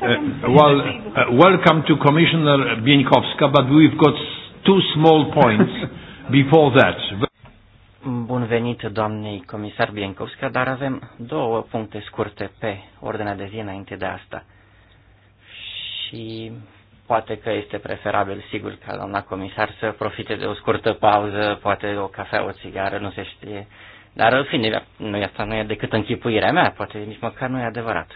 Uh, well, uh, welcome to Commissioner Bienkowska, but we've got two small points before that. Bun venit, doamnei comisar Bienkowska, dar avem două puncte scurte pe ordinea de zi înainte de asta. Și poate că este preferabil, sigur, ca doamna comisar să profite de o scurtă pauză, poate o cafea, o țigară, nu se știe. Dar, în fine, nu, asta nu e decât închipuirea mea, poate nici măcar nu e adevărat.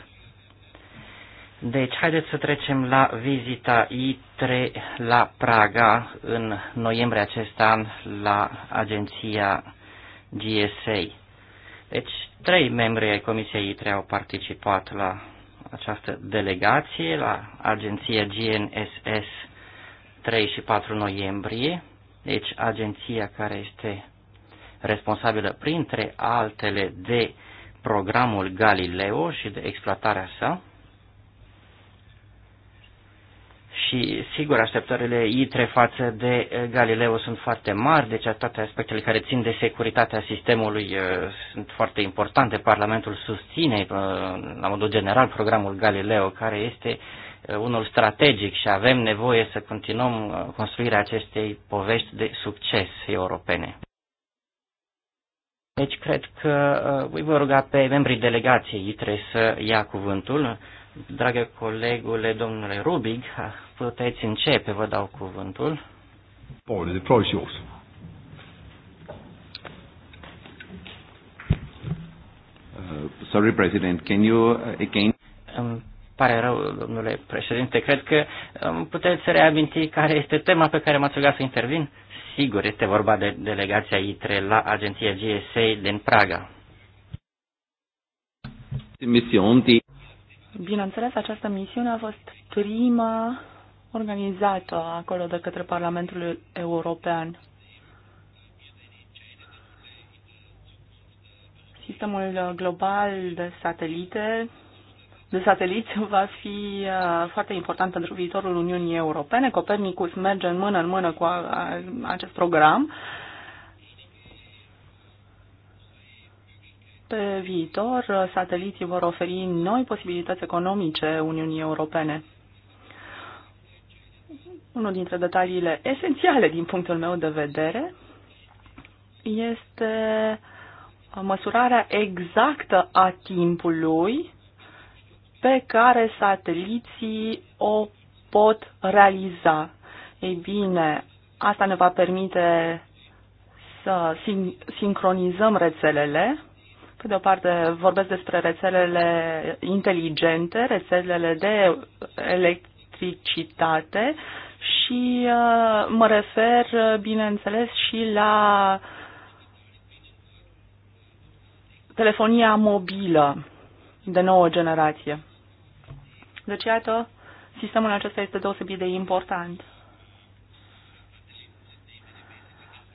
Deci, haideți să trecem la vizita I3 la Praga în noiembrie acest an la agenția GSA. Deci, trei membri ai Comisiei I3 au participat la această delegație la agenția GNSS 3 și 4 noiembrie, deci agenția care este responsabilă printre altele de programul Galileo și de exploatarea sa, și, sigur, așteptările ITRE față de eh, Galileo sunt foarte mari, deci toate aspectele care țin de securitatea sistemului eh, sunt foarte importante. Parlamentul susține, eh, la modul general, programul Galileo, care este unul strategic și avem nevoie să continuăm construirea acestei povești de succes europene. Deci cred că îi voi ruga pe membrii delegației ITRE să ia cuvântul. Dragă colegule, domnule Rubig, puteți începe, vă dau cuvântul. Paul, the floor is yours. Uh, sorry, President, can you uh, again... Îmi pare rău, domnule președinte, cred că um, puteți reaminti care este tema pe care m-ați rugat să intervin? Sigur, este vorba de delegația ITRE la agenția GSA din Praga. Misiuni Bineînțeles, această misiune a fost prima organizată acolo de către Parlamentul European. Sistemul global de satelite de satelit va fi uh, foarte important pentru viitorul Uniunii Europene. Copernicus merge în mână în mână cu acest program pe viitor sateliții vor oferi noi posibilități economice Uniunii Europene. Unul dintre detaliile esențiale din punctul meu de vedere este măsurarea exactă a timpului pe care sateliții o pot realiza. Ei bine, asta ne va permite să sin- sincronizăm rețelele pe de o parte, vorbesc despre rețelele inteligente, rețelele de electricitate și uh, mă refer, bineînțeles, și la telefonia mobilă de nouă generație. Deci, iată, sistemul acesta este deosebit de important.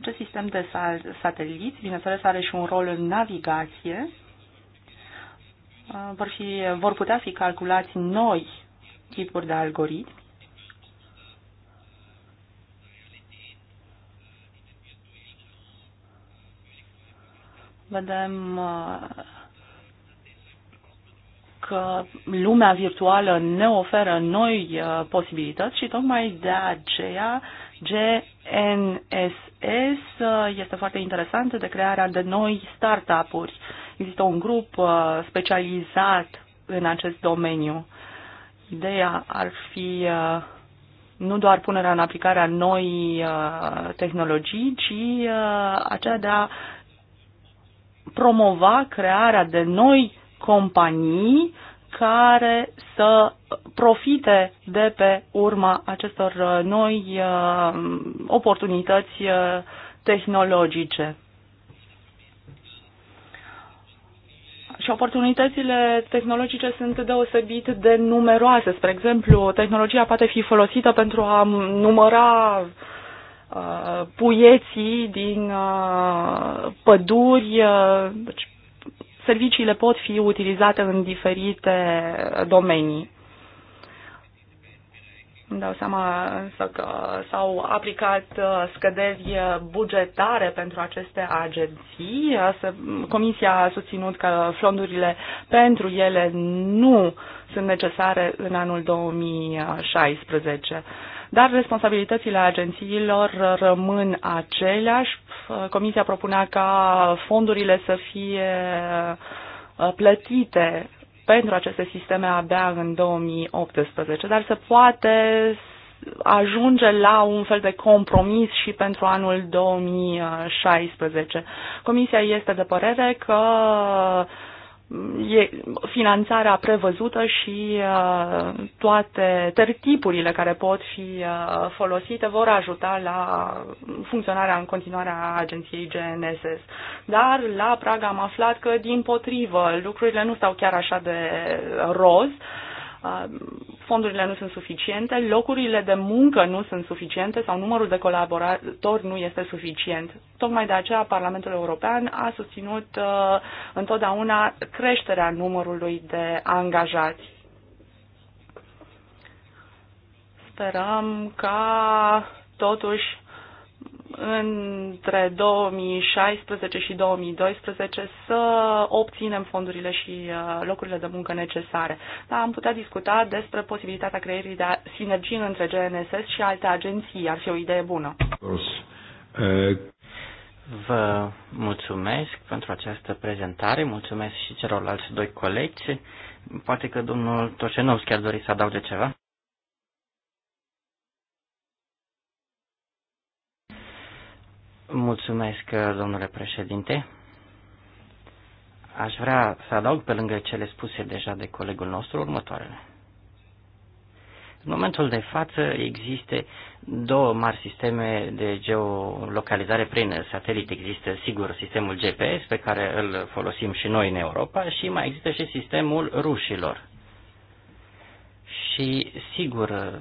Acest sistem de sateliți, bineînțeles, are și un rol în navigație. Uh, vor, fi, vor putea fi calculați noi tipuri de algoritmi. Vedem uh, că lumea virtuală ne oferă noi uh, posibilități și tocmai de aceea GNSS este foarte interesant de crearea de noi startup-uri. Există un grup uh, specializat în acest domeniu. Ideea ar fi uh, nu doar punerea în aplicare a noi uh, tehnologii, ci aceea de a promova crearea de noi companii uh, care să profite de pe urma acestor uh, noi uh, oportunități uh, tehnologice. Și oportunitățile tehnologice sunt deosebit de numeroase. Spre exemplu, tehnologia poate fi folosită pentru a număra puieții din păduri, deci serviciile pot fi utilizate în diferite domenii. Îmi dau seama însă că s-au aplicat uh, scăderi bugetare pentru aceste agenții. Uh, comisia a susținut că fondurile pentru ele nu sunt necesare în anul 2016 dar responsabilitățile agențiilor rămân aceleași. Comisia propunea ca fondurile să fie uh, plătite pentru aceste sisteme abia în 2018, dar se poate ajunge la un fel de compromis și pentru anul 2016. Comisia este de părere că e finanțarea prevăzută și uh, toate tertipurile care pot fi uh, folosite vor ajuta la funcționarea în continuare a agenției GNSS. Dar la Praga am aflat că, din potrivă, lucrurile nu stau chiar așa de roz. Uh, Uh, fondurile nu sunt suficiente, locurile de muncă nu sunt suficiente sau numărul de colaboratori nu este suficient. Tocmai de aceea Parlamentul European a susținut uh, întotdeauna creșterea numărului de angajați. Sperăm ca totuși între 2016 și 2012 să obținem fondurile și uh, locurile de muncă necesare. Dar am putea discuta despre posibilitatea creierii de sinergii între GNSS și alte agenții. Ar fi o idee bună. Vă mulțumesc pentru această prezentare, mulțumesc și celorlalți doi colegi. Poate că domnul Toșenovski ar dori să adauge ceva. Mulțumesc, domnule președinte. Aș vrea să adaug pe lângă cele spuse deja de colegul nostru următoarele. În momentul de față există două mari sisteme de geolocalizare prin satelit. Există, sigur, sistemul GPS, pe care îl folosim și noi în Europa, și mai există și sistemul rușilor. Și, sigur,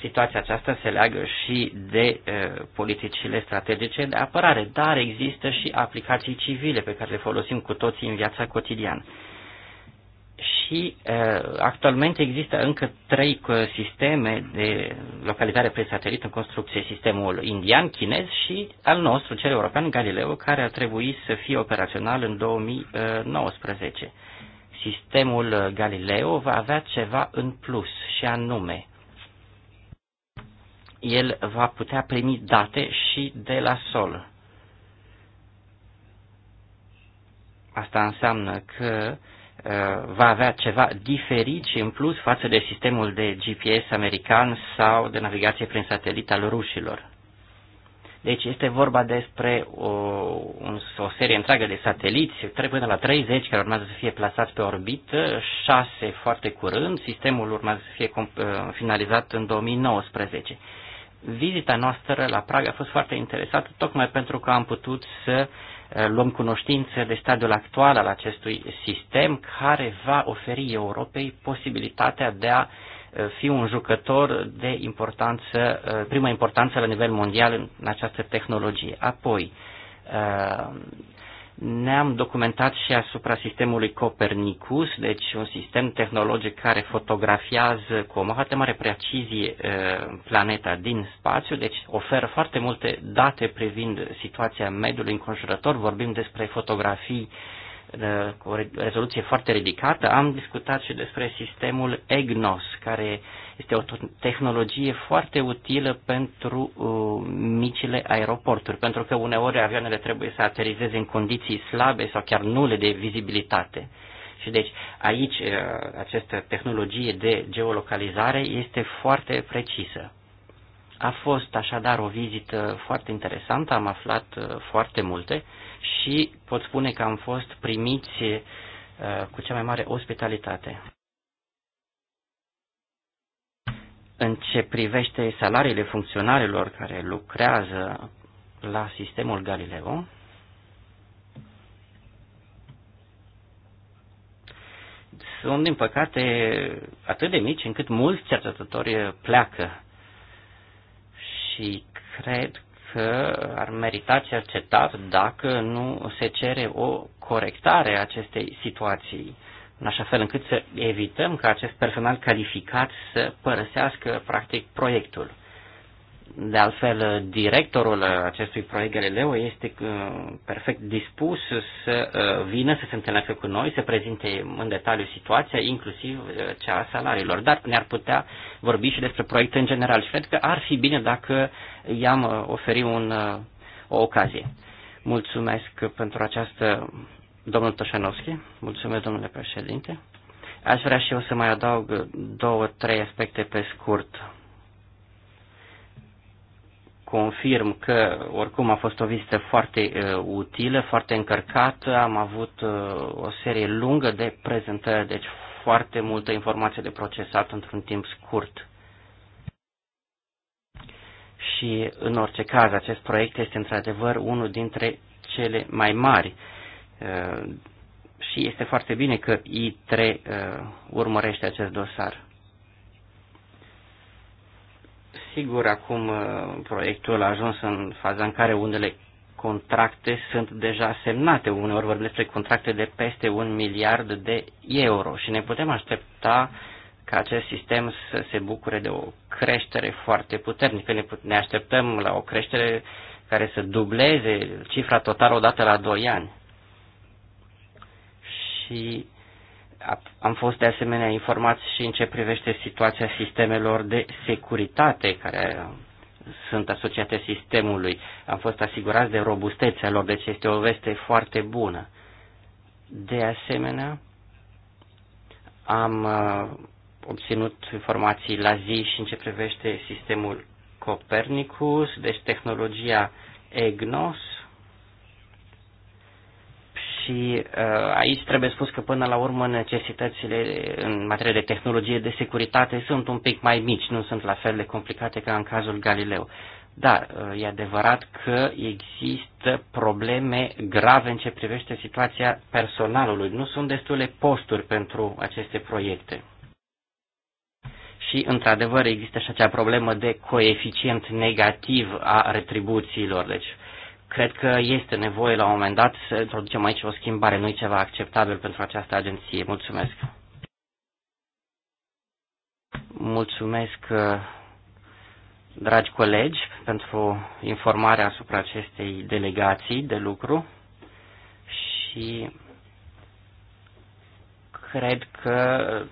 situația aceasta se leagă și de uh, politicile strategice de apărare, dar există și aplicații civile pe care le folosim cu toții în viața cotidiană. Și uh, actualmente există încă trei sisteme de localizare prin satelit în construcție, sistemul indian, chinez și al nostru, cel european, Galileo, care a trebuit să fie operațional în 2019. Sistemul Galileo va avea ceva în plus și anume el va putea primi date și de la sol. Asta înseamnă că uh, va avea ceva diferit și în plus față de sistemul de GPS american sau de navigație prin satelit al rușilor. Deci este vorba despre o, o serie întreagă de sateliți, până la 30 care urmează să fie plasați pe orbită, 6 foarte curând, sistemul urmează să fie uh, finalizat în 2019 vizita noastră la Praga a fost foarte interesată, tocmai pentru că am putut să eh, luăm cunoștință de stadiul actual al acestui sistem care va oferi Europei posibilitatea de a eh, fi un jucător de importanță, eh, prima importanță la nivel mondial în această tehnologie. Apoi, ne-am documentat și asupra sistemului Copernicus, deci un sistem tehnologic care fotografiază cu o foarte mare precizie eh, planeta din spațiu, deci oferă foarte multe date privind situația mediului înconjurător. Vorbim despre fotografii cu eh, o rezoluție foarte ridicată. Am discutat și despre sistemul EGNOS, care este o tehnologie foarte utilă pentru uh, micile aeroporturi, pentru că uneori avioanele trebuie să aterizeze în condiții slabe sau chiar nule de vizibilitate. Și deci aici uh, această tehnologie de geolocalizare este foarte precisă. A fost așadar o vizită foarte interesantă, am aflat uh, foarte multe și pot spune că am fost primiți uh, cu cea mai mare ospitalitate. În ce privește salariile funcționarilor care lucrează la sistemul Galileo, sunt, din păcate, atât de mici încât mulți cercetători pleacă. Și cred că ar merita cercetat dacă nu se cere o corectare a acestei situații în așa fel încât să evităm ca acest personal calificat să părăsească practic proiectul. De altfel, directorul acestui proiect Galileo este uh, perfect dispus să uh, vină să se întâlnească cu noi, să prezinte în detaliu situația, inclusiv uh, cea a salariilor, dar ne-ar putea vorbi și despre proiecte în general și cred că ar fi bine dacă i-am oferi un, o ocazie. Mulțumesc pentru această Domnul Toșanovski, mulțumesc, domnule președinte. Aș vrea și eu să mai adaug două, trei aspecte pe scurt. Confirm că oricum a fost o vizită foarte uh, utilă, foarte încărcată. Am avut uh, o serie lungă de prezentări, deci foarte multă informație de procesat într-un timp scurt. Și în orice caz, acest proiect este într-adevăr unul dintre cele mai mari uh, Uh, și este foarte bine că I3 uh, urmărește acest dosar. Sigur, acum uh, proiectul a ajuns în faza în care unele contracte sunt deja semnate. Uneori vorbim despre contracte de peste un miliard de euro și ne putem aștepta ca acest sistem să se bucure de o creștere foarte puternică. Ne, ne așteptăm la o creștere care să dubleze cifra totală odată la 2 ani și am fost de asemenea informați și în ce privește situația sistemelor de securitate care sunt asociate sistemului. Am fost asigurați de robustețea lor, deci este o veste foarte bună. De asemenea, am uh, obținut informații la zi și în ce privește sistemul Copernicus, deci tehnologia EGNOS, și uh, aici trebuie spus că până la urmă necesitățile în materie de tehnologie de securitate sunt un pic mai mici, nu sunt la fel de complicate ca în cazul Galileu. Dar uh, e adevărat că există probleme grave în ce privește situația personalului. Nu sunt destule posturi pentru aceste proiecte. Și, într-adevăr, există și acea problemă de coeficient negativ a retribuțiilor. Deci, Cred că este nevoie la un moment dat să introducem aici o schimbare, nu ceva acceptabil pentru această agenție. Mulțumesc! Mulțumesc, uh, dragi colegi, pentru informarea asupra acestei delegații de lucru și cred că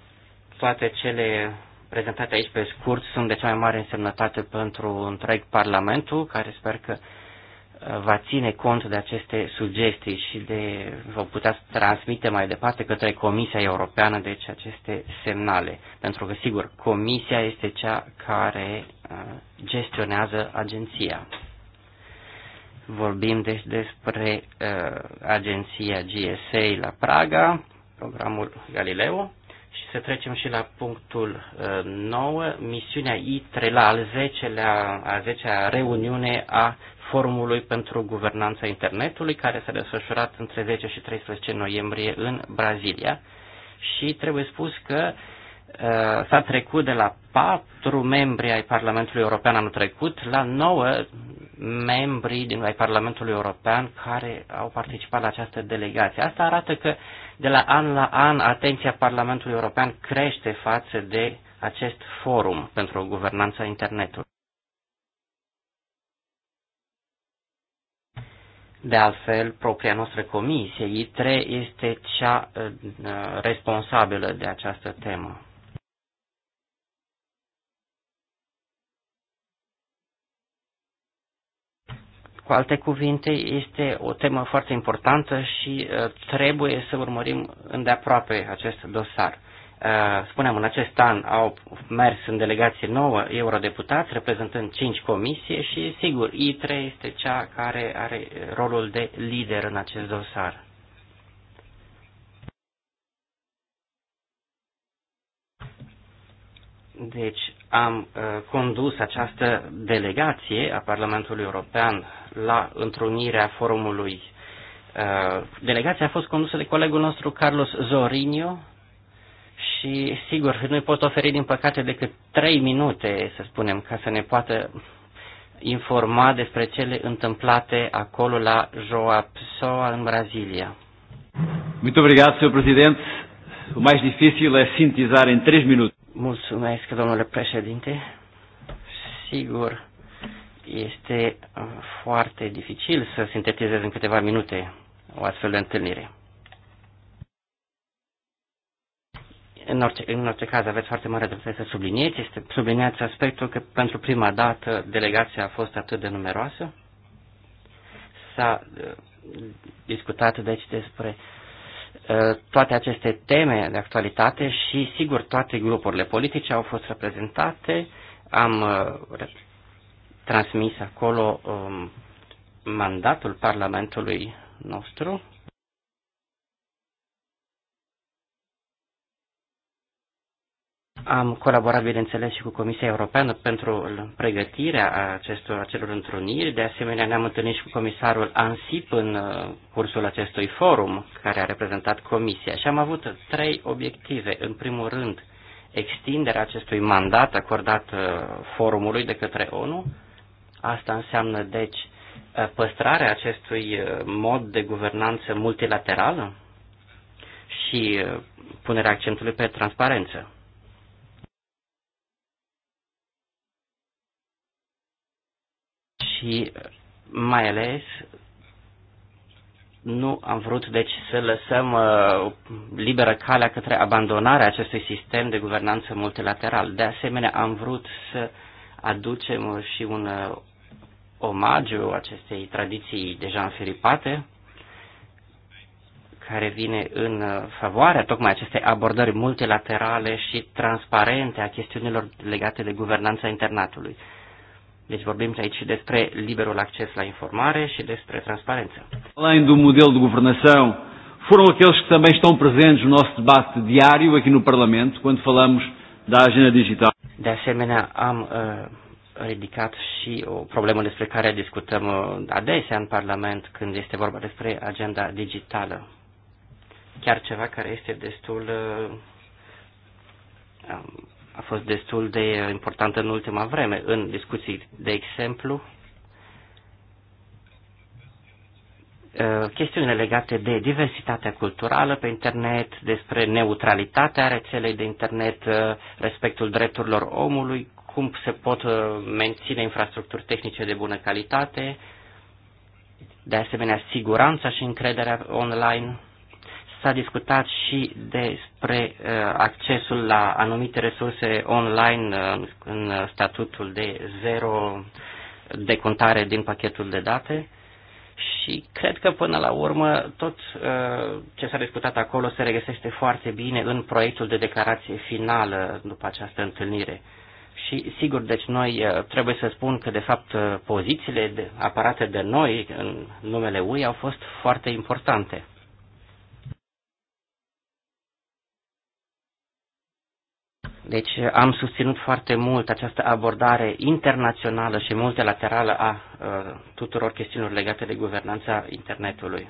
toate cele prezentate aici pe scurt sunt de cea mai mare însemnătate pentru întreg Parlamentul, care sper că va ține cont de aceste sugestii și de vă putea transmite mai departe către Comisia Europeană deci aceste semnale. Pentru că, sigur, Comisia este cea care uh, gestionează agenția. Vorbim deci despre uh, agenția GSA la Praga, programul Galileo, și să trecem și la punctul uh, 9, misiunea I3 la al 10-lea, a 10-a reuniune a Forumului pentru Guvernanța Internetului, care s-a desfășurat între 10 și 13 noiembrie în Brazilia. Și trebuie spus că uh, s-a trecut de la patru membri ai Parlamentului European anul trecut la nouă membri din ai Parlamentului European care au participat la această delegație. Asta arată că de la an la an atenția Parlamentului European crește față de acest forum pentru guvernanța internetului. De altfel, propria noastră comisie, I3, este cea uh, uh, responsabilă de această temă. Cu alte cuvinte, este o temă foarte importantă și uh, trebuie să urmărim îndeaproape acest dosar. Uh, spuneam, în acest an au mers în delegație 9 eurodeputați, reprezentând 5 comisie și, sigur, I3 este cea care are rolul de lider în acest dosar. Deci am uh, condus această delegație a Parlamentului European la întrunirea forumului. Uh, delegația a fost condusă de colegul nostru Carlos Zorinio, și sigur, nu pot oferi din păcate decât trei minute, să spunem, ca să ne poată informa despre cele întâmplate acolo la Joa Pessoa în Brazilia. Muito obrigado, senhor presidente. O mais difícil é sintetizar em três minutos. Mulțumesc, domnule președinte. Sigur, este uh, foarte dificil să sintetizez în câteva minute o astfel de întâlnire. În orice, în orice caz aveți foarte mare dreptate să subliniați, este, subliniați aspectul că pentru prima dată delegația a fost atât de numeroasă. S-a uh, discutat deci despre uh, toate aceste teme de actualitate și sigur toate grupurile politice au fost reprezentate, am uh, transmis acolo um, mandatul Parlamentului nostru Am colaborat, bineînțeles, și cu Comisia Europeană pentru pregătirea acestor, acelor întâlniri. De asemenea, ne-am întâlnit și cu comisarul ANSIP în uh, cursul acestui forum care a reprezentat Comisia. Și am avut trei obiective. În primul rând, extinderea acestui mandat acordat uh, forumului de către ONU. Asta înseamnă, deci, uh, păstrarea acestui mod de guvernanță multilaterală și punerea accentului pe transparență. și mai ales nu am vrut deci să lăsăm uh, liberă calea către abandonarea acestui sistem de guvernanță multilateral. De asemenea, am vrut să aducem și un uh, omagiu acestei tradiții deja înfiripate, care vine în uh, favoarea tocmai acestei abordări multilaterale și transparente a chestiunilor legate de guvernanța internatului. Deci vorbim aici și despre liberul acces la informare și despre transparență. Além do modelo de governação, foram aqueles que também estão presentes no nosso debate diário aqui no Parlamento, quando falamos da agenda digital. De asemenea, am uh, ridicat și o problemă despre care discutăm uh, adesea în Parlament când este vorba despre agenda digitală. Chiar ceva care este destul uh, um, a fost destul de importantă în ultima vreme, în discuții, de exemplu, chestiunile legate de diversitatea culturală pe internet, despre neutralitatea rețelei de internet, respectul drepturilor omului, cum se pot uh, menține infrastructuri tehnice de bună calitate, de asemenea siguranța și încrederea online, S-a discutat și despre uh, accesul la anumite resurse online uh, în statutul de zero de contare din pachetul de date și cred că până la urmă tot uh, ce s-a discutat acolo se regăsește foarte bine în proiectul de declarație finală după această întâlnire. Și sigur, deci noi trebuie să spun că de fapt pozițiile aparate de noi în numele UE au fost foarte importante. Deci am susținut foarte mult această abordare internațională și multilaterală a uh, tuturor chestiunilor legate de guvernanța internetului.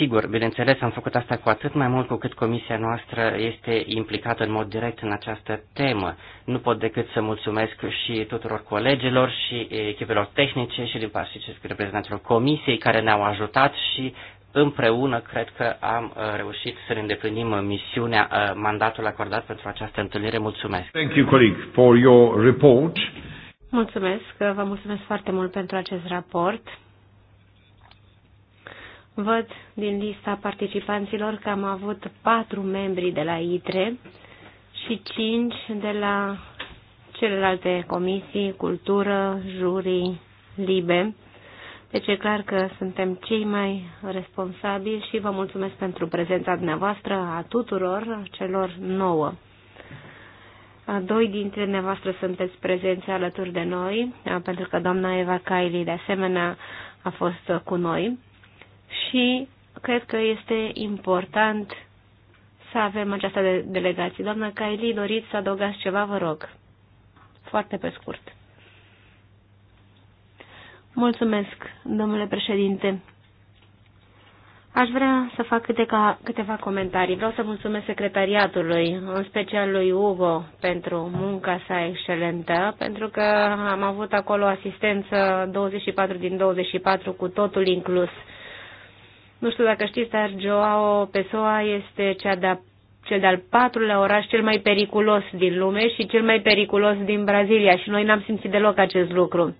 Sigur, bineînțeles, am făcut asta cu atât mai mult cu cât comisia noastră este implicată în mod direct în această temă. Nu pot decât să mulțumesc și tuturor colegilor și echipelor tehnice și din partea și reprezentanților comisiei care ne-au ajutat și împreună cred că am uh, reușit să ne îndeplinim misiunea, uh, mandatul acordat pentru această întâlnire. Mulțumesc! Thank you, colleague, for your report. Mulțumesc, vă mulțumesc foarte mult pentru acest raport. Văd din lista participanților că am avut patru membri de la ITRE și cinci de la celelalte comisii, cultură, jurii, libe. Deci e clar că suntem cei mai responsabili și vă mulțumesc pentru prezența dumneavoastră a tuturor celor nouă. Doi dintre dumneavoastră sunteți prezenți alături de noi, pentru că doamna Eva Kaili de asemenea a fost cu noi și cred că este important să avem această de delegație. Doamna Kaili, doriți să adăugați ceva, vă rog. Foarte pe scurt. Mulțumesc, domnule președinte. Aș vrea să fac câteva, câteva comentarii. Vreau să mulțumesc secretariatului, în special lui Ugo, pentru munca sa excelentă, pentru că am avut acolo asistență 24 din 24 cu totul inclus. Nu știu dacă știți, dar Joao Pessoa este cea de cel de-al patrulea oraș cel mai periculos din lume și cel mai periculos din Brazilia și noi n-am simțit deloc acest lucru.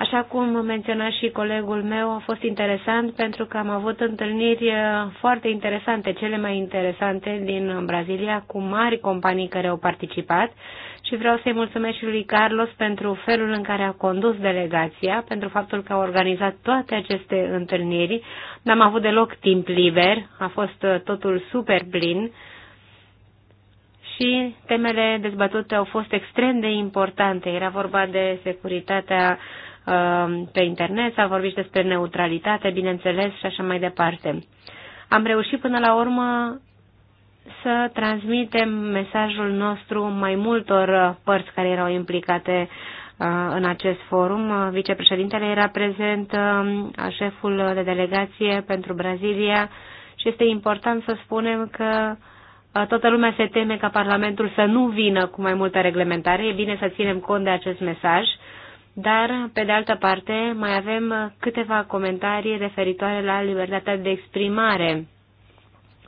Așa cum menționa și colegul meu, a fost interesant pentru că am avut întâlniri eh, foarte interesante, cele mai interesante din Brazilia, cu mari companii care au participat și vreau să-i mulțumesc și lui Carlos pentru felul în care a condus delegația, pentru faptul că a organizat toate aceste întâlniri. N-am avut deloc timp liber, a fost eh, totul super plin și temele dezbătute au fost extrem de importante. Era vorba de securitatea Um, pe internet, s-a vorbit și despre neutralitate, bineînțeles, și așa mai departe. Am reușit până la urmă să transmitem mesajul nostru mai multor părți care erau implicate uh, în acest forum. Vicepreședintele era prezent, um, șeful de delegație pentru Brazilia și este important să spunem că uh, toată lumea se teme ca Parlamentul să nu vină cu mai multă reglementare. E bine să ținem cont de acest mesaj dar, pe de altă parte, mai avem câteva comentarii referitoare la libertatea de exprimare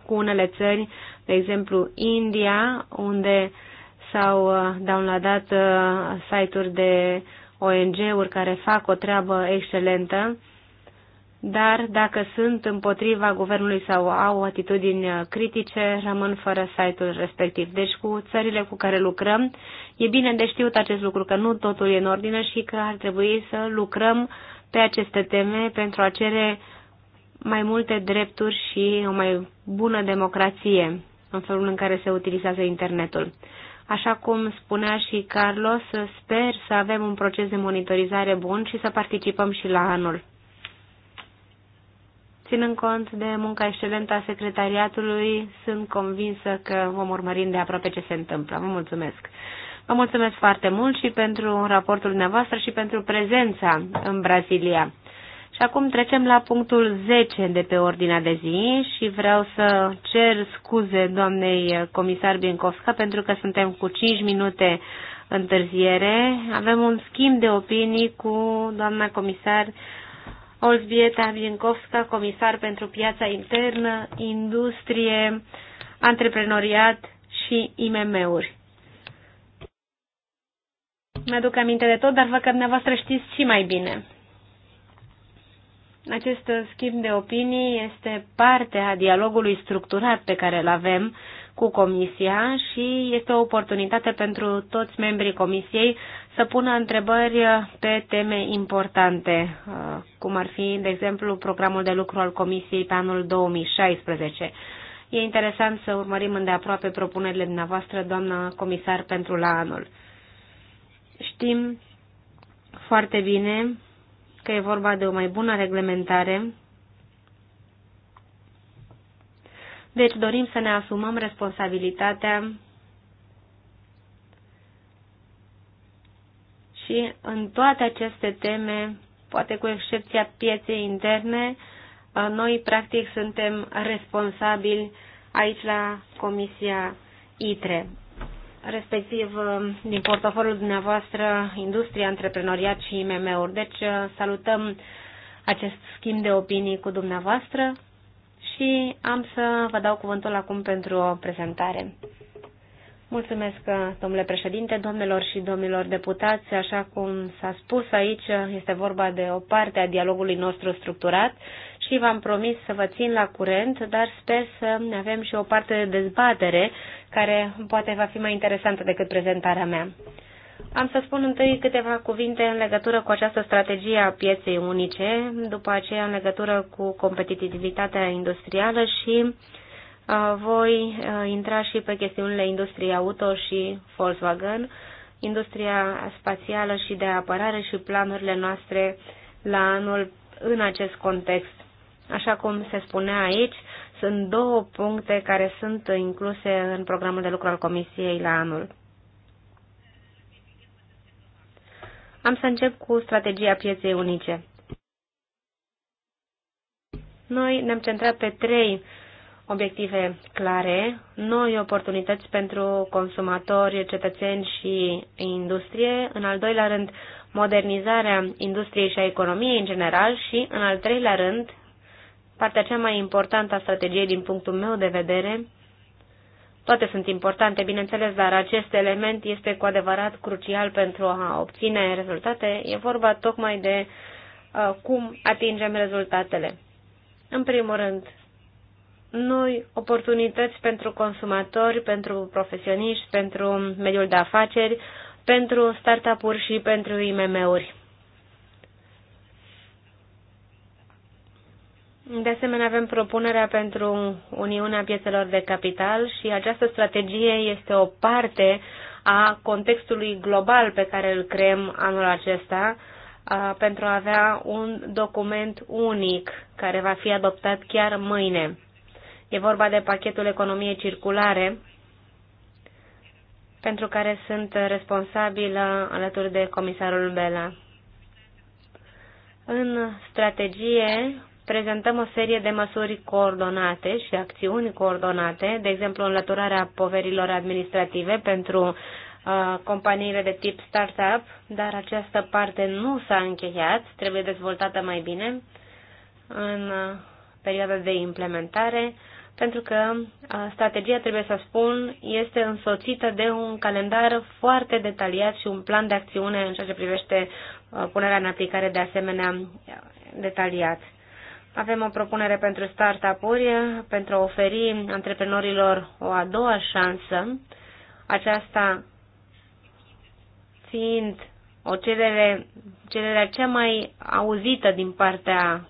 cu unele țări, de exemplu India, unde s-au uh, downloadat uh, site-uri de ONG-uri care fac o treabă excelentă dar dacă sunt împotriva guvernului sau au atitudini critice, rămân fără site-ul respectiv. Deci cu țările cu care lucrăm, e bine de știut acest lucru, că nu totul e în ordine și că ar trebui să lucrăm pe aceste teme pentru a cere mai multe drepturi și o mai bună democrație în felul în care se utilizează internetul. Așa cum spunea și Carlos, sper să avem un proces de monitorizare bun și să participăm și la anul. Ținând cont de munca excelentă a secretariatului, sunt convinsă că vom urmări de aproape ce se întâmplă. Vă mulțumesc! Vă mulțumesc foarte mult și pentru raportul dumneavoastră și pentru prezența în Brazilia. Și acum trecem la punctul 10 de pe ordinea de zi și vreau să cer scuze doamnei comisar Binkovska pentru că suntem cu 5 minute întârziere. Avem un schimb de opinii cu doamna comisar Olzbieta Vienkovska, comisar pentru piața internă, industrie, antreprenoriat și IMM-uri. Mi-aduc aminte de tot, dar văd că dumneavoastră știți și mai bine. Acest schimb de opinii este parte a dialogului structurat pe care îl avem cu Comisia și este o oportunitate pentru toți membrii Comisiei să pună întrebări pe teme importante, uh, cum ar fi, de exemplu, programul de lucru al Comisiei pe anul 2016. E interesant să urmărim îndeaproape propunerile dumneavoastră, doamna comisar, pentru la anul. Știm foarte bine că e vorba de o mai bună reglementare. Deci dorim să ne asumăm responsabilitatea și în toate aceste teme, poate cu excepția pieței interne, uh, noi practic suntem responsabili aici la Comisia ITRE, respectiv uh, din portofoliul dumneavoastră Industria, Antreprenoriat și IMM-uri. Deci uh, salutăm acest schimb de opinii cu dumneavoastră și am să vă dau cuvântul acum pentru o prezentare. Mulțumesc, domnule președinte, domnilor și domnilor deputați. Așa cum s-a spus aici, este vorba de o parte a dialogului nostru structurat și v-am promis să vă țin la curent, dar sper să avem și o parte de dezbatere care poate va fi mai interesantă decât prezentarea mea. Am să spun întâi câteva cuvinte în legătură cu această strategie a pieței unice, după aceea în legătură cu competitivitatea industrială și uh, Uh, voi uh, intra și pe chestiunile industriei auto și Volkswagen, industria spațială și de apărare și planurile noastre la anul în acest context. Așa cum se spunea aici, sunt două puncte care sunt incluse în programul de lucru al Comisiei la anul. Am să încep cu strategia pieței unice. Noi ne-am centrat pe trei uh, obiective clare, noi oportunități pentru consumatori, cetățeni și industrie, în al doilea rând modernizarea industriei și a economiei în general și, în al treilea rând, partea cea mai importantă a strategiei din punctul meu de vedere, toate sunt importante, bineînțeles, dar acest element este cu adevărat crucial pentru a obține rezultate. E vorba tocmai de uh, cum atingem rezultatele. În primul rând, noi oportunități pentru consumatori, pentru profesioniști, pentru mediul de afaceri, pentru startup-uri și pentru IMM-uri. De asemenea, avem propunerea pentru Uniunea Piețelor de Capital și această strategie este o parte a contextului global pe care îl creăm anul acesta pentru a avea un document unic care va fi adoptat chiar mâine. E vorba de pachetul economie circulare, pentru care sunt responsabilă alături de comisarul Bela. În strategie prezentăm o serie de măsuri coordonate și acțiuni coordonate, de exemplu înlăturarea poverilor administrative pentru uh, companiile de tip startup, dar această parte nu s-a încheiat, trebuie dezvoltată mai bine în uh, perioada de implementare, uh, pentru că strategia, trebuie să spun, este însoțită de un calendar foarte detaliat și un plan de acțiune în ceea ce privește punerea în aplicare de asemenea detaliat. Avem o propunere pentru startup-uri, pentru a oferi antreprenorilor o a doua șansă, aceasta fiind o cerere, cererea cea mai auzită din partea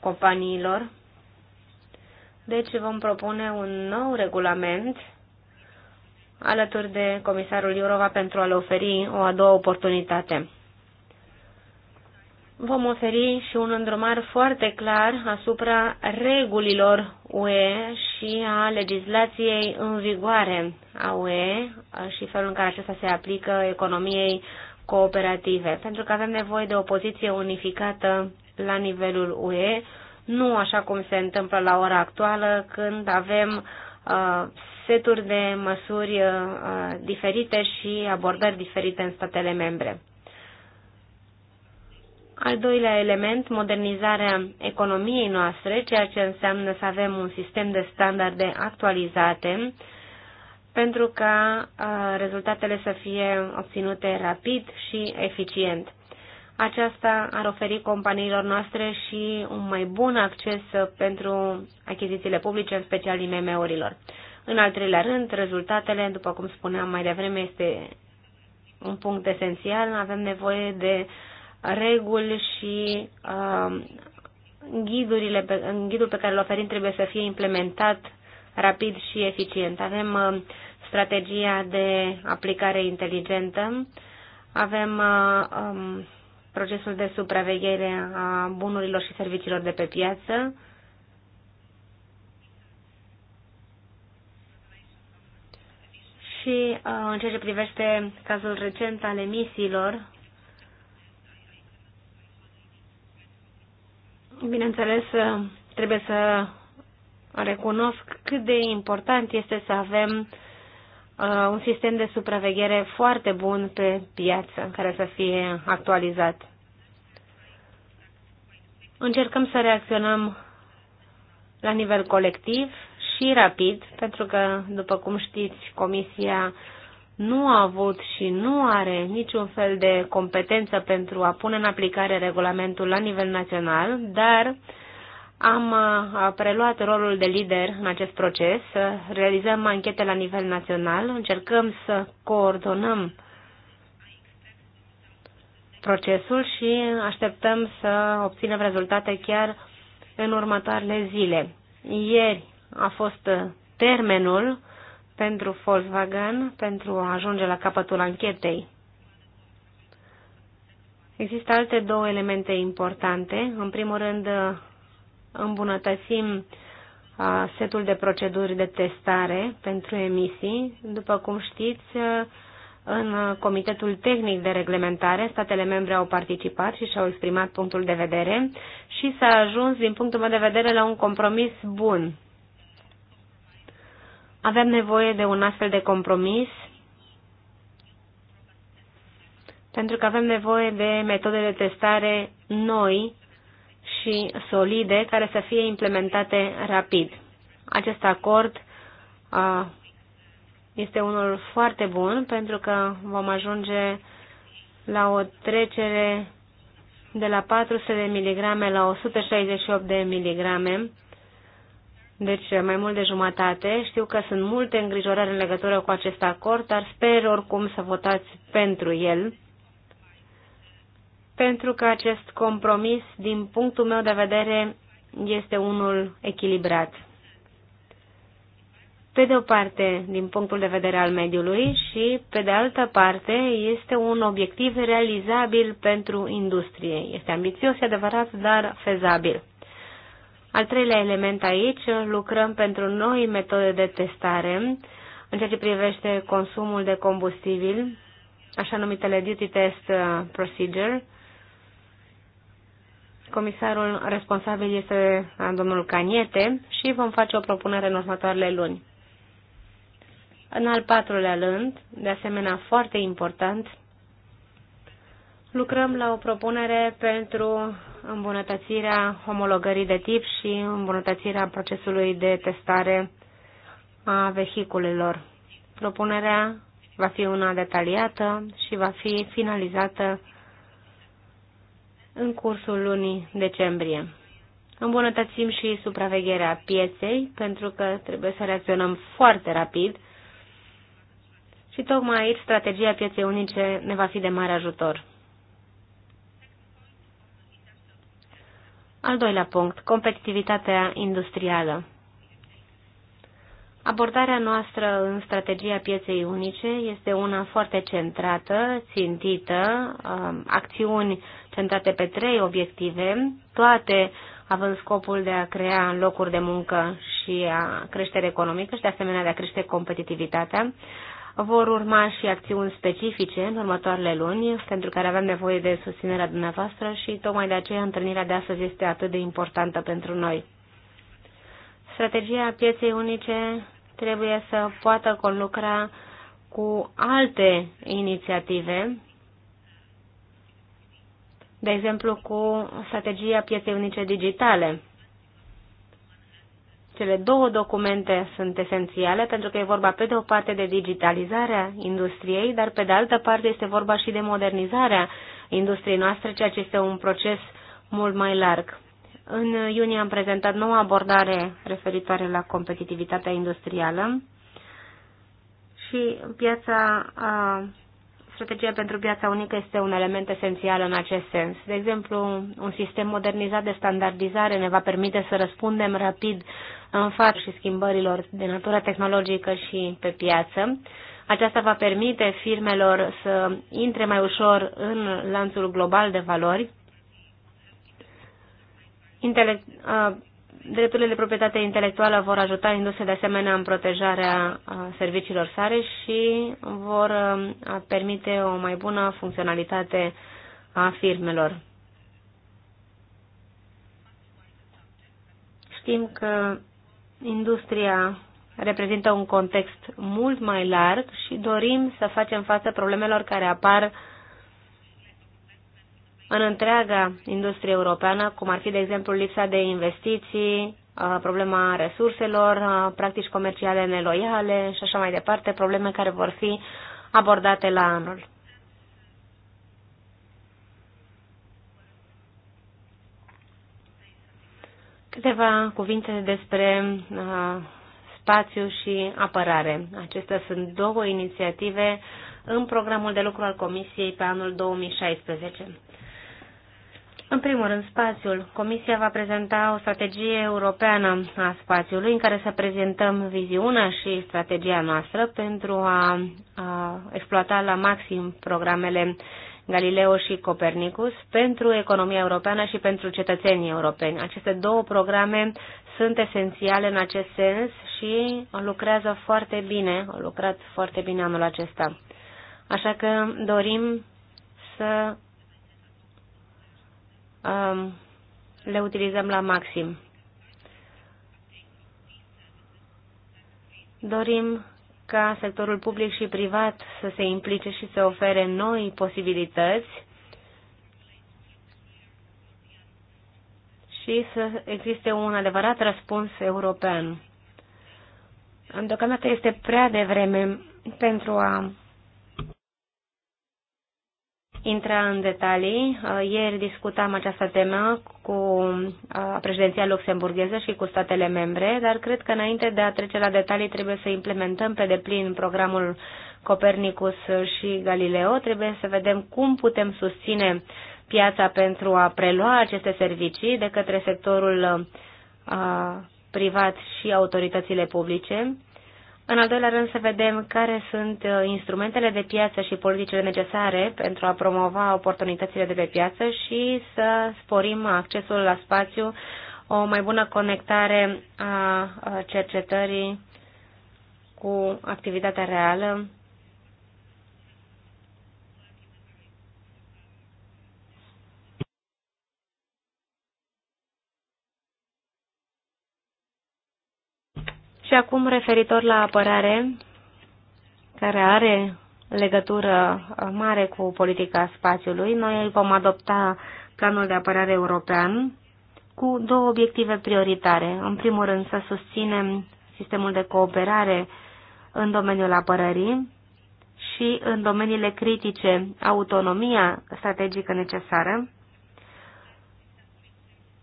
companiilor, deci vom propune un nou regulament alături de comisarul Iurova pentru a le oferi o a doua oportunitate. Vom oferi și un îndrumar foarte clar asupra regulilor UE și a legislației în vigoare a UE și felul în care acesta se aplică economiei cooperative, pentru că avem nevoie de o poziție unificată la nivelul UE nu așa cum se întâmplă la ora actuală, când avem uh, seturi de măsuri uh, diferite și abordări diferite în statele membre. Al doilea element, modernizarea economiei noastre, ceea ce înseamnă să avem un sistem de standarde actualizate pentru ca uh, rezultatele să fie obținute rapid și eficient. Aceasta ar oferi companiilor noastre și un mai bun acces pentru achizițiile publice, în special IMM-urilor. În al treilea rând, rezultatele, după cum spuneam mai devreme, este un punct esențial. Avem nevoie de reguli și uh, ghidurile pe, ghidul pe care îl oferim trebuie să fie implementat rapid și eficient. Avem uh, strategia de aplicare inteligentă, avem uh, um, procesul de supraveghere a bunurilor și serviciilor de pe piață, și uh, în ceea ce privește cazul recent al emisiilor, bineînțeles, uh, trebuie să recunosc cât de important este să avem uh, Uh, un sistem de supraveghere foarte bun pe piață, care să fie actualizat. Încercăm să reacționăm la nivel colectiv și rapid, pentru că, după cum știți, Comisia nu a avut și nu are niciun fel de competență pentru a pune în aplicare regulamentul la nivel național, dar uh, am uh, preluat rolul de lider în acest proces, realizăm anchete la nivel național, încercăm să coordonăm procesul și așteptăm să obținem rezultate chiar în următoarele zile. Ieri a fost termenul pentru Volkswagen pentru a ajunge la capătul anchetei. Există alte două elemente importante. În primul rând, îmbunătățim setul de proceduri de testare pentru emisii. După cum știți, în Comitetul Tehnic de Reglementare, statele membre au participat și și-au exprimat punctul de vedere și s-a ajuns, din punctul meu de vedere, la un compromis bun. Avem nevoie de un astfel de compromis pentru că avem nevoie de metode de testare noi și solide care să fie implementate rapid. Acest acord este unul foarte bun pentru că vom ajunge la o trecere de la 400 de miligrame la 168 de miligrame, deci mai mult de jumătate. Știu că sunt multe îngrijorări în legătură cu acest acord, dar sper oricum să votați pentru el pentru că acest compromis, din punctul meu de vedere, este unul echilibrat. Pe de o parte, din punctul de vedere al mediului și, pe de altă parte, este un obiectiv realizabil pentru industrie. Este ambițios, e adevărat, dar fezabil. Al treilea element aici, lucrăm pentru noi metode de testare în ceea ce privește consumul de combustibil, așa numitele duty test uh, procedure, Comisarul responsabil este domnul Caniete și vom face o propunere în următoarele luni. În al patrulea rând, de asemenea foarte important, lucrăm la o propunere pentru îmbunătățirea homologării de tip și îmbunătățirea procesului de testare a vehiculelor. Propunerea va fi una detaliată și va fi finalizată în cursul lunii decembrie. Îmbunătățim și supravegherea pieței, pentru că trebuie să reacționăm foarte rapid și tocmai aici strategia pieței unice ne va fi de mare ajutor. Al doilea punct, competitivitatea industrială. Abordarea noastră în strategia pieței unice este una foarte centrată, țintită, um, acțiuni centrate pe trei obiective, toate având scopul de a crea locuri de muncă și a creștere economică și de asemenea de a crește competitivitatea. Vor urma și acțiuni specifice în următoarele luni, pentru care avem nevoie de susținerea dumneavoastră și tocmai de aceea întâlnirea de astăzi este atât de importantă pentru noi. Strategia pieței unice trebuie să poată conlucra cu alte inițiative de exemplu cu strategia pieței unice digitale. Cele două documente sunt esențiale pentru că e vorba pe de o parte de digitalizarea industriei, dar pe de altă parte este vorba și de modernizarea industriei noastre, ceea ce este un proces mult mai larg. În iunie am prezentat noua abordare referitoare la competitivitatea industrială și piața strategia pentru piața unică este un element esențial în acest sens. De exemplu, un sistem modernizat de standardizare ne va permite să răspundem rapid în față și schimbărilor de natură tehnologică și pe piață. Aceasta va permite firmelor să intre mai ușor în lanțul global de valori. Intele- drepturile de proprietate intelectuală vor ajuta industria de asemenea în protejarea serviciilor sale și vor permite o mai bună funcționalitate a firmelor. Știm că industria reprezintă un context mult mai larg și dorim să facem față problemelor care apar în întreaga industrie europeană, cum ar fi, de exemplu, lipsa de investiții, problema resurselor, practici comerciale neloiale și așa mai departe, probleme care vor fi abordate la anul. Câteva cuvinte despre uh, spațiu și apărare. Acestea sunt două inițiative în programul de lucru al Comisiei pe anul 2016. În primul rând, spațiul. Comisia va prezenta o strategie europeană a spațiului în care să prezentăm viziunea și strategia noastră pentru a, a exploata la maxim programele Galileo și Copernicus pentru economia europeană și pentru cetățenii europeni. Aceste două programe sunt esențiale în acest sens și lucrează foarte bine, au lucrat foarte bine anul acesta. Așa că dorim să Um, le utilizăm la maxim. Dorim ca sectorul public și privat să se implice și să ofere noi posibilități și să existe un adevărat răspuns european. Deocamdată este prea devreme pentru a intra în detalii. Uh, ieri discutam această temă cu uh, președinția luxemburgheză și cu statele membre, dar cred că înainte de a trece la detalii trebuie să implementăm pe deplin programul Copernicus și Galileo. Trebuie să vedem cum putem susține piața pentru a prelua aceste servicii de către sectorul uh, privat și autoritățile publice în al doilea rând să vedem care sunt uh, instrumentele de piață și politicile necesare pentru a promova oportunitățile de pe piață și să sporim accesul la spațiu, o mai bună conectare a cercetării cu activitatea reală Și acum referitor la apărare, care are legătură uh, mare cu politica spațiului, noi vom adopta planul de apărare european cu două obiective prioritare. În primul rând, să susținem sistemul de cooperare în domeniul apărării și în domeniile critice autonomia strategică necesară.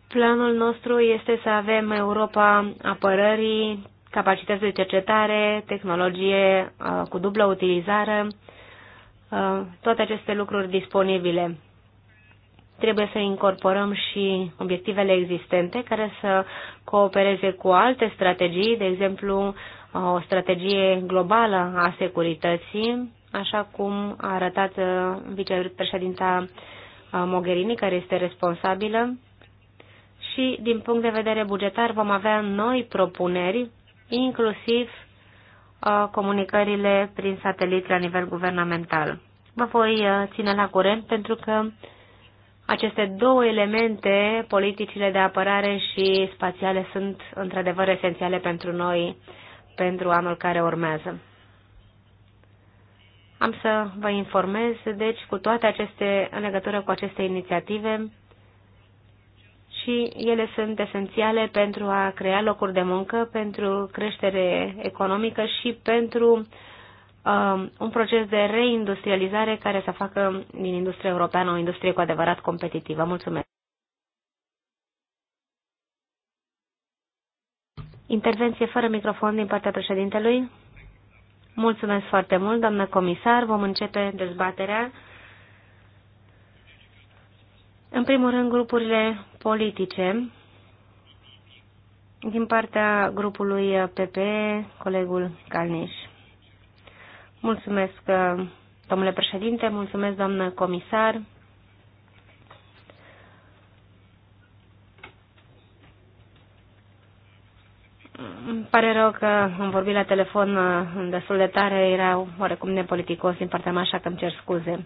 Planul nostru este să avem Europa apărării capacități de cercetare, tehnologie uh, cu dublă utilizare, uh, toate aceste lucruri disponibile. Trebuie să incorporăm și obiectivele existente care să coopereze cu alte strategii, de exemplu uh, o strategie globală a securității, așa cum a arătat vicepreședinta Mogherini, care este responsabilă, și din punct de vedere bugetar vom avea noi propuneri inclusiv uh, comunicările prin satelit la nivel guvernamental. Vă voi uh, ține la curent pentru că aceste două elemente, politicile de apărare și spațiale, sunt într-adevăr esențiale pentru noi pentru anul care urmează. Am să vă informez, deci, cu toate aceste, în legătură cu aceste inițiative și ele sunt esențiale pentru a crea locuri de muncă, pentru creștere economică și pentru uh, un proces de reindustrializare care să facă din industria europeană o industrie cu adevărat competitivă. Mulțumesc! Intervenție fără microfon din partea președintelui. Mulțumesc foarte mult, doamnă comisar. Vom începe dezbaterea. În primul rând, grupurile politice. Din partea grupului PP, colegul Calniș. Mulțumesc, domnule președinte, mulțumesc, doamnă comisar. Îmi pare rău că am vorbit la telefon destul de tare, era oarecum nepoliticos din partea mea, așa că îmi cer scuze.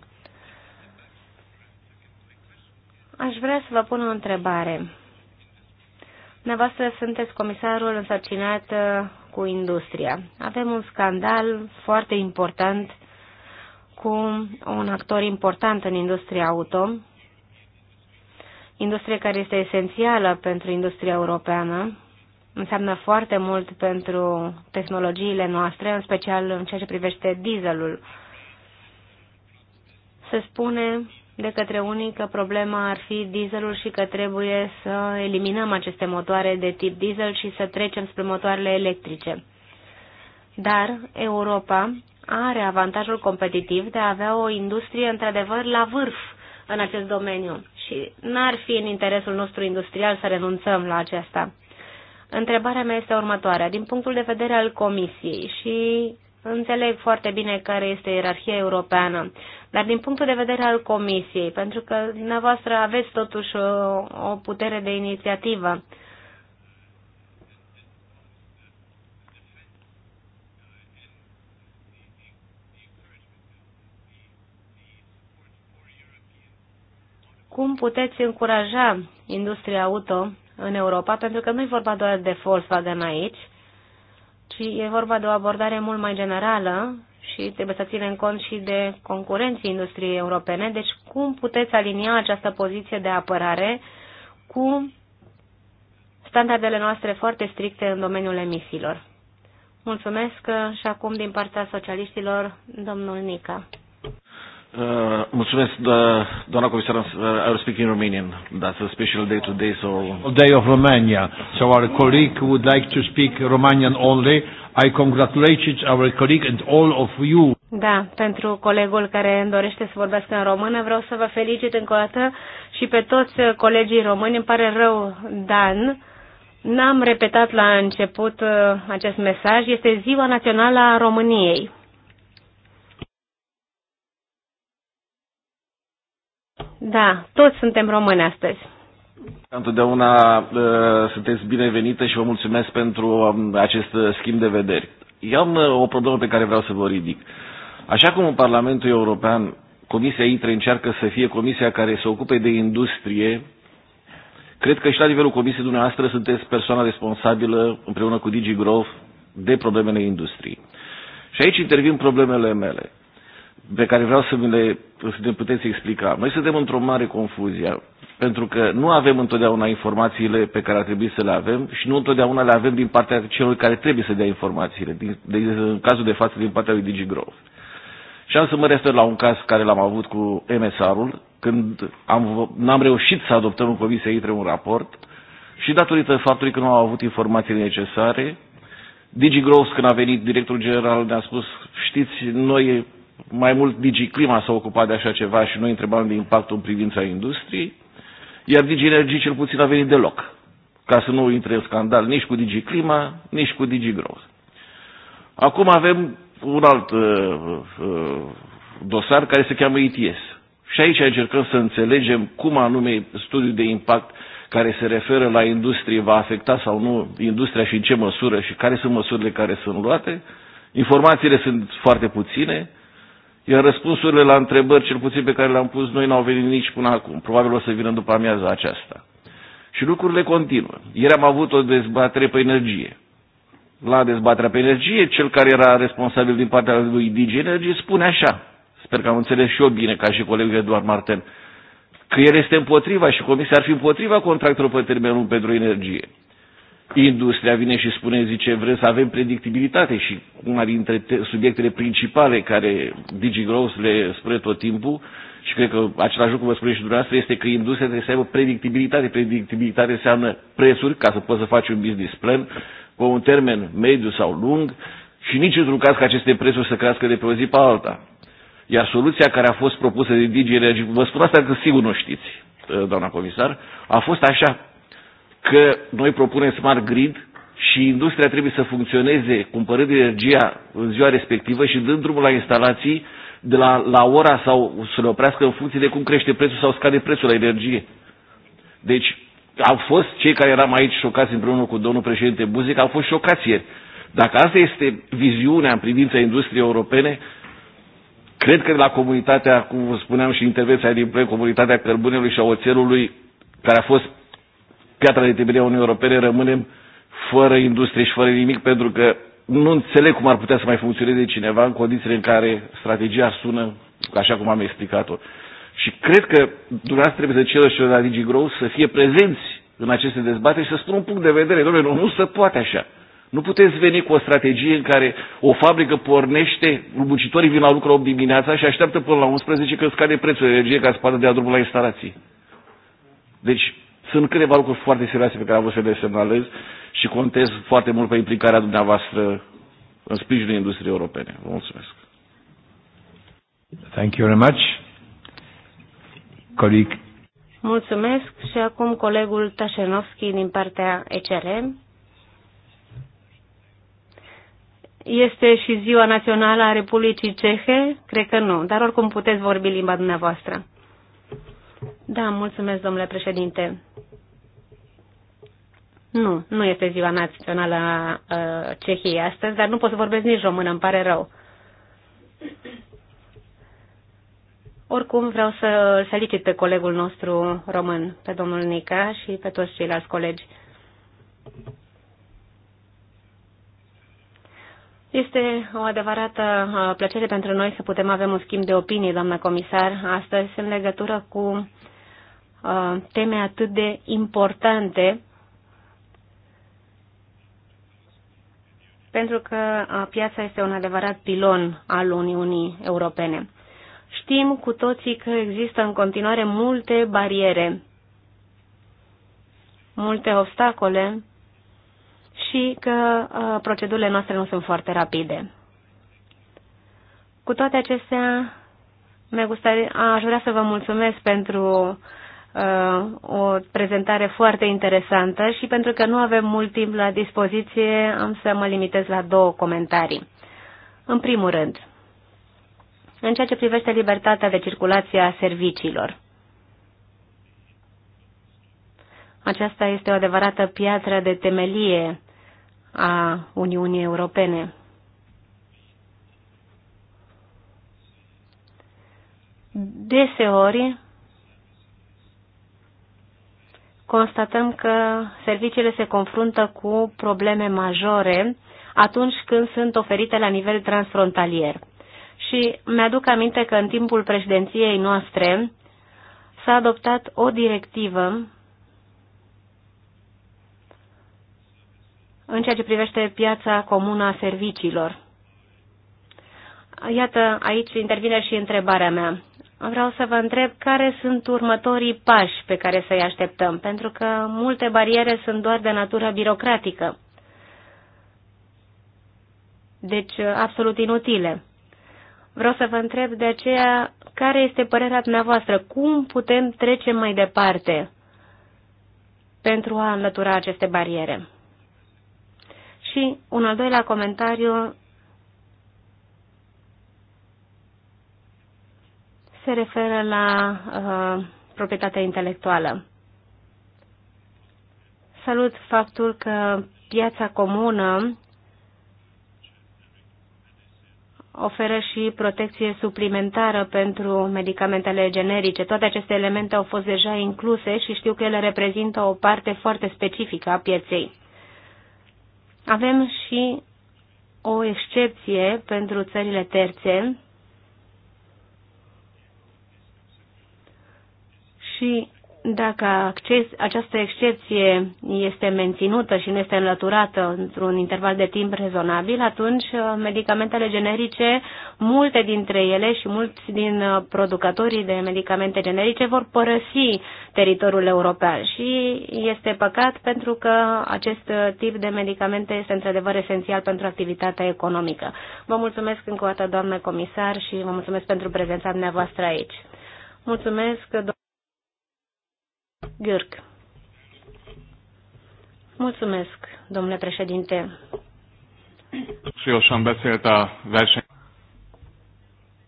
Aș vrea să vă pun o întrebare. Dumneavoastră sunteți comisarul însărcinat uh, cu industria. Avem un scandal foarte important cu un actor important în industria auto, industrie care este esențială pentru industria europeană, înseamnă foarte mult pentru tehnologiile noastre, în special în ceea ce privește dieselul. Se spune de către unii că problema ar fi dieselul și că trebuie să eliminăm aceste motoare de tip diesel și să trecem spre motoarele electrice. Dar Europa are avantajul competitiv de a avea o industrie într-adevăr la vârf în acest domeniu și n-ar fi în interesul nostru industrial să renunțăm la aceasta. Întrebarea mea este următoarea. Din punctul de vedere al Comisiei și Înțeleg foarte bine care este ierarhia europeană, dar din punctul de vedere al Comisiei, pentru că dumneavoastră aveți totuși o, o putere de inițiativă, cum puteți încuraja industria auto în Europa, pentru că nu e vorba doar de Volkswagen aici, ci e vorba de o abordare mult mai generală și trebuie să ținem cont și de concurenții industriei europene. Deci cum puteți alinia această poziție de apărare cu standardele noastre foarte stricte în domeniul emisiilor? Mulțumesc și acum din partea socialiștilor, domnul Nica. Uh, mulțumesc, uh, doamna comisar. Uh, I will speak in Romanian. That's a special day today, so... Day of Romania. So our colleague would like to speak Romanian only. I congratulate our colleague and all of you. Da, pentru colegul care îmi dorește să vorbească în română, vreau să vă felicit încă o dată și pe toți colegii români. Îmi pare rău, Dan. N-am repetat la început acest mesaj. Este Ziua Națională a României. Da, toți suntem români astăzi. Întotdeauna uh, sunteți binevenită și vă mulțumesc pentru um, acest uh, schimb de vederi. Eu am uh, o problemă pe care vreau să vă ridic. Așa cum în Parlamentul European Comisia ITRE încearcă să fie comisia care se ocupe de industrie, cred că și la nivelul comisiei dumneavoastră sunteți persoana responsabilă, împreună cu DigiGrowth, de problemele industriei. Și aici intervin problemele mele pe care vreau să, le, să ne puteți explica. Noi suntem într-o mare confuzie, pentru că nu avem întotdeauna informațiile pe care ar trebui să le avem și nu întotdeauna le avem din partea celor care trebuie să dea informațiile, din, de, în cazul de față din partea lui DigiGrowth. Și am să mă refer la un caz care l-am avut cu MSR-ul, când am, n-am reușit să adoptăm în comisie ITRE un raport și datorită faptului că nu am avut informațiile necesare, Digigrowth, când a venit directorul general, ne-a spus, știți, noi mai mult DigiClima s-a ocupat de așa ceva și noi întrebam de impactul în privința industriei, iar DigiEnergy cel puțin a venit deloc, ca să nu intre în scandal nici cu DigiClima, nici cu DigiGrowth. Acum avem un alt uh, uh, dosar care se cheamă ETS. Și aici încercăm să înțelegem cum anume studiul de impact care se referă la industrie va afecta sau nu industria și în ce măsură și care sunt măsurile care sunt luate. Informațiile sunt foarte puține, iar răspunsurile la întrebări, cel puțin pe care le-am pus noi, n-au venit nici până acum. Probabil o să vină după amiaza aceasta. Și lucrurile continuă. Ieri am avut o dezbatere pe energie. La dezbaterea pe energie, cel care era responsabil din partea lui DG Energy spune așa, sper că am înțeles și eu bine, ca și colegul Eduard Marten, că el este împotriva și Comisia ar fi împotriva contractelor pe termen lung pentru energie industria vine și spune, zice, vrem să avem predictibilitate și una dintre subiectele principale care DigiGrowth le spune tot timpul și cred că același lucru vă spune și dumneavoastră este că industria trebuie să aibă predictibilitate. Predictibilitate înseamnă prețuri ca să poți să faci un business plan pe un termen mediu sau lung și nici într-un caz că aceste prețuri să crească de pe o zi pe alta. Iar soluția care a fost propusă de DigiEnergy, vă spun asta că sigur nu știți, doamna comisar, a fost așa că noi propunem smart grid și industria trebuie să funcționeze cumpărând energia în ziua respectivă și dând drumul la instalații de la, la ora sau să le oprească în funcție de cum crește prețul sau scade prețul la energie. Deci au fost cei care eram aici șocați împreună cu domnul președinte Buzic, au fost șocați ieri. Dacă asta este viziunea în privința industriei europene, cred că la comunitatea, cum vă spuneam și intervenția din plen, comunitatea cărbunelui și a oțelului, care a fost piatra de temelie a Uniunii Europene, rămânem fără industrie și fără nimic, pentru că nu înțeleg cum ar putea să mai funcționeze cineva în condițiile în care strategia sună așa cum am explicat-o. Și cred că dumneavoastră trebuie să ceră și la DigiGrow să fie prezenți în aceste dezbateri și să spună un punct de vedere. Doamne, nu, nu se poate așa. Nu puteți veni cu o strategie în care o fabrică pornește, muncitorii vin la lucru 8 dimineața și așteaptă până la 11 că scade prețul de energie ca să poată dea drumul la instalații. Deci sunt câteva lucruri foarte serioase pe care am vrut să le semnalez și contez foarte mult pe implicarea dumneavoastră în sprijinul industriei europene. Vă mulțumesc. Thank you very much. Coleg. Mulțumesc și acum colegul Tașenovski din partea ECRM. Este și ziua națională a Republicii Cehe? Cred că nu, dar oricum puteți vorbi limba dumneavoastră. Da, mulțumesc, domnule președinte. Nu, nu este ziua națională a a Cehiei astăzi, dar nu pot să vorbesc nici română, îmi pare rău. Oricum vreau să felicit pe colegul nostru român, pe domnul Nica și pe toți ceilalți colegi. Este o adevărată plăcere pentru noi să putem avea un schimb de opinii, doamna comisar, astăzi în legătură cu Uh, teme atât de importante pentru că uh, piața este un adevărat pilon al Uniunii Europene. Știm cu toții că există în continuare multe bariere, multe obstacole și că uh, procedurile noastre nu sunt foarte rapide. Cu toate acestea, aș vrea să vă mulțumesc pentru Uh, o prezentare foarte interesantă și pentru că nu avem mult timp la dispoziție, am să mă limitez la două comentarii. În primul rând, în ceea ce privește libertatea de circulație a serviciilor. Aceasta este o adevărată piatră de temelie a Uniunii Europene. Deseori, constatăm că serviciile se confruntă cu probleme majore atunci când sunt oferite la nivel transfrontalier. Și mi-aduc aminte că în timpul președinției noastre s-a adoptat o directivă în ceea ce privește piața comună a serviciilor. Iată, aici intervine și întrebarea mea vreau să vă întreb care sunt următorii pași pe care să-i așteptăm, pentru că multe bariere sunt doar de natură birocratică. Deci, uh, absolut inutile. Vreau să vă întreb de aceea care este părerea dumneavoastră, cum putem trece mai departe pentru a înlătura aceste bariere. Și un al doilea comentariu se referă la uh, proprietatea intelectuală. Salut faptul că piața comună oferă și protecție suplimentară pentru medicamentele generice. Toate aceste elemente au fost deja incluse și știu că ele reprezintă o parte foarte specifică a pieței. Avem și o excepție pentru țările terțe Și dacă acces, această excepție este menținută și nu este înlăturată într-un interval de timp rezonabil, atunci uh, medicamentele generice, multe dintre ele și mulți din uh, producătorii de medicamente generice vor părăsi teritoriul european și este păcat pentru că acest uh, tip de medicamente este într-adevăr esențial pentru activitatea economică. Vă mulțumesc încă o dată, doamnă comisar, și vă mulțumesc pentru prezența dumneavoastră aici. Mulțumesc, Gheorg. Mulțumesc, domnule președinte. Súlyosan beszélt verseny.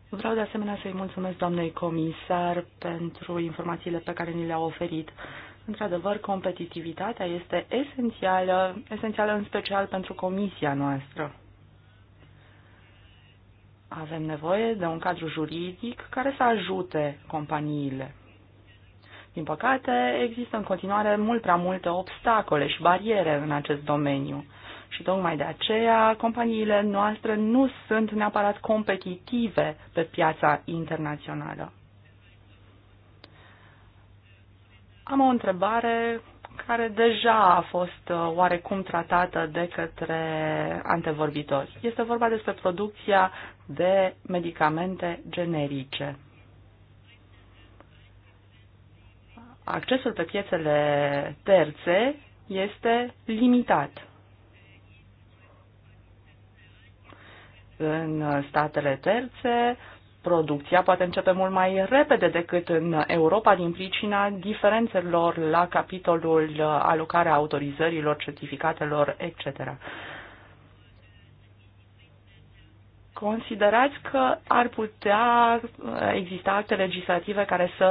Vreau de asemenea să-i mulțumesc doamnei comisar pentru informațiile pe care ni le-a oferit. Într-adevăr, competitivitatea este esențială, esențială în special pentru comisia noastră. Avem nevoie de un cadru juridic care să ajute companiile. Din păcate, există în continuare mult prea multe obstacole și bariere în acest domeniu. Și tocmai de aceea, companiile noastre nu sunt neapărat competitive pe piața internațională. Am o întrebare care deja a fost uh, oarecum tratată de către antevorbitori. Este vorba despre producția de medicamente generice. accesul pe piețele terțe este limitat. În statele terțe, producția poate începe mult mai repede decât în Europa din pricina diferențelor la capitolul alocarea autorizărilor, certificatelor, etc. Considerați că ar putea exista acte legislative care să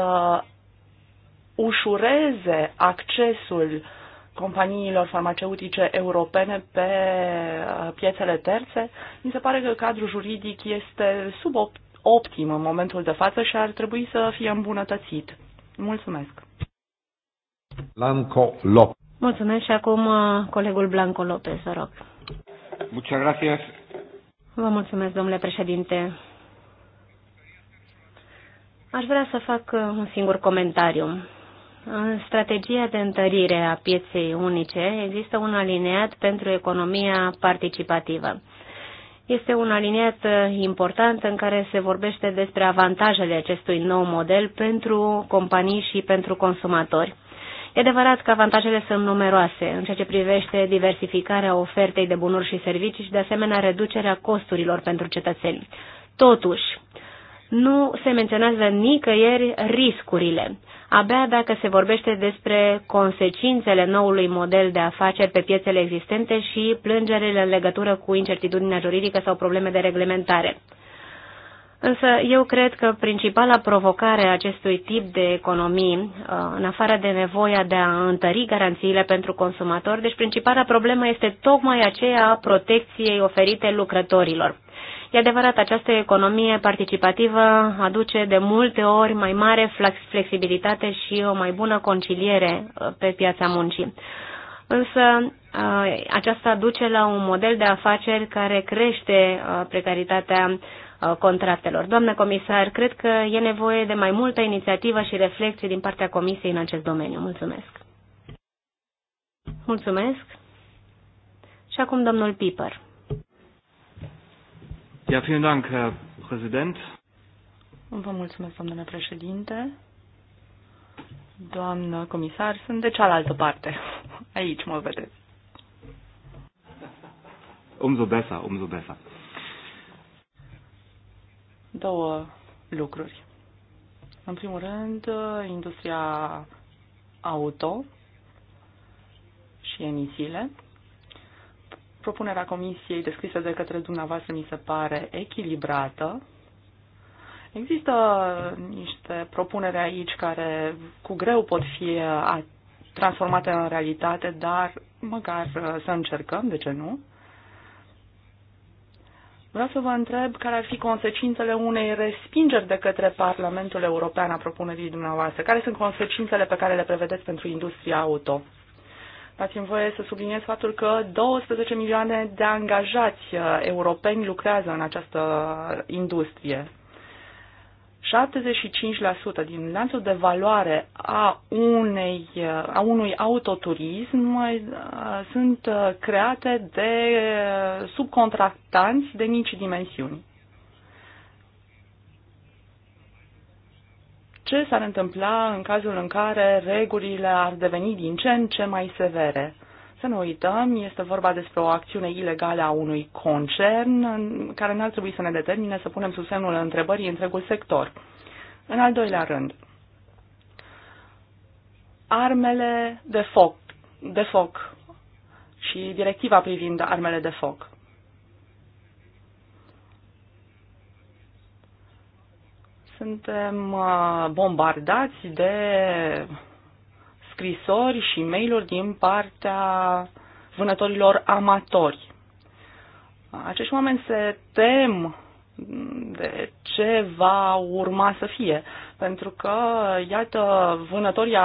ușureze accesul companiilor farmaceutice europene pe uh, piețele terțe, mi se pare că cadrul juridic este suboptim în momentul de față și ar trebui să fie îmbunătățit. Mulțumesc! Blanco Lopez. Mulțumesc și acum uh, colegul Blanco Lopez, vă rog. Muchas gracias. Vă mulțumesc, domnule președinte. Aș vrea să fac uh, un singur comentariu. În strategia de întărire a pieței unice există un aliniat pentru economia participativă. Este un aliniat uh, important în care se vorbește despre avantajele acestui nou model pentru companii și pentru consumatori. E adevărat că avantajele sunt numeroase în ceea ce privește diversificarea ofertei de bunuri și servicii și de asemenea reducerea costurilor pentru cetățeni. Totuși, nu se menționează nicăieri riscurile. Abia dacă se vorbește despre consecințele noului model de afaceri pe piețele existente și plângerile în legătură cu incertitudinea juridică sau probleme de reglementare. Însă eu cred că principala provocare a acestui tip de economii, uh, în afară de nevoia de a întări garanțiile pentru consumatori, deci principala problemă este tocmai aceea a protecției oferite lucrătorilor. E adevărat, această economie participativă aduce de multe ori mai mare flexibilitate și o mai bună conciliere uh, pe piața muncii. Însă uh, aceasta duce la un model de afaceri care crește uh, precaritatea contractelor. Doamnă comisar, cred că e nevoie de mai multă inițiativă și reflexie din partea Comisiei în acest domeniu. Mulțumesc! Mulțumesc! Și acum domnul Piper. Ja, vielen Dank, Herr Präsident. Vă mulțumesc, domnule președinte. Doamnă comisar, sunt de cealaltă parte. Aici mă vedeți. Umso besser, umso besser. Două lucruri. În primul rând, industria auto și emisiile. Propunerea comisiei descrisă de către dumneavoastră mi se pare echilibrată. Există niște propuneri aici care cu greu pot fi transformate în realitate, dar măcar uh, să încercăm, de ce nu? Vreau să vă întreb care ar fi consecințele unei respingeri de către Parlamentul European a propunerii dumneavoastră. Care sunt consecințele pe care le prevedeți pentru industria auto? Dați-mi voie să subliniez faptul că 12 milioane de angajați uh, europeni lucrează în această industrie. 75% din lanțul de valoare a, unei, uh, a unui autoturism uh, sunt create de subcontractanți de mici dimensiuni. ce s-ar întâmpla în cazul în care regulile ar deveni din ce în ce mai severe. Să nu uităm, este vorba despre o acțiune ilegală a unui concern care n-ar trebui să ne determine să punem sub semnul întrebării întregul sector. În al doilea rând, armele de foc, de foc și directiva privind armele de foc. Suntem uh, bombardați de scrisori și mail-uri din partea vânătorilor amatori. Acești oameni se tem de ce va urma să fie. Pentru că, iată, vânătorii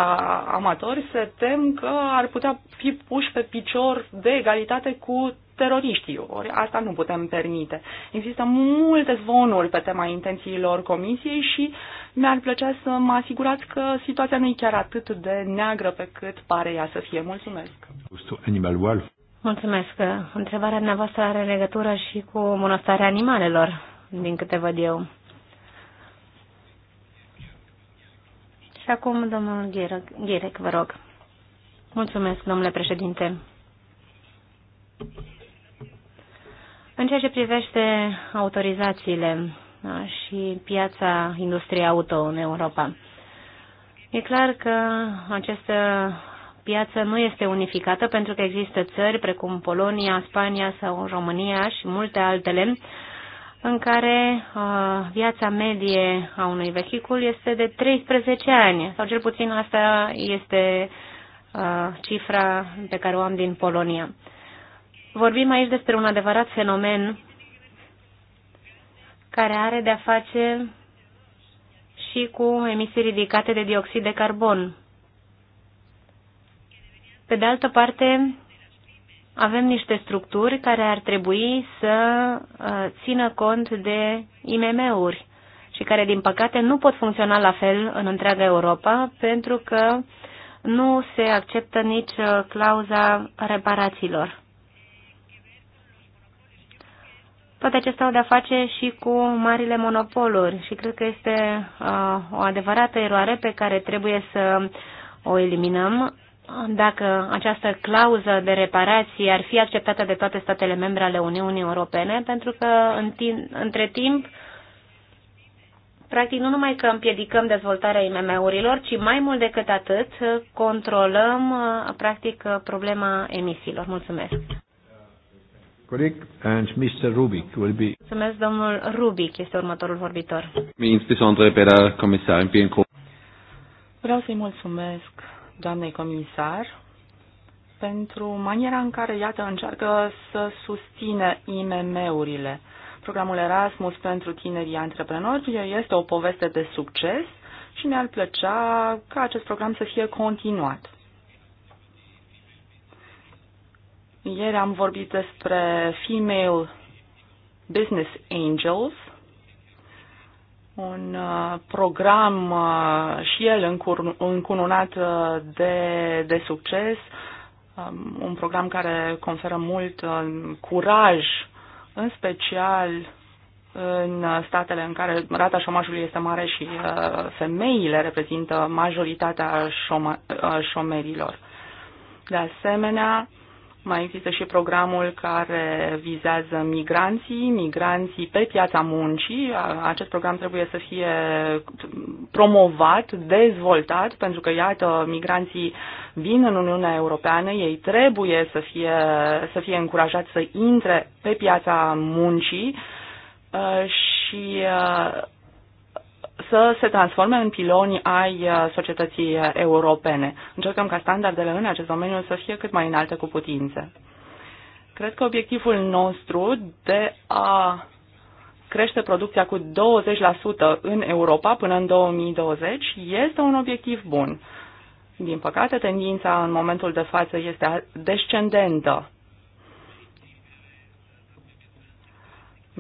amatori se tem că ar putea fi puși pe picior de egalitate cu teroriștii. Ori asta nu putem permite. Există multe zvonuri pe tema intențiilor comisiei și mi-ar plăcea să mă asigurați că situația nu e chiar atât de neagră pe cât pare ea să fie. Mulțumesc! Mulțumesc! Întrebarea dumneavoastră are legătură și cu bunăstarea animalelor, din câte văd eu. Și acum, domnul Ghirec, vă rog. Mulțumesc, domnule președinte. În ceea ce privește autorizațiile și piața industriei auto în Europa, e clar că această piață nu este unificată pentru că există țări precum Polonia, Spania sau România și multe altele în care uh, viața medie a unui vehicul este de 13 ani, sau cel puțin asta este uh, cifra pe care o am din Polonia. Uh, Vorbim aici despre un adevărat fenomen care are de-a face și cu emisii ridicate de dioxid de carbon. Pe de altă parte, avem niște structuri care ar trebui să uh, țină cont de IMM-uri și care, din păcate, nu pot funcționa la fel în întreaga Europa pentru că nu se acceptă nici uh, clauza reparațiilor. Toate acestea au de-a face și cu marile monopoluri și cred că este uh, o adevărată eroare pe care trebuie să o eliminăm. Dacă această clauză de reparație ar fi acceptată de toate statele membre ale Uniunii Europene, pentru că în timp, între timp, practic nu numai că împiedicăm dezvoltarea IMM-urilor, ci mai mult decât atât controlăm uh, practic uh, problema emisiilor. Mulțumesc! Correct. And Mr. Rubic will be... Mulțumesc, domnul Rubic este următorul vorbitor. comisar Vreau să-i mulțumesc doamnei comisar pentru maniera în care, iată, încearcă să susțină IMM-urile. Programul Erasmus pentru tinerii antreprenori este o poveste de succes și mi-ar plăcea ca acest program să fie continuat. Ieri am vorbit despre Female Business Angels, un uh, program uh, și el încununat uh, de, de succes, um, un program care conferă mult curaj, în special în statele în care rata șomajului este mare și femeile reprezintă majoritatea șoma, șomerilor. De asemenea, mai există și programul care vizează migranții, migranții pe piața muncii. Acest program trebuie să fie promovat, dezvoltat, pentru că, iată, migranții vin în Uniunea Europeană, ei trebuie să fie, să fie încurajați să intre pe piața muncii și să se transforme în piloni ai uh, societății uh, europene. Încercăm ca standardele în acest domeniu să fie cât mai înalte cu putință. Cred că obiectivul nostru de a crește producția cu 20% în Europa până în 2020 este un obiectiv bun. Din păcate, tendința în momentul de față este descendentă.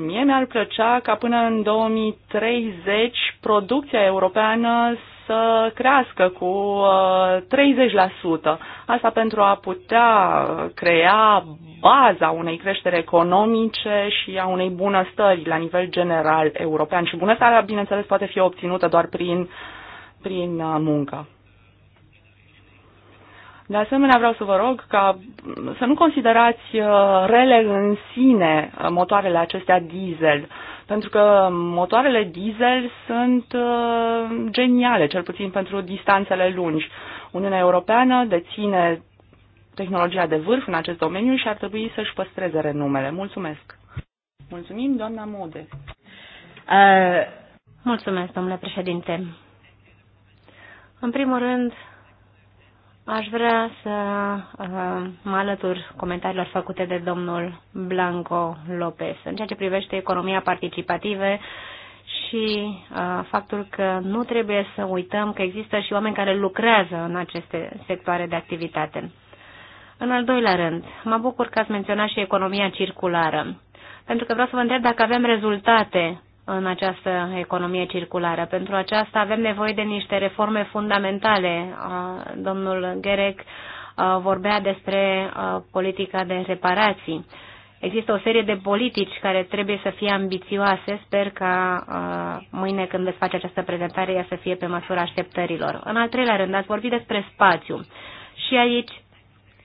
Mie mi-ar plăcea ca până în 2030 producția europeană să crească cu 30%. Uh, Asta pentru a putea crea baza unei creșteri economice și a unei bunăstări la nivel general european. Și bunăstarea, bineînțeles, poate fi obținută doar prin, prin uh, muncă. De asemenea, vreau să vă rog ca să nu considerați uh, rele în sine uh, motoarele acestea diesel, pentru că motoarele diesel sunt uh, geniale, cel puțin pentru distanțele lungi. Uniunea Europeană deține tehnologia de vârf în acest domeniu și ar trebui să-și păstreze renumele. Mulțumesc! Mulțumim, doamna Mode! Uh, mulțumesc, domnule președinte! În primul rând, Aș vrea să uh, mă alătur comentariilor făcute de domnul Blanco Lopez în ceea ce privește economia participative și uh, faptul că nu trebuie să uităm că există și oameni care lucrează în aceste sectoare de activitate. În al doilea rând, mă bucur că ați menționat și economia circulară, pentru că vreau să vă întreb dacă avem rezultate în această economie circulară. Pentru aceasta avem nevoie de niște reforme fundamentale. Domnul Gerec vorbea despre politica de reparații. Există o serie de politici care trebuie să fie ambițioase. Sper că mâine când veți face această prezentare ea să fie pe măsura așteptărilor. În al treilea rând, ați vorbit despre spațiu. Și aici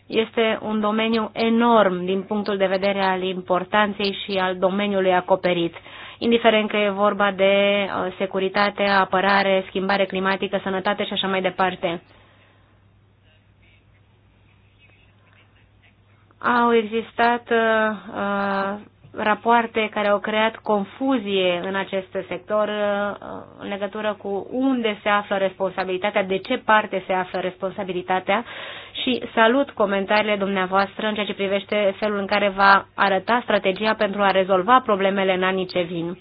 este un domeniu enorm din punctul de vedere al importanței și al domeniului acoperit indiferent că e vorba de uh, securitate, apărare, schimbare climatică, sănătate și așa mai departe. Au existat uh, uh rapoarte care au creat confuzie în acest sector uh, în legătură cu unde se află responsabilitatea, de ce parte se află responsabilitatea și salut comentariile dumneavoastră în ceea ce privește felul în care va arăta strategia pentru a rezolva problemele în anii ce vin.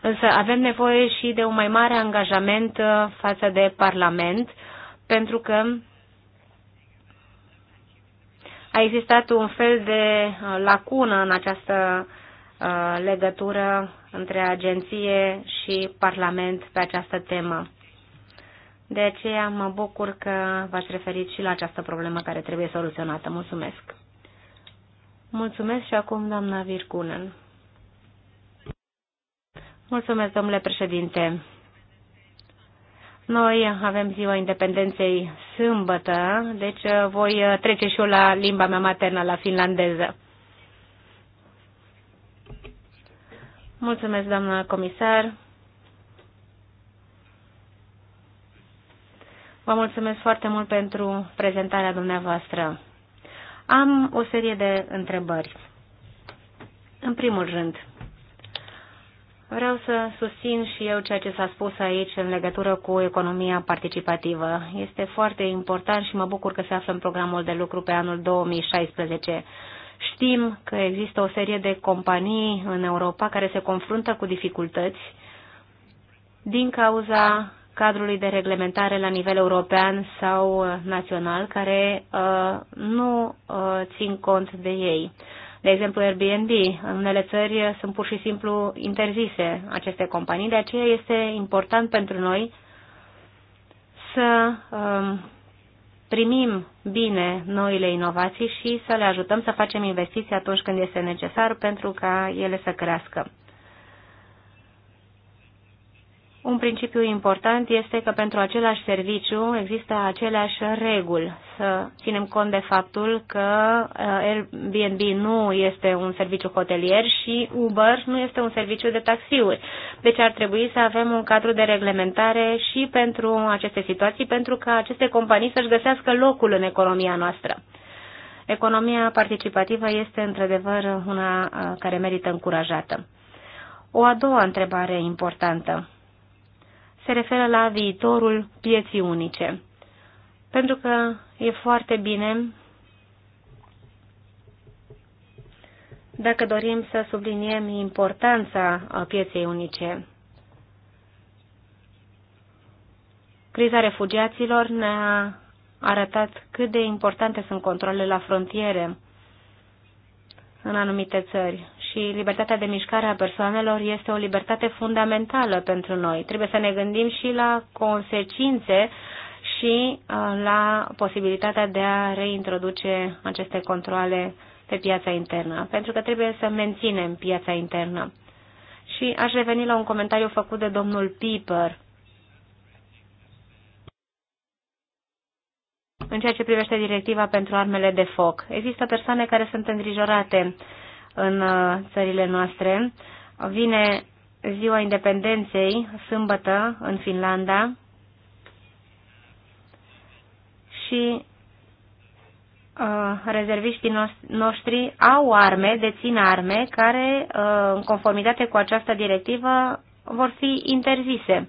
Însă avem nevoie și de un mai mare angajament uh, față de Parlament, pentru că a existat un fel de uh, lacună în această Uh, legătură între agenție și Parlament pe această temă. De aceea mă bucur că v-ați referit și la această problemă care trebuie soluționată. Mulțumesc! Mulțumesc și acum doamna Virkunen. Mulțumesc, domnule președinte. Noi avem ziua independenței sâmbătă, deci uh, voi uh, trece și eu la limba mea maternă, la finlandeză. Mulțumesc, doamna comisar. Vă mulțumesc foarte mult pentru prezentarea dumneavoastră. Am o serie de întrebări. În primul rând, vreau să susțin și eu ceea ce s-a spus aici în legătură cu economia participativă. Este foarte important și mă bucur că se află în programul de lucru pe anul 2016. Știm că există o serie de companii în Europa care se confruntă cu dificultăți din cauza cadrului de reglementare la nivel european sau național care uh, nu uh, țin cont de ei. De exemplu, Airbnb. În unele țări sunt pur și simplu interzise aceste companii, de aceea este important pentru noi să um, primim bine noile inovații și să le ajutăm să facem investiții atunci când este necesar pentru ca ele să crească. Un principiu important este că pentru același serviciu există aceleași reguli. Să ținem cont de faptul că uh, Airbnb nu este un serviciu hotelier și Uber nu este un serviciu de taxiuri. Deci ar trebui să avem un cadru de reglementare și pentru aceste situații, pentru ca aceste companii să-și găsească locul în economia noastră. Economia participativă este într-adevăr una uh, care merită încurajată. O a doua întrebare importantă se referă la viitorul pieții unice. Pentru că e foarte bine dacă dorim să subliniem importanța pieței unice. Criza refugiaților ne-a arătat cât de importante sunt controlele la frontiere în anumite țări și libertatea de mișcare a persoanelor este o libertate fundamentală pentru noi. Trebuie să ne gândim și la consecințe și uh, la posibilitatea de a reintroduce aceste controle pe piața internă, pentru că trebuie să menținem piața internă. Și aș reveni la un comentariu făcut de domnul Piper. În ceea ce privește directiva pentru armele de foc, există persoane care sunt îngrijorate în uh, țările noastre. Vine ziua independenței, sâmbătă, în Finlanda. Și uh, rezerviștii noștri au arme, dețin arme, care, uh, în conformitate cu această directivă, vor fi interzise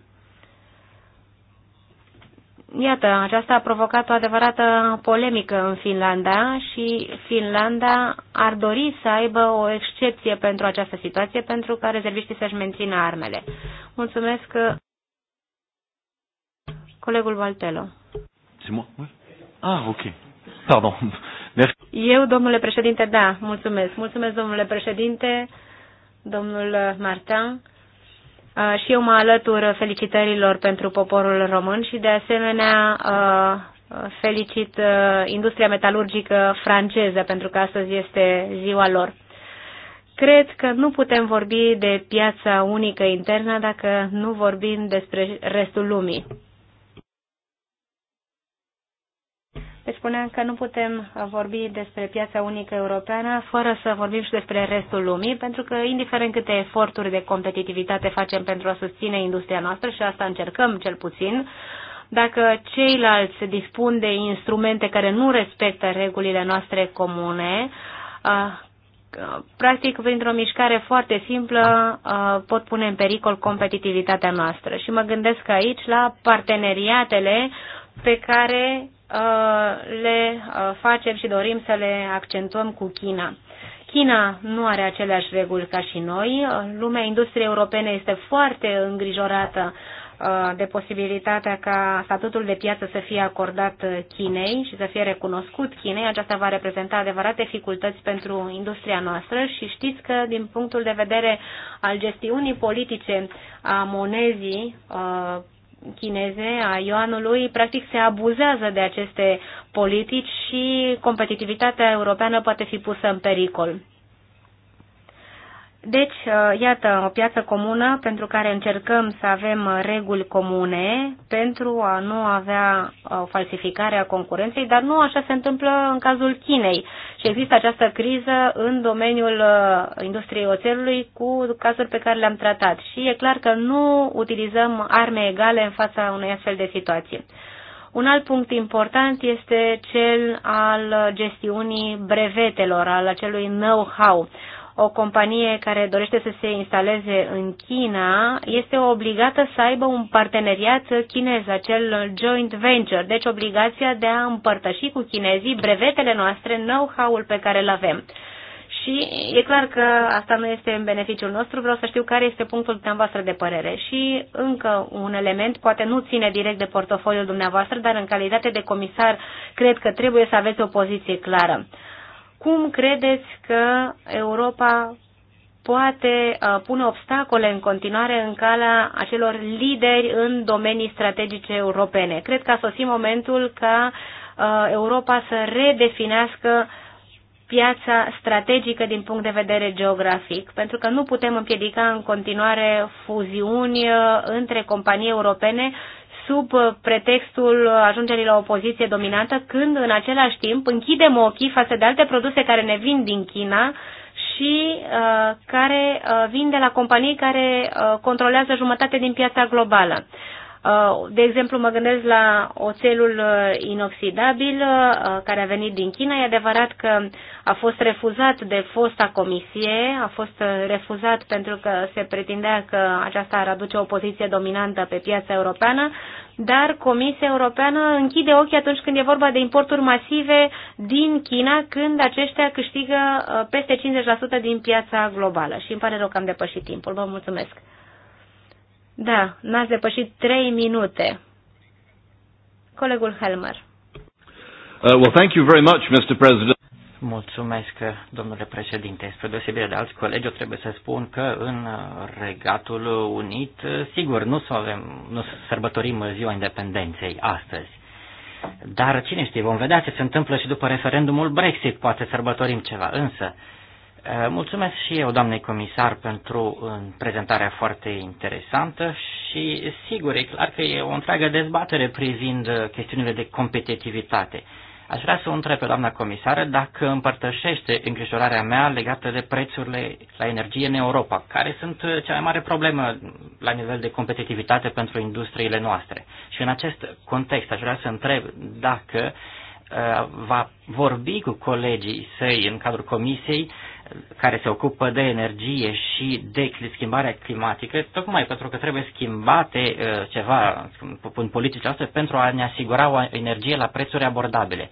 iată, aceasta a provocat o adevărată polemică în Finlanda și Finlanda ar dori să aibă o excepție pentru această situație pentru ca rezerviștii să-și mențină armele. Mulțumesc, colegul Valtelo. Ah, ok. Pardon. Eu, domnule președinte, da, mulțumesc. Mulțumesc, domnule președinte, domnul Martin. Uh, și eu mă alătur felicitărilor pentru poporul român și de asemenea uh, felicit uh, industria metalurgică franceză pentru că astăzi este ziua lor. Cred că nu putem vorbi de piața unică internă dacă nu vorbim despre restul lumii. Deci spuneam că nu putem vorbi despre piața unică europeană fără să vorbim și despre restul lumii, pentru că indiferent câte eforturi de competitivitate facem pentru a susține industria noastră, și asta încercăm cel puțin, dacă ceilalți dispun de instrumente care nu respectă regulile noastre comune, practic, printr-o mișcare foarte simplă, pot pune în pericol competitivitatea noastră. Și mă gândesc aici la parteneriatele pe care Uh, le uh, facem și dorim să le accentuăm cu China. China nu are aceleași reguli ca și noi. Uh, lumea industriei europene este foarte îngrijorată de posibilitatea ca statutul de piață să fie acordat Chinei și să fie recunoscut Chinei. Aceasta va reprezenta adevărate dificultăți pentru industria noastră și știți că din punctul de vedere al gestiunii politice a monezii chineze, a ioanului, practic se abuzează de aceste politici și competitivitatea europeană poate fi pusă în pericol. Deci, uh, iată, o piață comună pentru care încercăm să avem uh, reguli comune pentru a nu avea uh, o falsificare a concurenței, dar nu așa se întâmplă în cazul Chinei. Și există această criză în domeniul industriei oțelului cu cazuri pe care le-am tratat. Și e clar că nu utilizăm arme egale în fața unei astfel de situații. Un alt punct important este cel al gestiunii brevetelor, al acelui know-how o companie care dorește să se instaleze în China este obligată să aibă un parteneriat chinez, acel joint venture, deci obligația de a împărtăși cu chinezii brevetele noastre, know-how-ul pe care îl avem. Și e clar că asta nu este în beneficiul nostru, vreau să știu care este punctul dumneavoastră de părere. Și încă un element, poate nu ține direct de portofoliul dumneavoastră, dar în calitate de comisar cred că trebuie să aveți o poziție clară. Cum credeți că Europa poate uh, pune obstacole în continuare în calea acelor lideri în domenii strategice europene? Cred că a sosit momentul ca uh, Europa să redefinească piața strategică din punct de vedere geografic, pentru că nu putem împiedica în continuare fuziuni uh, între companii europene sub uh, pretextul ajungerii la o poziție dominantă, când în același timp închidem ochii față de alte produse care ne vin din China și uh, care uh, vin de la companii care uh, controlează jumătate din piața globală. Uh, de exemplu, mă gândesc la oțelul uh, inoxidabil uh, care a venit din China. E adevărat că a fost refuzat de fosta comisie, a fost refuzat pentru că se pretindea că aceasta ar aduce o poziție dominantă pe piața europeană, dar Comisia Europeană închide ochii atunci când e vorba de importuri masive din China, când aceștia câștigă peste 50% din piața globală. Și îmi pare rău că am depășit timpul. Vă mulțumesc! Da, n-ați depășit trei minute. Colegul Helmer. Uh, well, thank you very much, Mr. President. Mulțumesc, domnule președinte. Spre deosebire de alți colegi, eu trebuie să spun că în Regatul Unit, sigur, nu, să avem, nu sărbătorim ziua independenței astăzi. Dar cine știe, vom vedea ce se întâmplă și după referendumul Brexit, poate sărbătorim ceva. Însă, uh, Eh, mulțumesc și eu, doamnei comisar, pentru prezentarea foarte interesantă și sigur, e clar că e o întreagă dezbatere privind eh, chestiunile de competitivitate. Aș vrea să o întreb pe doamna comisară dacă împărtășește îngrijorarea mea legată de prețurile la energie în Europa, care sunt eh, cea mai mare problemă la nivel de competitivitate pentru industriile noastre. Și în acest context aș vrea să întreb dacă va vorbi cu colegii săi în cadrul comisiei care se ocupă de energie și de schimbarea climatică, tocmai pentru că trebuie schimbate uh, ceva în politicile astea pentru a ne asigura o energie la prețuri abordabile.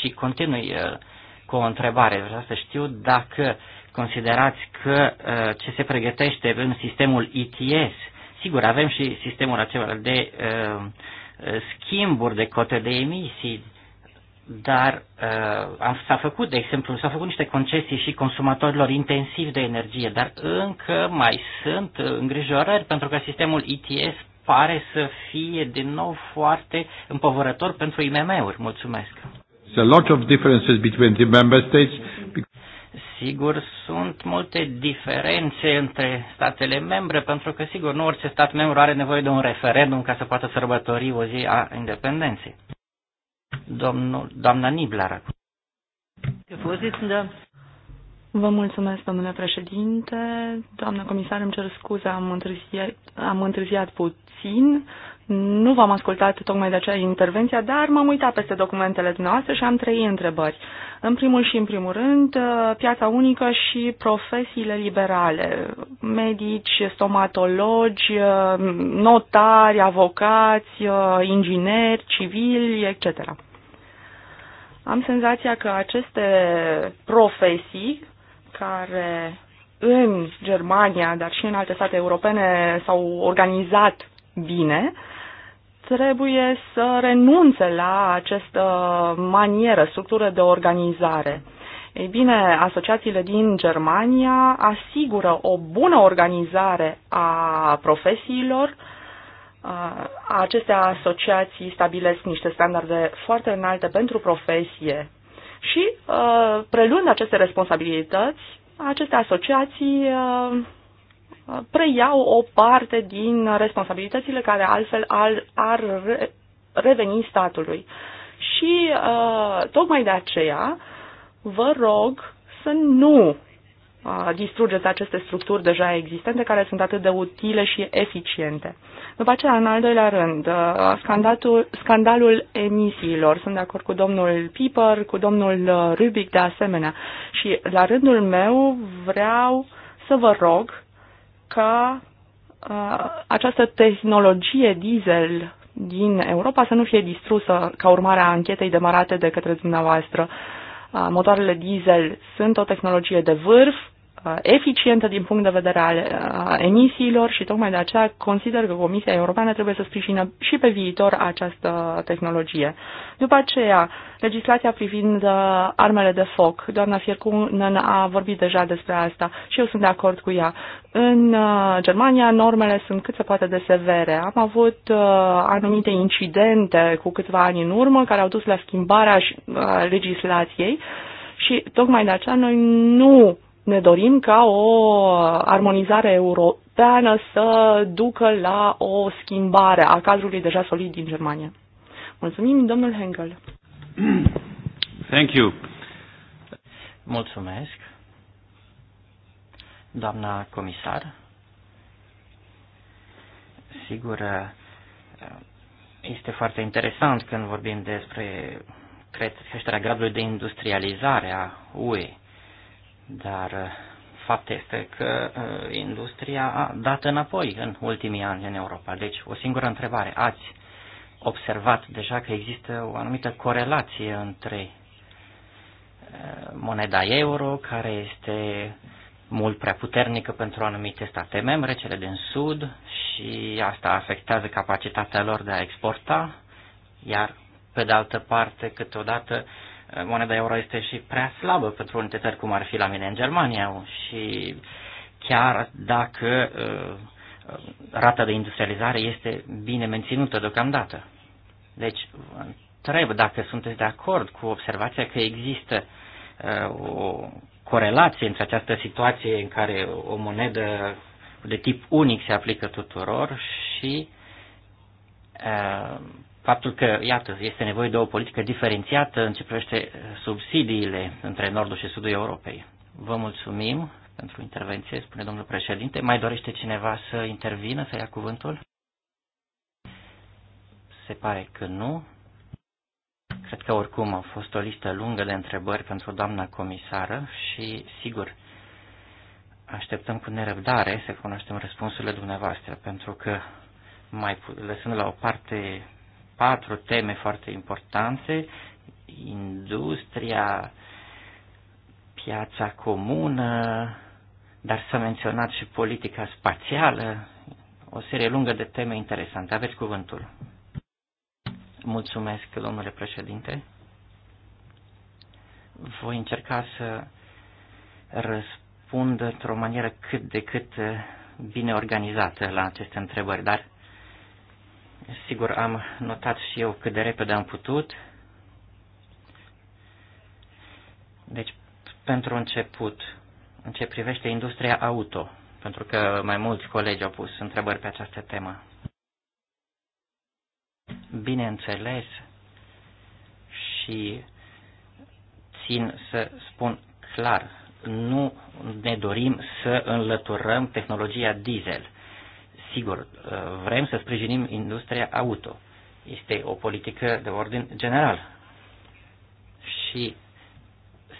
Și continui uh, cu o întrebare. Vreau să știu dacă considerați că uh, ce se pregătește în sistemul ETS, sigur avem și sistemul acela de schimburi de cote de emisii, dar uh, s-a făcut, de exemplu, s-au făcut niște concesii și consumatorilor intensivi de energie, dar încă mai sunt îngrijorări pentru că sistemul ETS pare să fie din nou foarte împovărător pentru IMM-uri. Mulțumesc. A lot of differences between the member states. Sigur, sunt multe diferențe între statele membre, pentru că, sigur, nu orice stat membru are nevoie de un referendum ca să poată sărbători o zi a independenței. Domnul, doamna Niblar. Vă mulțumesc, domnule președinte. Doamna comisar, îmi cer scuze, am întârziat, am întârziat puțin. Nu v-am ascultat tocmai de aceea intervenția, dar m-am uitat peste documentele noastre și am trei întrebări. În primul și în primul rând, piața unică și profesiile liberale, medici, stomatologi, notari, avocați, ingineri, civili, etc. Am senzația că aceste profesii care în Germania, dar și în alte state europene s-au organizat bine, trebuie să renunțe la această manieră, structură de organizare. Ei bine, asociațiile din Germania asigură o bună organizare a profesiilor, aceste asociații stabilesc niște standarde foarte înalte pentru profesie și preluând aceste responsabilități, aceste asociații preiau o parte din responsabilitățile care altfel ar, ar reveni statului. Și tocmai de aceea vă rog să nu Uh, distrugeți aceste structuri deja existente care sunt atât de utile și eficiente. După aceea, în al doilea rând, uh, scandalul, scandalul emisiilor. Sunt de acord cu domnul Piper, cu domnul uh, Rubic de asemenea. Și la rândul meu vreau să vă rog ca uh, această tehnologie diesel din Europa să nu fie distrusă ca urmare a anchetei demarate de către dumneavoastră. motoarele diesel sunt o tehnologie de vârf, Uh, eficientă din punct de vedere al uh, emisiilor și tocmai de aceea consider că Comisia Europeană trebuie să sprijină și pe viitor această tehnologie. După aceea, legislația privind uh, armele de foc, doamna Fiercunen a vorbit deja despre asta și eu sunt de acord cu ea. În Germania normele sunt cât se poate de severe. Am avut anumite incidente cu câțiva ani în urmă care au dus la schimbarea legislației și tocmai de aceea noi nu ne dorim ca o armonizare europeană să ducă la o schimbare a cadrului deja solid din Germania. Mulțumim, domnul Henkel. Thank you. Mulțumesc. Doamna comisar, sigur, este foarte interesant când vorbim despre creșterea gradului de industrializare a UE. Dar uh, fapt este că uh, industria a dat înapoi în ultimii ani în Europa. Deci, o singură întrebare. Ați observat deja că există o anumită corelație între uh, moneda euro, care este mult prea puternică pentru anumite state membre, cele din Sud, și asta afectează capacitatea lor de a exporta, iar, pe de altă parte, câteodată, uh, moneda euro este și prea slabă pentru unite țări cum ar fi la mine în Germania și chiar dacă uh, rata de industrializare este bine menținută deocamdată. Deci, întreb dacă sunteți de acord cu observația că există uh, o corelație între această situație în care o monedă de tip unic se aplică tuturor și uh, faptul că, iată, este nevoie de o politică diferențiată în ce privește eh, subsidiile între Nordul și Sudul Europei. Vă mulțumim pentru intervenție, spune domnul președinte. Mai dorește cineva să intervină, să ia cuvântul? Se pare că nu. Cred că oricum a fost o listă lungă de întrebări pentru doamna comisară și, sigur, așteptăm cu nerăbdare să cunoaștem răspunsurile dumneavoastră, pentru că, mai lăsând la o parte patru teme foarte importante, industria, piața comună, dar s-a menționat și politica spațială, o serie lungă de teme interesante. Aveți cuvântul. Mulțumesc, domnule președinte. Voi încerca să răspund într-o manieră cât de cât bine organizată la aceste întrebări, dar Sigur, am notat și eu cât de repede am putut. Deci, pentru început, în ce privește industria auto, pentru că mai mulți colegi au pus întrebări pe această temă. Bineînțeles, și țin să spun clar, nu ne dorim să înlăturăm tehnologia diesel. Sigur, uh, vrem să sprijinim industria auto. Este o politică de ordin general. Și,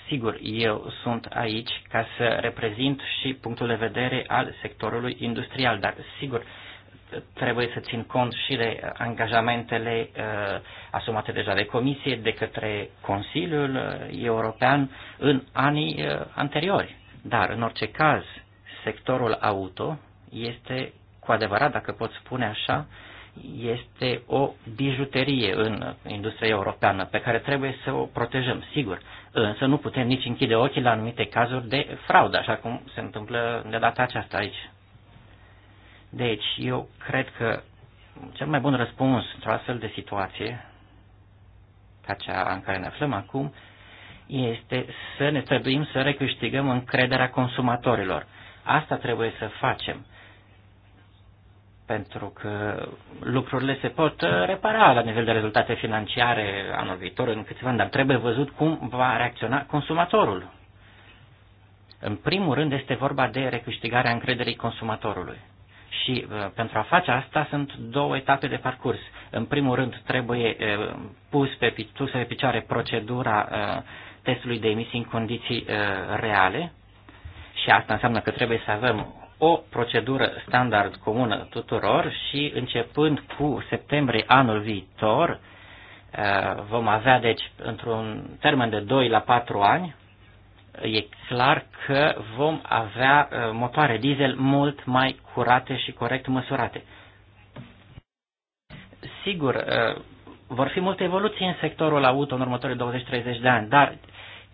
sigur, eu sunt aici ca să reprezint și punctul de vedere al sectorului industrial, dar, sigur, trebuie să țin cont și de angajamentele uh, asumate deja de Comisie, de către Consiliul uh, European în anii uh, anteriori. Dar, în orice caz, sectorul auto este cu adevărat, dacă pot spune așa, este o bijuterie în industria europeană pe care trebuie să o protejăm, sigur. Însă nu putem nici închide ochii la anumite cazuri de fraudă, așa cum se întâmplă de data aceasta aici. Deci, eu cred că cel mai bun răspuns într-o astfel de situație, ca cea în care ne aflăm acum, este să ne străduim să recâștigăm încrederea consumatorilor. Asta trebuie să facem pentru că lucrurile se pot uh, repara la nivel de rezultate financiare anul viitor, în câțiva ani, dar trebuie văzut cum va reacționa consumatorul. În primul rând este vorba de recâștigarea încrederii consumatorului. Și uh, pentru a face asta sunt două etape de parcurs. În primul rând trebuie uh, pus pe, pus pe picioare procedura uh, testului de emisii în condiții uh, reale și asta înseamnă că trebuie să avem o procedură standard comună tuturor și începând cu septembrie anul viitor, uh, vom avea deci într-un termen de 2 la 4 ani, e clar că vom avea uh, motoare diesel mult mai curate și corect măsurate. Sigur, uh, vor fi multe evoluții în sectorul auto în următorii 20-30 de ani, dar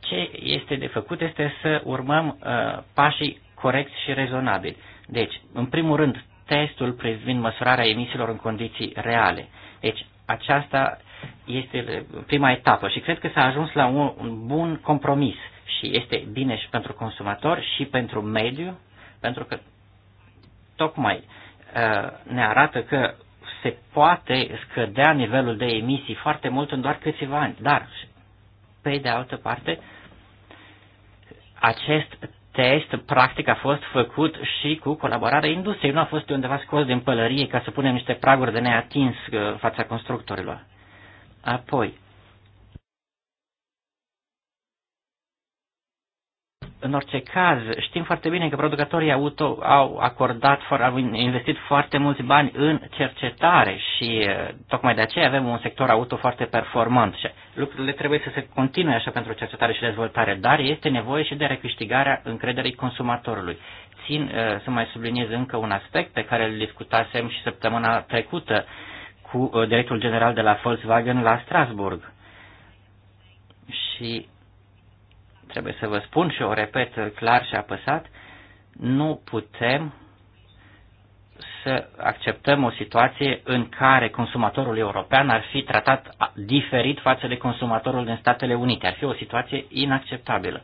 ce este de făcut este să urmăm uh, pașii corect și rezonabil. Deci, în primul rând, testul privind măsurarea emisiilor în condiții reale. Deci, aceasta este prima etapă și cred că s-a ajuns la un, un bun compromis și este bine și pentru consumator și pentru mediu, pentru că tocmai uh, ne arată că se poate scădea nivelul de emisii foarte mult în doar câțiva ani, dar pe de altă parte acest test practic a fost făcut și cu colaborarea industriei. Nu a fost undeva scos din pălărie ca să punem niște praguri de neatins uh, fața constructorilor. Apoi, în orice caz, știm foarte bine că producătorii auto au acordat, au investit foarte mulți bani în cercetare și tocmai de aceea avem un sector auto foarte performant și lucrurile trebuie să se continue așa pentru cercetare și dezvoltare, dar este nevoie și de recâștigarea încrederii consumatorului. Țin să mai subliniez încă un aspect pe care îl discutasem și săptămâna trecută cu directorul general de la Volkswagen la Strasburg. Și trebuie să vă spun și o repet clar și apăsat, nu putem să acceptăm o situație în care consumatorul european ar fi tratat diferit față de consumatorul din Statele Unite. Ar fi o situație inacceptabilă.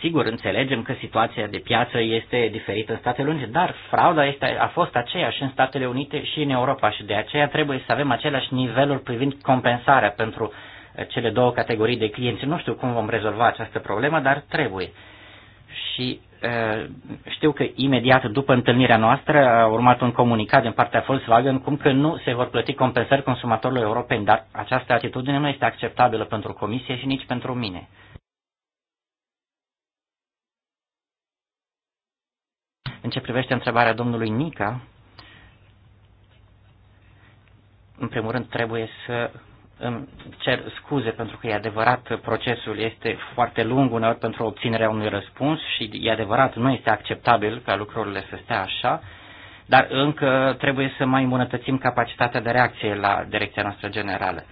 Sigur, înțelegem că situația de piață este diferită în Statele Unite, dar frauda este, a fost aceeași în Statele Unite și în Europa și de aceea trebuie să avem aceleași niveluri privind compensarea pentru uh, cele două categorii de clienți. Nu știu cum vom rezolva această problemă, dar trebuie. Și știu că imediat după întâlnirea noastră a urmat un comunicat din partea Volkswagen cum că nu se vor plăti compensări consumatorilor europeni, dar această atitudine nu este acceptabilă pentru Comisie și nici pentru mine. În ce privește întrebarea domnului Nica, în primul rând trebuie să îmi cer scuze pentru că e adevărat, procesul este foarte lung uneori pentru obținerea unui răspuns și e adevărat, nu este acceptabil ca lucrurile să stea așa, dar încă trebuie să mai îmbunătățim capacitatea de reacție la direcția noastră generală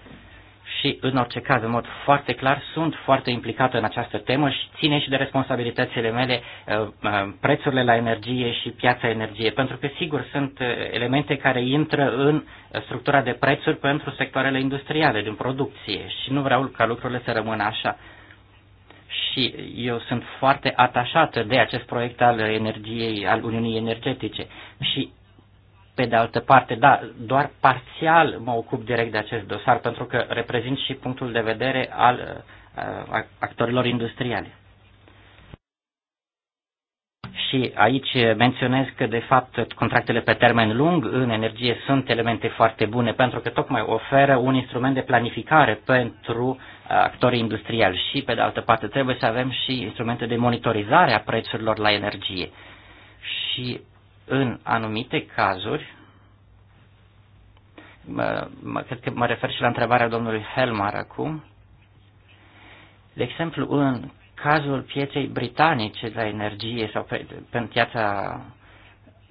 și, în orice caz, în mod foarte clar, sunt foarte implicată în această temă și ține și de responsabilitățile mele uh, uh, prețurile la energie și piața energie, pentru că, sigur, sunt uh, elemente care intră în structura de prețuri pentru sectoarele industriale, din producție și nu vreau ca lucrurile să rămână așa. Și eu sunt foarte atașată de acest proiect al energiei, al Uniunii Energetice și pe de altă parte, da, doar parțial mă ocup direct de acest dosar, pentru că reprezint și punctul de vedere al uh, actorilor industriali. Și aici menționez că, de fapt, contractele pe termen lung în energie sunt elemente foarte bune, pentru că tocmai oferă un instrument de planificare pentru uh, actorii industriali și, pe de altă parte, trebuie să avem și instrumente de monitorizare a prețurilor la energie. Și în anumite cazuri, mă, mă, cred că mă refer și la întrebarea domnului Helmar acum, de exemplu, în cazul pieței britanice la energie sau pe, pe piața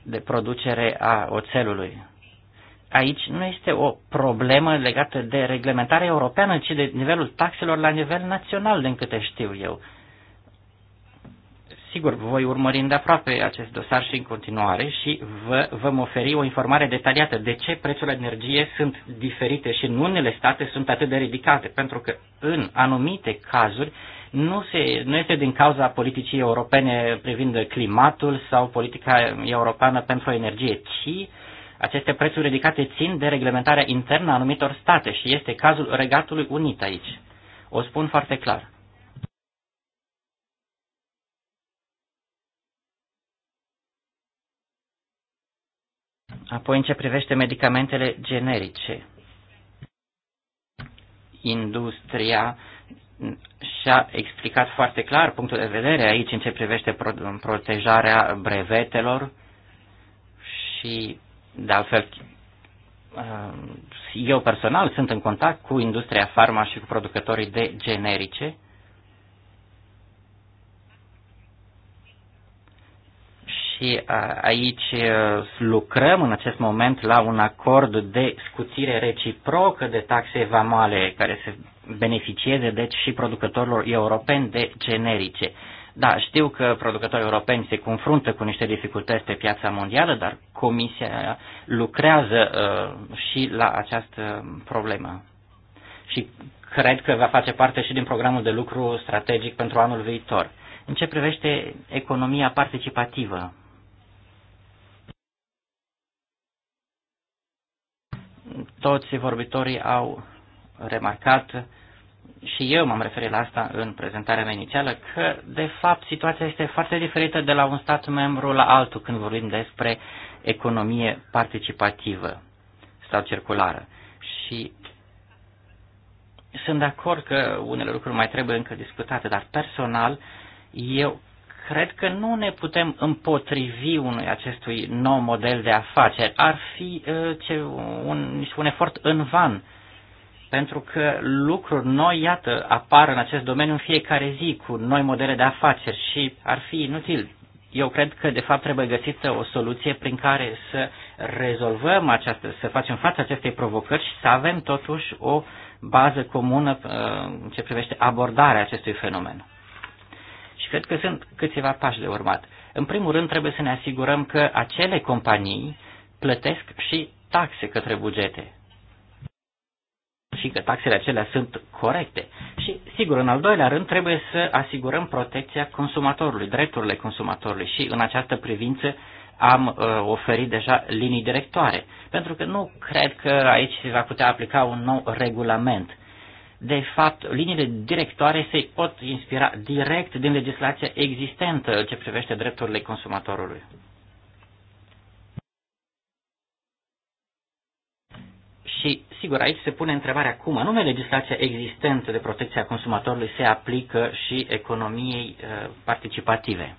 de producere a oțelului. Aici nu este o problemă legată de reglementarea europeană, ci de nivelul taxelor la nivel național, din câte știu eu. Sigur, voi urmări îndeaproape acest dosar și în continuare și vă vom oferi o informare detaliată de ce prețurile energie sunt diferite și în unele state sunt atât de ridicate, pentru că în anumite cazuri nu, se, nu este din cauza politicii europene privind climatul sau politica europeană pentru energie, ci aceste prețuri ridicate țin de reglementarea internă a anumitor state și este cazul Regatului Unit aici. O spun foarte clar. Apoi, în ce privește medicamentele generice, industria și-a explicat foarte clar punctul de vedere aici în ce privește protejarea brevetelor și, de altfel, uh, eu personal sunt în contact cu industria farma și cu producătorii de generice și aici lucrăm în acest moment la un acord de scutire reciprocă de taxe vamale care se beneficieze deci și producătorilor europeni de generice. Da, știu că producătorii europeni se confruntă cu niște dificultăți pe piața mondială, dar Comisia lucrează uh, și la această problemă. Și cred că va face parte și din programul de lucru strategic pentru anul viitor. În ce privește economia participativă, toți vorbitorii au remarcat și eu m-am referit la asta în prezentarea mea inițială, că de fapt situația este foarte diferită de la un stat membru la altul când vorbim despre economie participativă sau circulară. Și sunt de acord că unele lucruri mai trebuie încă discutate, dar personal eu cred că nu ne putem împotrivi unui acestui nou model de afaceri. Ar fi uh, ce, un, un efort în van, pentru că lucruri noi, iată, apar în acest domeniu în fiecare zi cu noi modele de afaceri și ar fi inutil. Eu cred că, de fapt, trebuie găsită o soluție prin care să rezolvăm această, să facem față acestei provocări și să avem totuși o bază comună uh, în ce privește abordarea acestui fenomen. Cred că sunt câțiva pași de urmat. În primul rând, trebuie să ne asigurăm că acele companii plătesc și taxe către bugete și că taxele acelea sunt corecte. Și, sigur, în al doilea rând, trebuie să asigurăm protecția consumatorului, drepturile consumatorului și, în această privință, am uh, oferit deja linii directoare, pentru că nu cred că aici se va putea aplica un nou regulament de fapt, liniile directoare se pot inspira direct din legislația existentă ce privește drepturile consumatorului. Și, sigur, aici se pune întrebarea cum anume legislația existentă de protecție a consumatorului se aplică și economiei uh, participative.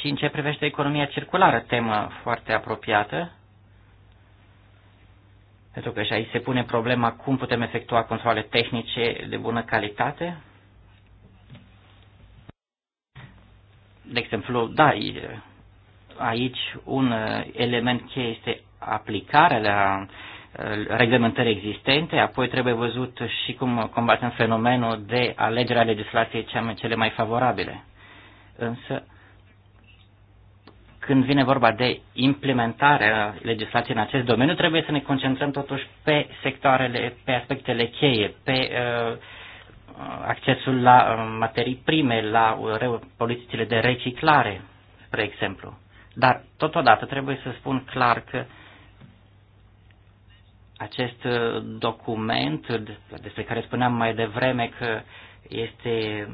Și în ce privește economia circulară, temă foarte apropiată, pentru că și aici se pune problema cum putem efectua controle tehnice de bună calitate. De exemplu, da, aici un uh, element cheie este aplicarea la uh, reglementări existente, apoi trebuie văzut și cum combatem fenomenul de alegerea legislației cele mai favorabile. Însă, când vine vorba de implementarea legislației în acest domeniu, trebuie să ne concentrăm totuși pe sectoarele, pe aspectele cheie, pe uh, accesul la uh, materii prime, la uh, politicile de reciclare, spre exemplu. Dar, totodată, trebuie să spun clar că acest uh, document, despre care spuneam mai devreme că este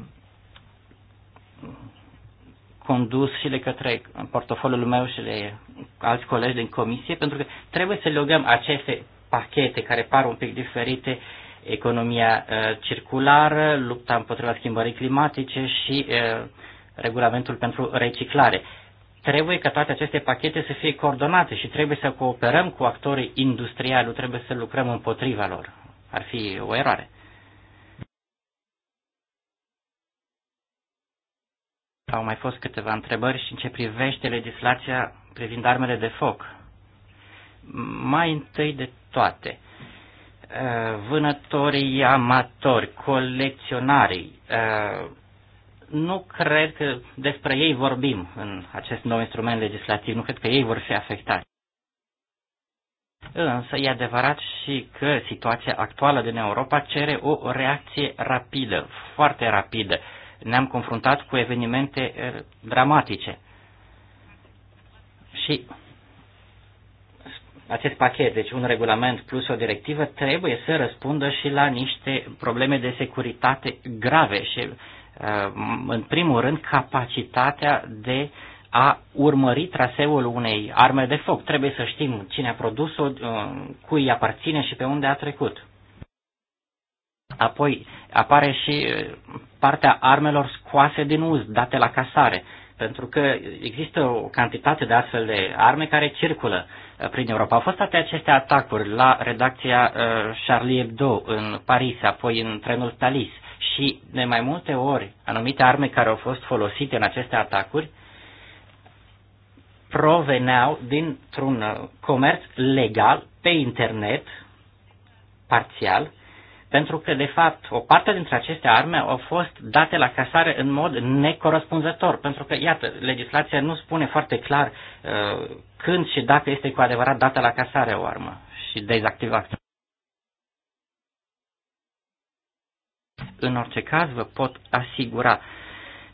condus și de către portofoliul meu și de alți colegi din comisie, pentru că trebuie să legăm aceste pachete care par un pic diferite, economia uh, circulară, lupta împotriva schimbării climatice și uh, regulamentul pentru reciclare. Trebuie ca toate aceste pachete să fie coordonate și trebuie să cooperăm cu actorii industriali, nu trebuie să lucrăm împotriva lor. Ar fi o eroare. Au mai fost câteva întrebări și în ce privește legislația privind armele de foc. Mai întâi de toate, uh, vânătorii amatori, colecționarii, uh, nu cred că despre ei vorbim în acest nou instrument legislativ, nu cred că ei vor fi afectați. Însă e adevărat și că situația actuală din Europa cere o reacție rapidă, foarte rapidă ne-am confruntat cu evenimente eh, dramatice. Și acest pachet, deci un regulament plus o directivă, trebuie să răspundă și la niște probleme de securitate grave și, eh, în primul rând, capacitatea de a urmări traseul unei arme de foc. Trebuie să știm cine a produs-o, eh, cui aparține și pe unde a trecut. Apoi apare și partea armelor scoase din uz, date la casare, pentru că există o cantitate de astfel de arme care circulă prin Europa. Au fost toate aceste atacuri la redacția Charlie Hebdo în Paris, apoi în trenul Talis și de mai multe ori anumite arme care au fost folosite în aceste atacuri proveneau dintr-un comerț legal pe internet, parțial, pentru că, de fapt, o parte dintre aceste arme au fost date la casare în mod necorespunzător, pentru că, iată, legislația nu spune foarte clar uh, când și dacă este cu adevărat dată la casare o armă și dezactivată. În orice caz, vă pot asigura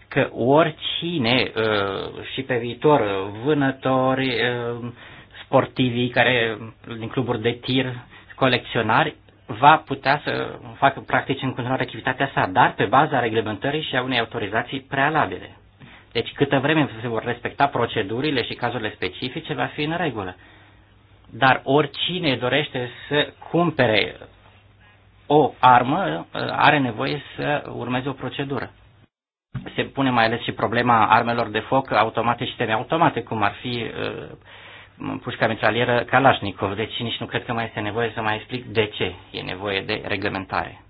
că oricine uh, și pe viitor uh, vânători, uh, sportivii care din cluburi de tir, colecționari, va putea să facă practic în continuare activitatea sa, dar pe baza reglementării și a unei autorizații prealabile. Deci câtă vreme se vor respecta procedurile și cazurile specifice, va fi în regulă. Dar oricine dorește să cumpere o armă are nevoie să urmeze o procedură. Se pune mai ales și problema armelor de foc automate și semiautomate, cum ar fi uh, pușca mitralieră Kalashnikov, deci nici nu cred că mai este nevoie să mai explic de ce e nevoie de reglementare.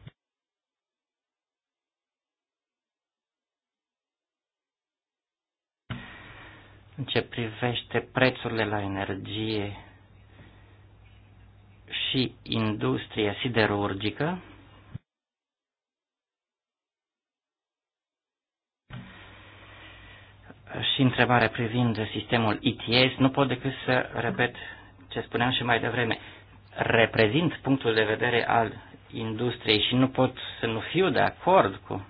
În ce privește prețurile la energie și industria siderurgică, și întrebarea privind sistemul ETS, nu pot decât să repet ce spuneam și mai devreme. Reprezint punctul de vedere al industriei și nu pot să nu fiu de acord cu,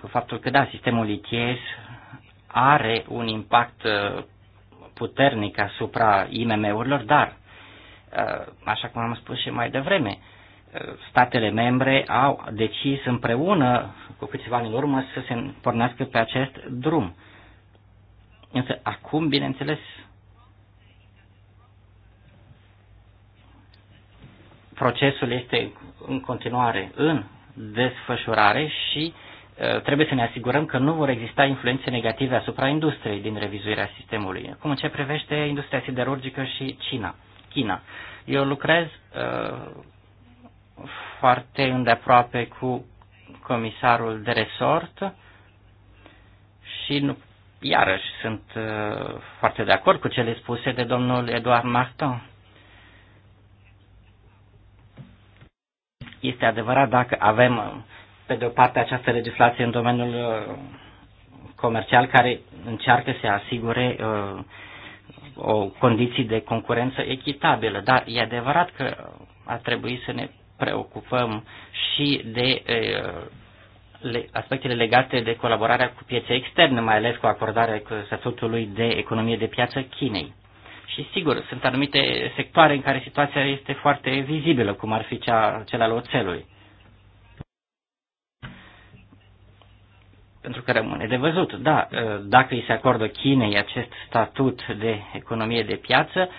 cu faptul că, da, sistemul ETS are un impact uh, puternic asupra IMM-urilor, dar, uh, așa cum am spus și mai devreme, statele membre au decis împreună cu câțiva ani în urmă să se pornească pe acest drum. Însă acum, bineînțeles, procesul este în continuare în desfășurare și uh, trebuie să ne asigurăm că nu vor exista influențe negative asupra industriei din revizuirea sistemului. Acum, în ce privește industria siderurgică și China, China. Eu lucrez uh, foarte îndeaproape cu comisarul de resort și nu, iarăși sunt uh, foarte de acord cu cele spuse de domnul Eduard Martin. Este adevărat dacă avem uh, pe de o parte această legislație în domeniul uh, comercial care încearcă să asigure o condiții de concurență echitabilă, dar e adevărat că ar trebui să ne preocupăm și de aspectele legate de colaborarea cu piețe externe, mai ales cu acordarea statutului de economie de piață Chinei. Și sigur, sunt anumite sectoare în care situația este foarte vizibilă, cum ar fi cea, cel al oțelului. Pentru că rămâne de văzut, da, dacă îi se acordă Chinei acest statut de economie de piață, uh,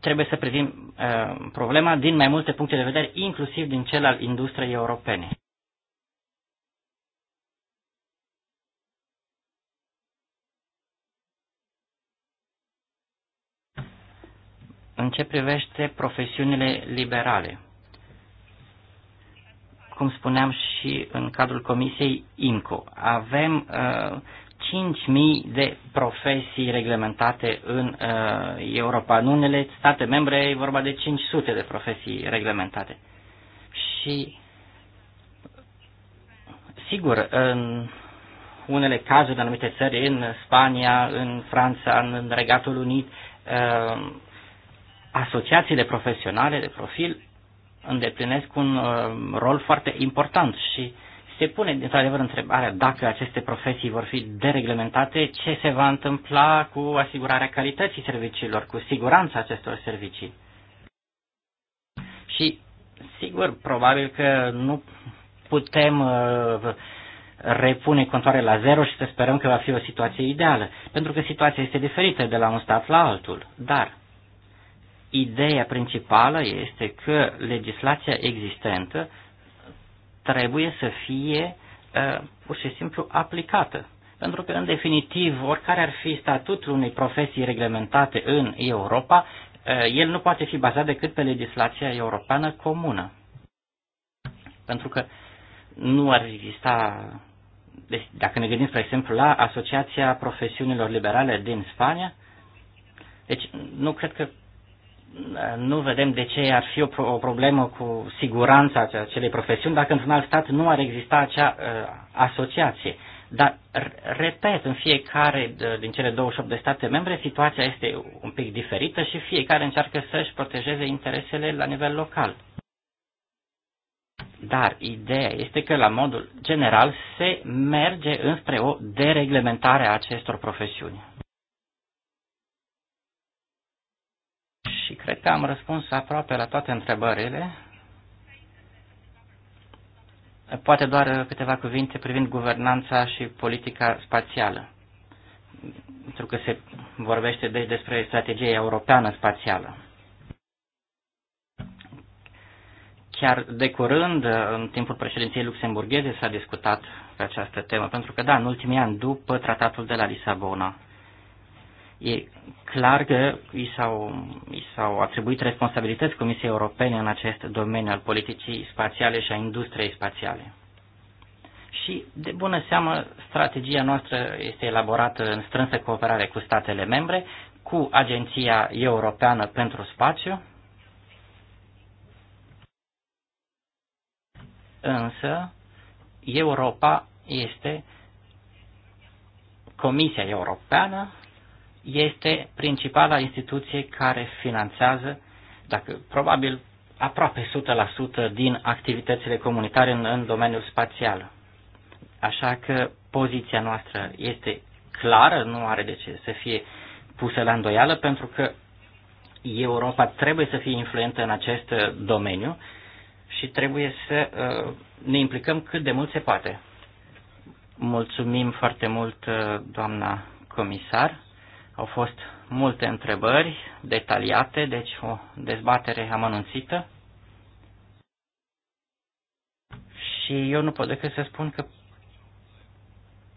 trebuie să privim uh, problema din mai multe puncte de vedere, inclusiv din cel al industriei europene. În ce privește profesiunile liberale, cum spuneam și în cadrul Comisiei IMCO, avem uh, 5.000 de profesii reglementate în uh, Europa. În unele state membre e vorba de 500 de profesii reglementate. Și, sigur, în unele cazuri, în anumite țări, în Spania, în Franța, în Regatul Unit, uh, asociațiile profesionale de profil îndeplinesc un uh, rol foarte important și uh, se pune într-adevăr întrebarea dacă aceste profesii vor fi dereglementate, ce se va întâmpla cu asigurarea calității serviciilor, cu siguranța acestor servicii. Și, sigur, probabil că nu putem uh, repune contoare la zero și să sperăm că va fi o situație ideală, pentru că situația este diferită de la un stat la altul. Dar ideea principală este că legislația existentă trebuie să fie pur și simplu aplicată. Pentru că, în definitiv, oricare ar fi statutul unei profesii reglementate în Europa, el nu poate fi bazat decât pe legislația europeană comună. Pentru că nu ar exista, deci, dacă ne gândim, spre exemplu, la Asociația Profesiunilor Liberale din Spania, deci nu cred că nu vedem de ce ar fi o, pro- o problemă cu siguranța acelei profesiuni dacă într-un alt stat nu ar exista acea uh, asociație. Dar, repet, în fiecare uh, din cele 28 de state membre situația este un pic diferită și fiecare încearcă să-și protejeze interesele la nivel local. Dar ideea este că, la modul general, se merge înspre o dereglementare a acestor profesiuni. și cred că am răspuns aproape la toate întrebările. Poate doar câteva cuvinte privind guvernanța și politica spațială, pentru că se vorbește deci despre strategia europeană spațială. Chiar de curând, în timpul președinției luxemburgheze, s-a discutat pe această temă, pentru că, da, în ultimii ani, după tratatul de la Lisabona, E clar că i s-au, i s-au atribuit responsabilități Comisiei Europene în acest domeniu al politicii spațiale și a industriei spațiale. Și, de bună seamă, strategia noastră este elaborată în strânsă cooperare cu statele membre, cu Agenția Europeană pentru Spațiu, însă Europa este Comisia Europeană este principala instituție care finanțează, dacă probabil aproape 100% din activitățile comunitare în, în domeniul spațial. Așa că poziția noastră este clară, nu are de ce să fie pusă la îndoială, pentru că Europa trebuie să fie influentă în acest uh, domeniu și trebuie să uh, ne implicăm cât de mult se poate. Mulțumim foarte mult, uh, doamna comisar. Au fost multe întrebări detaliate, deci o dezbatere amănunțită. Și eu nu pot decât să spun că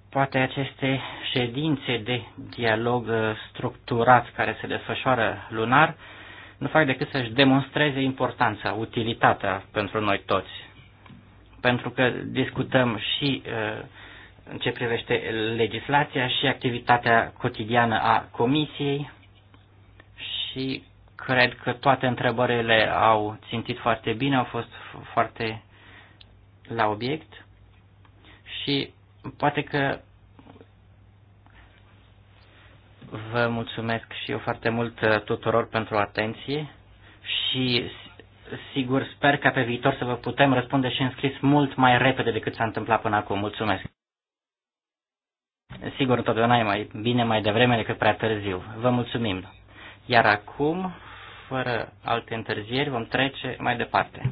poate aceste ședințe de dialog uh, structurat care se desfășoară lunar nu fac decât să-și demonstreze importanța, utilitatea pentru noi toți. Pentru că discutăm și uh, în ce privește legislația și activitatea cotidiană a Comisiei și cred că toate întrebările au țintit foarte bine, au fost foarte la obiect și poate că vă mulțumesc și eu foarte mult uh, tuturor pentru atenție și sigur sper ca pe viitor să vă putem răspunde și în scris mult mai repede decât s-a întâmplat până acum. Mulțumesc! Sigur, întotdeauna e mai bine mai devreme decât prea târziu. Vă mulțumim. Iar acum, fără alte întârzieri, vom trece mai departe.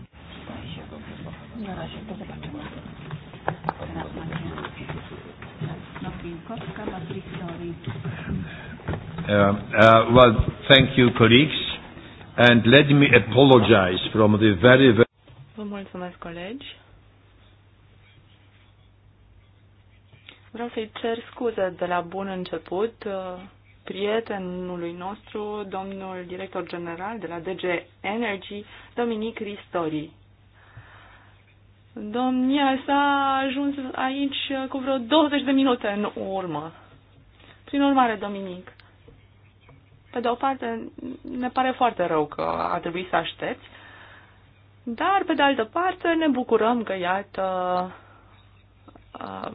Uh, uh, well, thank you, colleagues, and let me apologize from the very, very. Vă mulțumesc, colegi. Vreau să-i cer scuze de la bun început uh, prietenului nostru, domnul director general de la DG Energy, Dominic Ristori. Domnia s-a ajuns aici cu vreo 20 de minute în urmă. Prin urmare, Dominic, pe de o parte, ne pare foarte rău că a trebuit să aștepți, dar, pe de altă parte, ne bucurăm că, iată, uh,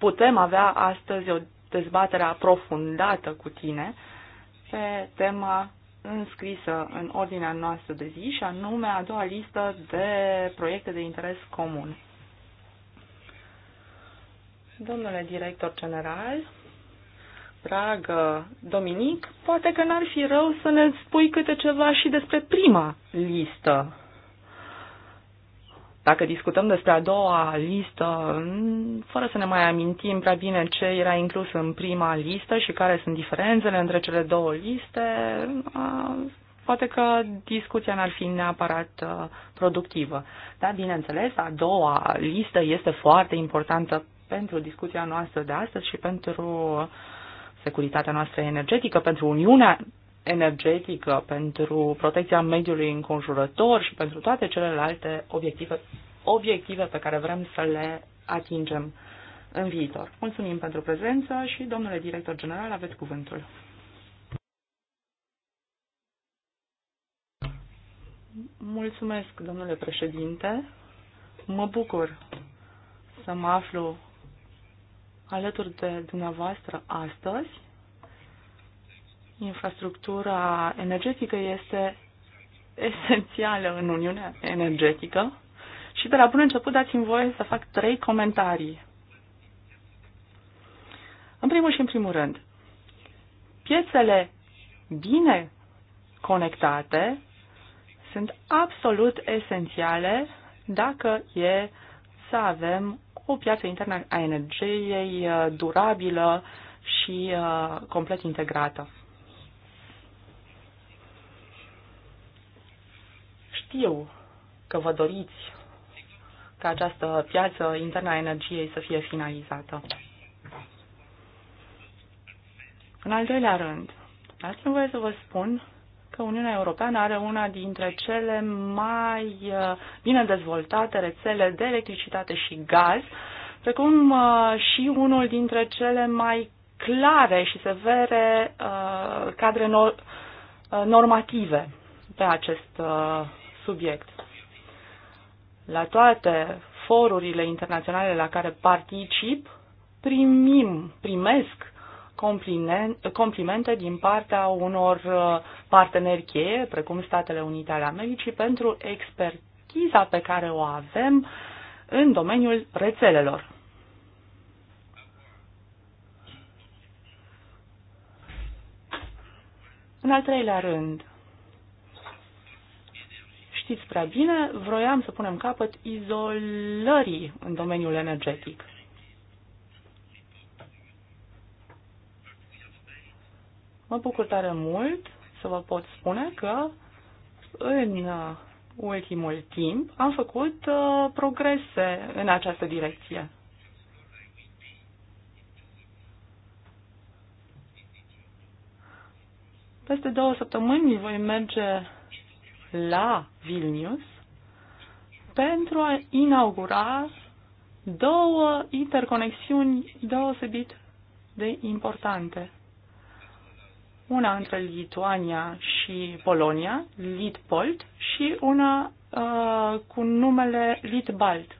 putem avea astăzi o dezbatere aprofundată cu tine pe tema înscrisă în ordinea noastră de zi și anume a doua listă de proiecte de interes comun. Domnule director general, dragă Dominic, poate că n-ar fi rău să ne spui câte ceva și despre prima listă dacă discutăm despre a doua listă, mm, fără să ne mai amintim prea bine ce era inclus în prima listă și care sunt diferențele între cele două liste, mm, poate că discuția n-ar fi neapărat uh, productivă. Dar, bineînțeles, a doua listă este foarte importantă pentru discuția noastră de astăzi și pentru securitatea noastră energetică, pentru Uniunea energetică, pentru protecția mediului înconjurător și pentru toate celelalte obiective, obiective pe care vrem să le atingem în viitor. Mulțumim pentru prezență și, domnule director general, aveți cuvântul. Mulțumesc, domnule președinte. Mă bucur să mă aflu alături de dumneavoastră astăzi Infrastructura energetică este esențială în Uniunea Energetică și de la bun început dați-mi voie să fac trei comentarii. În primul și în primul rând, piețele bine conectate sunt absolut esențiale dacă e să avem o piață internă a energiei uh, durabilă și uh, complet integrată. Știu că vă doriți ca această piață internă a energiei să fie finalizată. În al doilea rând, dați-mi să vă spun că Uniunea Europeană are una dintre cele mai uh, bine dezvoltate rețele de electricitate și gaz, precum uh, și unul dintre cele mai clare și severe uh, cadre normative pe acest subiect. La toate forurile internaționale la care particip, primim, primesc complimente din partea unor uh, parteneri cheie, precum Statele Unite ale Americii, pentru expertiza pe care o avem în domeniul rețelelor. În al treilea rând, știți prea bine, vroiam să punem capăt izolării în domeniul energetic. Mă bucur tare mult să vă pot spune că în ultimul timp am făcut uh, progrese în această direcție. Peste două săptămâni voi merge la Vilnius pentru a inaugura două interconexiuni deosebit de importante. Una între Lituania și Polonia, Litpolt, și una uh, cu numele Litbalt.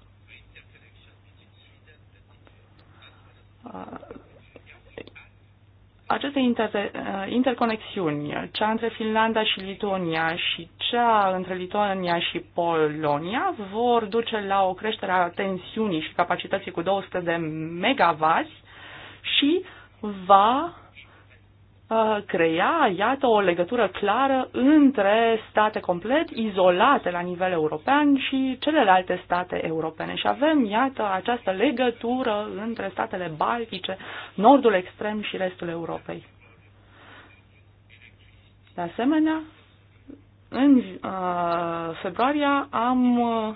Uh, aceste inter- uh, interconexiuni, cea între Finlanda și Lituania și cea între Lituania și Polonia, vor duce la o creștere a tensiunii și capacității cu 200 de megavați și va Uh, crea, iată, o legătură clară între state complet izolate la nivel european și celelalte state europene. Și avem, iată, această legătură între statele baltice, nordul extrem și restul Europei. De asemenea, în uh, februarie am uh,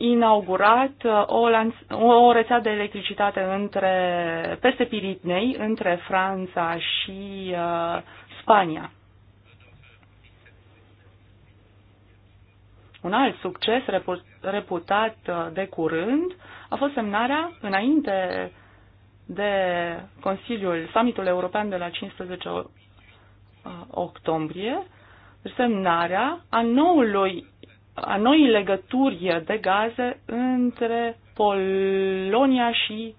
inaugurat uh, o, o rețea de electricitate între, peste Piritnei, între Franța și uh, Spania. Un alt succes reputat uh, de curând a fost semnarea, înainte de Consiliul, Summitul European de la 15 uh, octombrie, semnarea a noului a noii legături de gaze între Polonia și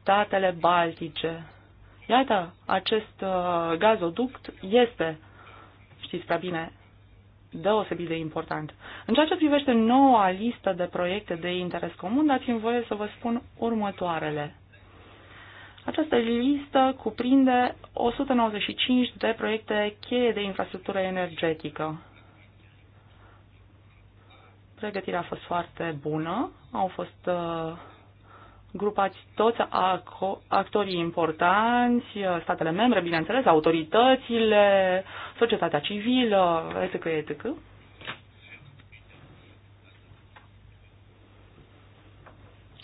statele baltice. Iată, acest uh, gazoduct este, știți prea bine, deosebit de important. În ceea ce privește noua listă de proiecte de interes comun, dați-mi voie să vă spun următoarele. Această listă cuprinde 195 de proiecte cheie de infrastructură energetică. Pregătirea a fost foarte bună, au fost uh, grupați toți actorii importanți, uh, statele membre, bineînțeles, autoritățile, societatea civilă, etc. etc.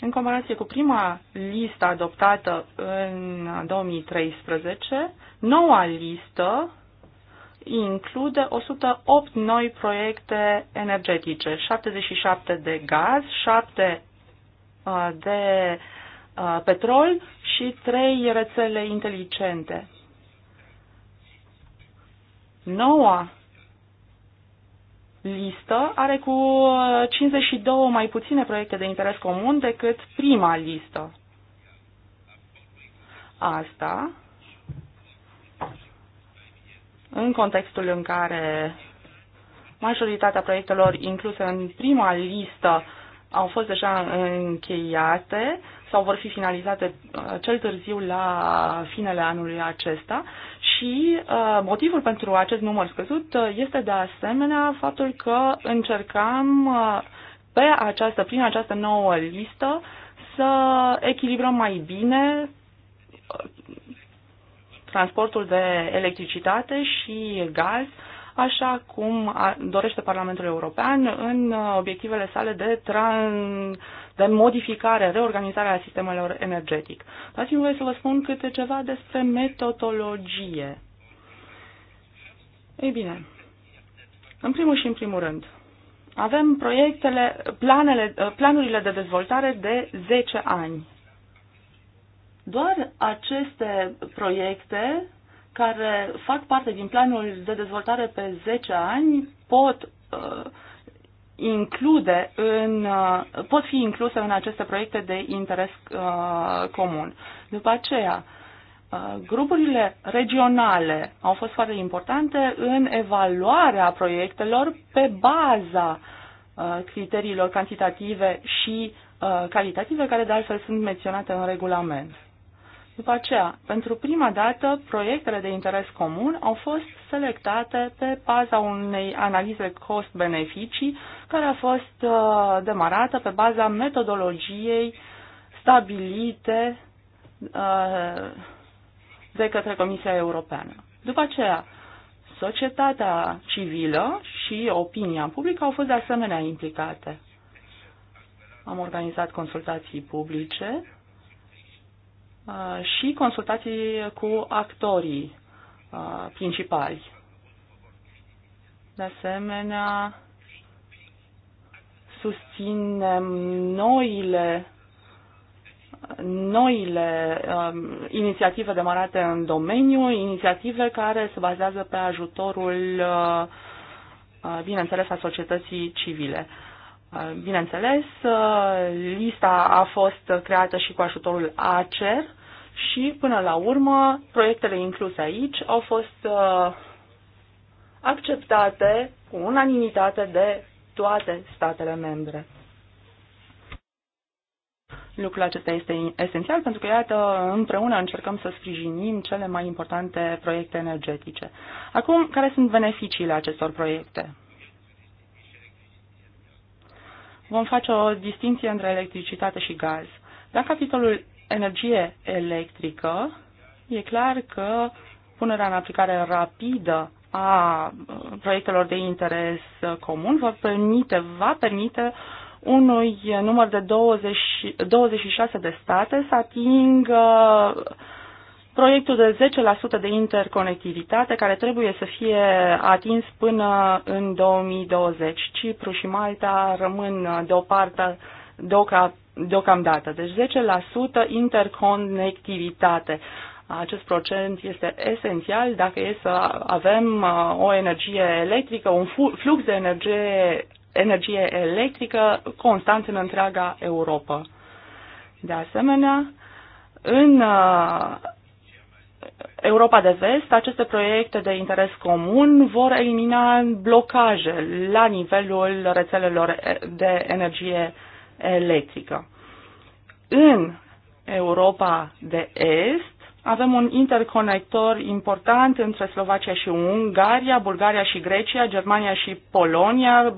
În comparație cu prima listă adoptată în 2013, noua listă include 108 noi proiecte energetice, 77 de gaz, 7 uh, de uh, petrol și 3 rețele inteligente. Noua listă are cu 52 mai puține proiecte de interes comun decât prima listă. Asta în contextul în care majoritatea proiectelor incluse în prima listă au fost deja încheiate sau vor fi finalizate uh, cel târziu la finele anului acesta și uh, motivul pentru acest număr scăzut uh, este de asemenea faptul că încercam pe această, prin această nouă listă să echilibrăm mai bine transportul de electricitate și gaz, așa cum dorește Parlamentul European în uh, obiectivele sale de, tran- de modificare, reorganizare a sistemelor energetic. Dați-mi voie să vă spun câte ceva despre metodologie. Ei bine, în primul și în primul rând, avem proiectele, planele, uh, planurile de dezvoltare de 10 ani. Doar aceste proiecte care fac parte din planul de dezvoltare pe 10 ani pot uh, include în, uh, pot fi incluse în aceste proiecte de interes uh, comun. După aceea, uh, grupurile regionale au fost foarte importante în evaluarea proiectelor pe baza uh, criteriilor cantitative și uh, calitative, care de altfel sunt menționate în regulament. După aceea, pentru prima dată, proiectele de interes comun au fost selectate pe baza unei analize cost-beneficii care a fost uh, demarată pe baza metodologiei stabilite uh, de către Comisia Europeană. După aceea, societatea civilă și opinia publică au fost de asemenea implicate. Am organizat consultații publice Uh, și consultații cu actorii uh, principali. De asemenea, susținem noile noile um, inițiative demarate în domeniu, inițiative care se bazează pe ajutorul, uh, uh bineînțeles, a societății civile. Uh, bineînțeles, uh, lista a fost creată și cu ajutorul ACER și, până la urmă, proiectele incluse aici au fost uh, acceptate cu unanimitate de toate statele membre. Lucrul acesta este esențial pentru că, iată, împreună încercăm să sprijinim cele mai importante proiecte energetice. Acum, care sunt beneficiile acestor proiecte? vom face o distinție între electricitate și gaz. La capitolul energie electrică, e clar că punerea în aplicare rapidă a uh, proiectelor de interes uh, comun va permite, va permite unui număr de 20, 26 de state să atingă proiectul de 10% de interconectivitate care trebuie să fie atins până în 2020. Cipru și Malta rămân deoparte deocamdată. Deci 10% interconectivitate. Acest procent este esențial dacă e să avem uh, o energie electrică, un flux de energie, energie electrică constant în întreaga Europa. De asemenea, în uh, Europa de Vest, aceste proiecte de interes comun vor elimina blocaje la nivelul rețelelor de energie electrică. În Europa de Est, avem un interconector important între Slovacia și Ungaria, Bulgaria și Grecia, Germania și Polonia,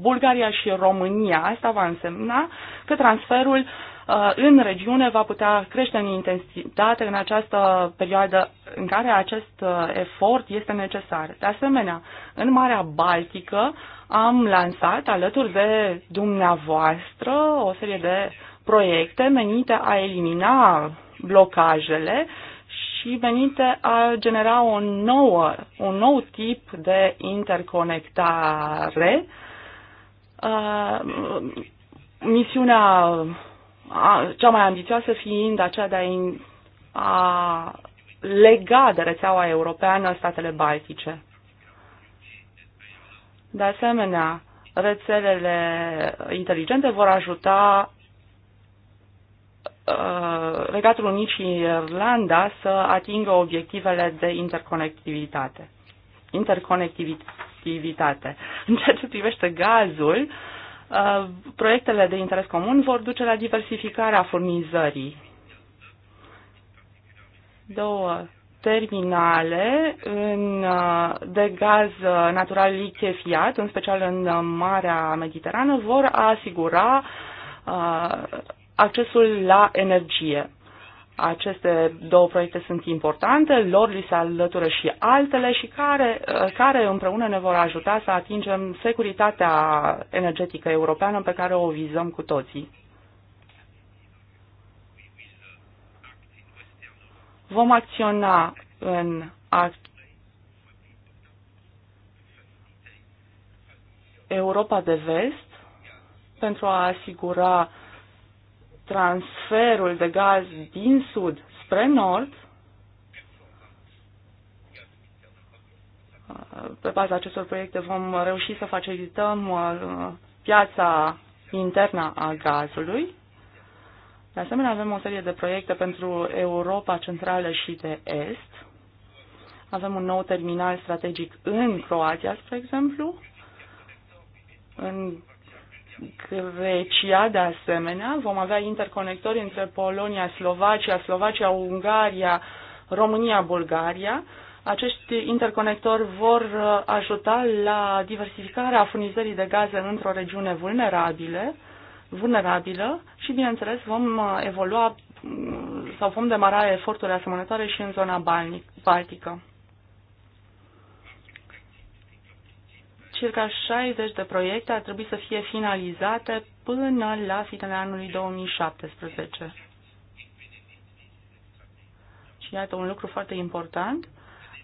Bulgaria și România. Asta va însemna că transferul uh, în regiune va putea crește în intensitate în această perioadă în care acest uh, efort este necesar. De asemenea, în Marea Baltică am lansat alături de dumneavoastră o serie de proiecte menite a elimina blocajele și venite a genera o nouă, un nou tip de interconectare. Uh, misiunea cea mai ambițioasă fiind aceea de a, in, a lega de rețeaua europeană statele baltice. De asemenea, rețelele inteligente vor ajuta Uh, Regatul Unit și Irlanda să atingă obiectivele de interconectivitate. Interconectivitate. În ceea ce privește gazul, uh, proiectele de interes comun vor duce la diversificarea furnizării. Două terminale în, uh, de gaz natural lichefiat, în special în Marea Mediterană, vor asigura uh, accesul la energie. Aceste două proiecte sunt importante, lor li se alătură și altele și care, care împreună ne vor ajuta să atingem securitatea energetică europeană pe care o vizăm cu toții. Vom acționa în act Europa de Vest pentru a asigura uh, transferul de gaz din sud spre nord, pe baza acestor proiecte vom reuși să facilităm uh, piața internă a gazului. De asemenea, avem o serie de proiecte pentru Europa Centrală și de Est. Avem un nou terminal strategic în Croația, spre exemplu. În Grecia, de asemenea, vom avea interconectori între Polonia, Slovacia, Slovacia, Ungaria, România, Bulgaria. Acești interconectori vor uh, ajuta la diversificarea furnizării de gaze într-o regiune vulnerabilă, vulnerabilă și, bineînțeles, vom uh, evolua mm, sau vom demara eforturi asemănătoare și în zona Baltică. circa 60 de proiecte ar trebui să fie finalizate până la finele anului 2017. Și iată un lucru foarte important.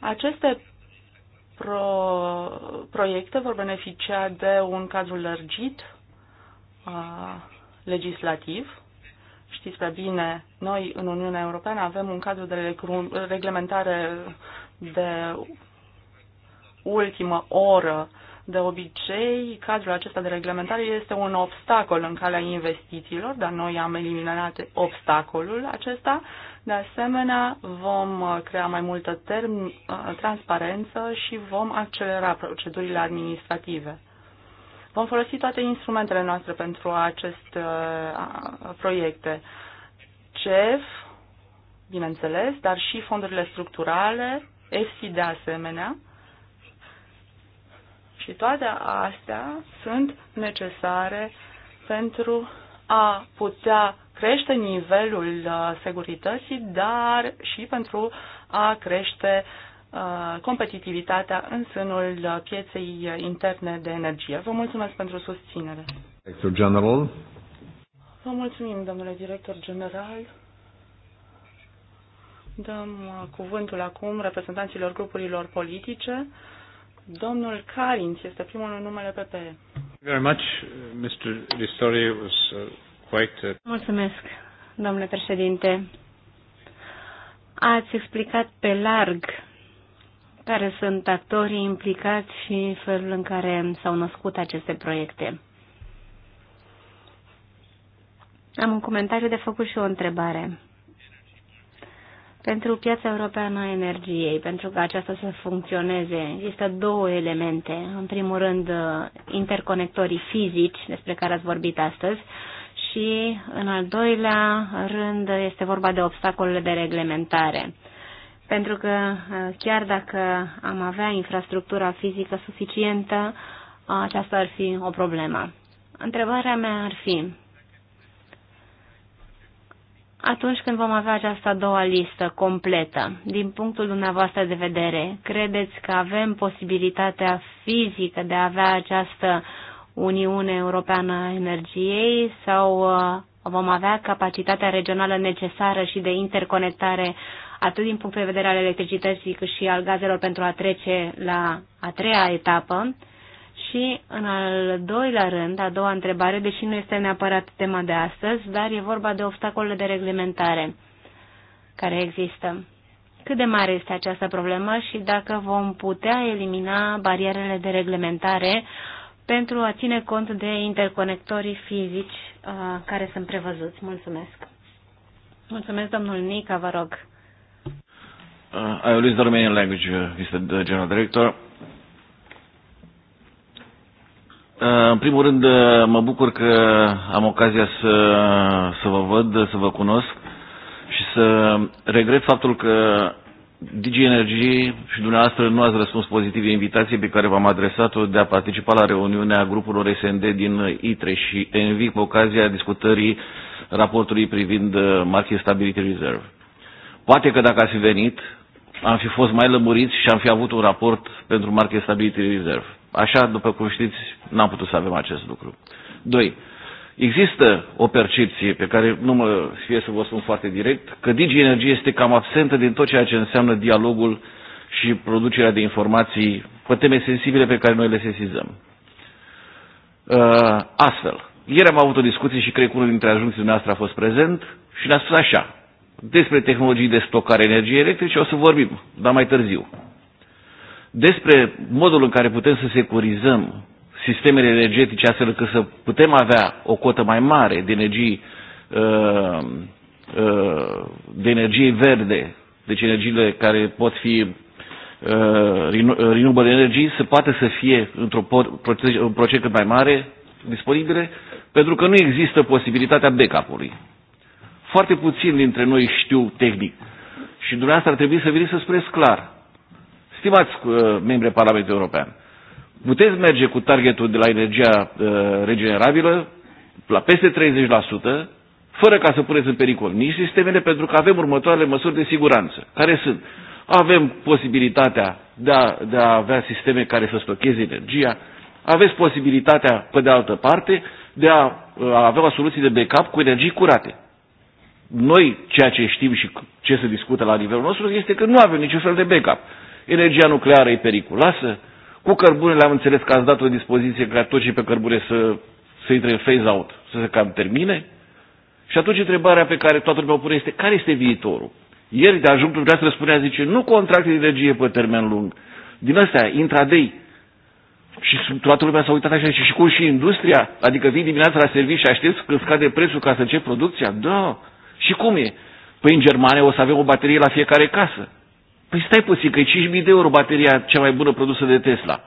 Aceste pro, proiecte vor beneficia de un cadru lărgit uh, legislativ. Știți prea bine, noi în Uniunea Europeană avem un cadru de reglementare de ultimă oră uh, de obicei, cadrul acesta de reglementare este un obstacol în calea investițiilor, dar noi am eliminat obstacolul acesta. De asemenea, vom crea mai multă term, uh, transparență și vom accelera procedurile administrative. Vom folosi toate instrumentele noastre pentru aceste uh, proiecte. CEF, bineînțeles, dar și fondurile structurale, EFSI de asemenea, și toate astea sunt necesare pentru a putea crește nivelul uh, securității, dar și pentru a crește uh, competitivitatea în sânul uh, pieței interne de energie. Vă mulțumesc pentru susținere. Director General. Vă mulțumim, domnule director general. Dăm cuvântul acum reprezentanților grupurilor politice. Domnul Carinț este primul în numele PPE. Very much, uh, Mr. Ristori was uh, quite... Mulțumesc, domnule președinte. Ați explicat pe larg care sunt actorii implicați și felul în care s-au născut aceste proiecte. Am un comentariu de făcut și o întrebare pentru piața europeană a energiei, pentru că aceasta să funcționeze, există două elemente. În primul rând, uh, interconectorii fizici, despre care ați vorbit astăzi, și, în al doilea rând, este vorba de obstacolele de reglementare. Pentru că, uh, chiar dacă am avea infrastructura fizică suficientă, uh, aceasta ar fi o problemă. Întrebarea mea ar fi, atunci când vom avea această a doua listă completă. Din punctul dumneavoastră de vedere, credeți că avem posibilitatea fizică de a avea această Uniune Europeană a Energiei sau uh, vom avea capacitatea regională necesară și de interconectare atât din punctul de vedere al electricității cât și al gazelor pentru a trece la a treia etapă? Și, în al doilea rând, a doua întrebare, deși nu este neapărat tema de astăzi, dar e vorba de obstacolele de reglementare care există. Cât de mare este această problemă și dacă vom putea elimina barierele de reglementare pentru a ține cont de interconectorii fizici uh, care sunt prevăzuți. Mulțumesc. Mulțumesc, domnul Nica, vă rog. Uh, I will use the Romanian language, uh, Mr. General Director. Eh, în primul rând, eh, mă bucur că am ocazia să, să vă văd, să vă cunosc și să regret faptul că Digi Energy și dumneavoastră nu ați răspuns pozitiv invitației pe care v-am adresat-o de a participa la reuniunea grupurilor SND din ITRE și ENVI cu ocazia discutării raportului privind eh, Market Stability Reserve. Poate că dacă ați fi venit, am fi fost mai lămuriți și am fi avut un raport pentru Market Stability Reserve. Așa, după cum știți, n-am putut să avem acest lucru. Doi, există o percepție pe care nu mă fie să vă spun foarte direct, că Digi Energie este cam absentă din tot ceea ce înseamnă dialogul și producerea de informații pe teme sensibile pe care noi le sesizăm. Uh, astfel, ieri am avut o discuție și cred că unul dintre ajunții dumneavoastră a fost prezent și ne-a spus așa, despre tehnologii de stocare energie electrice o să vorbim, dar mai târziu despre modul în care putem să securizăm sistemele energetice astfel că să putem avea o cotă mai mare de energii uh, uh, de energie verde, deci energiile care pot fi uh, renewable energy, să poată să fie într-un proces cât mai mare disponibile, pentru că nu există posibilitatea backup-ului. Foarte puțin dintre noi știu tehnic. Și dumneavoastră ar trebui să veniți să spuneți clar Stimați uh, membrii Parlamentului European, puteți merge cu targetul de la energia uh, regenerabilă la peste 30%, fără ca să puneți în pericol nici sistemele, pentru că avem următoarele măsuri de siguranță. Care sunt? Avem posibilitatea de a, de a avea sisteme care să stocheze energia, aveți posibilitatea, pe de altă parte, de a, a uh, avea o soluție de backup cu energii curate. Noi, ceea ce știm și ce se discută la nivelul nostru, este că nu avem niciun fel de backup. Energia nucleară e periculoasă. Cu cărbunele am înțeles că ați dat o dispoziție ca tot ce pe cărbune să, să intre în phase-out, să se cam termine. Și atunci întrebarea pe care toată lumea o pune este, care este viitorul? Ieri de ajung să răspunea, zice, nu contracte de energie pe termen lung. Din astea, intradei. Și toată lumea s-a uitat așa și, și cum și industria, adică vii dimineața la serviciu și aștepți când scade prețul ca să începi producția? Da. Și cum e? Păi în Germania o să avem o baterie la fiecare casă. Păi stai puțin, că e 5.000 de euro bateria cea mai bună produsă de Tesla.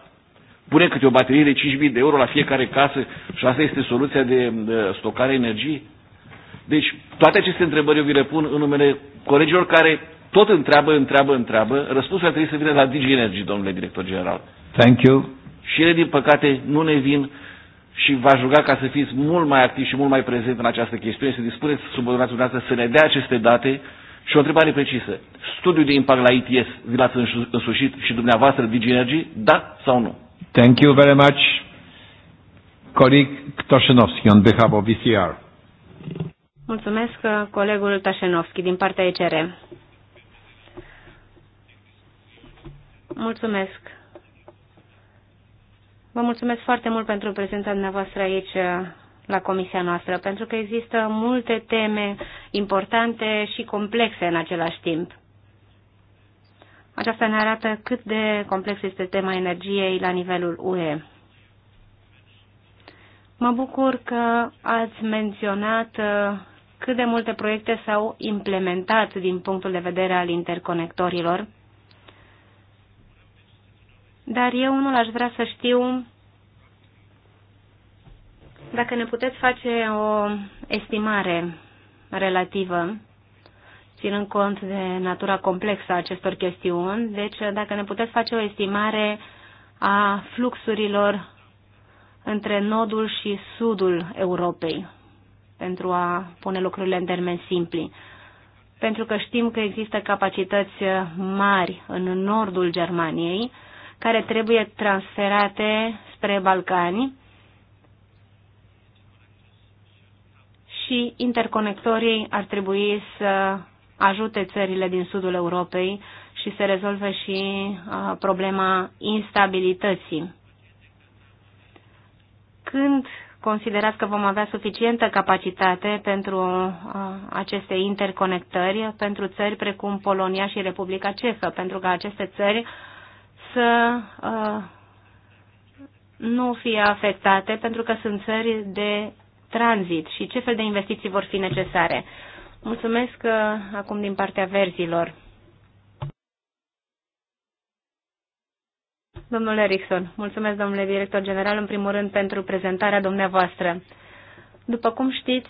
Pune câte o baterie de 5.000 de euro la fiecare casă și asta este soluția de stocare energiei? Deci, toate aceste întrebări eu vi le pun în numele colegilor care tot întreabă, întreabă, întreabă. Răspunsul ar trebui să vină la Digi Energy, domnule director general. Thank you. Și ele, din păcate, nu ne vin și va aș ruga ca să fiți mult mai activ și mult mai prezent în această chestiune, să dispuneți subordonați dumneavoastră să ne dea aceste date. Și o întrebare precisă. Studiu de impact la ITS vi l-ați însușit și dumneavoastră Digi Energy, da sau nu? Thank you very much. Coleg Ktoshenovski, on behalf of VCR. Mulțumesc, uh, colegul Tașenovski, din partea ECR. Mulțumesc. Vă mulțumesc foarte mult pentru prezența dumneavoastră aici uh, la comisia noastră, pentru că există multe teme importante și complexe în același timp. Aceasta ne arată cât de complex este tema energiei la nivelul UE. Mă bucur că ați menționat uh, cât de multe proiecte s-au implementat din punctul de vedere al interconectorilor, dar eu unul aș vrea să știu dacă ne puteți face o estimare relativă ținând cont de natura complexă a acestor chestiuni. Deci, dacă ne puteți face o estimare a fluxurilor între nodul și sudul Europei, pentru a pune lucrurile în termeni simpli. Pentru că știm că există capacități mari în nordul Germaniei, care trebuie transferate spre Balcani și interconectorii ar trebui să ajute țările din sudul Europei și se rezolve și uh, problema instabilității. Când considerați că vom avea suficientă capacitate pentru uh, aceste interconectări pentru țări precum Polonia și Republica Cehă, pentru ca aceste țări să uh, nu fie afectate, pentru că sunt țări de tranzit și ce fel de investiții vor fi necesare. Mulțumesc uh, acum din partea verzilor. Domnule Erickson, mulțumesc, domnule director general, în primul rând, pentru prezentarea dumneavoastră. După cum știți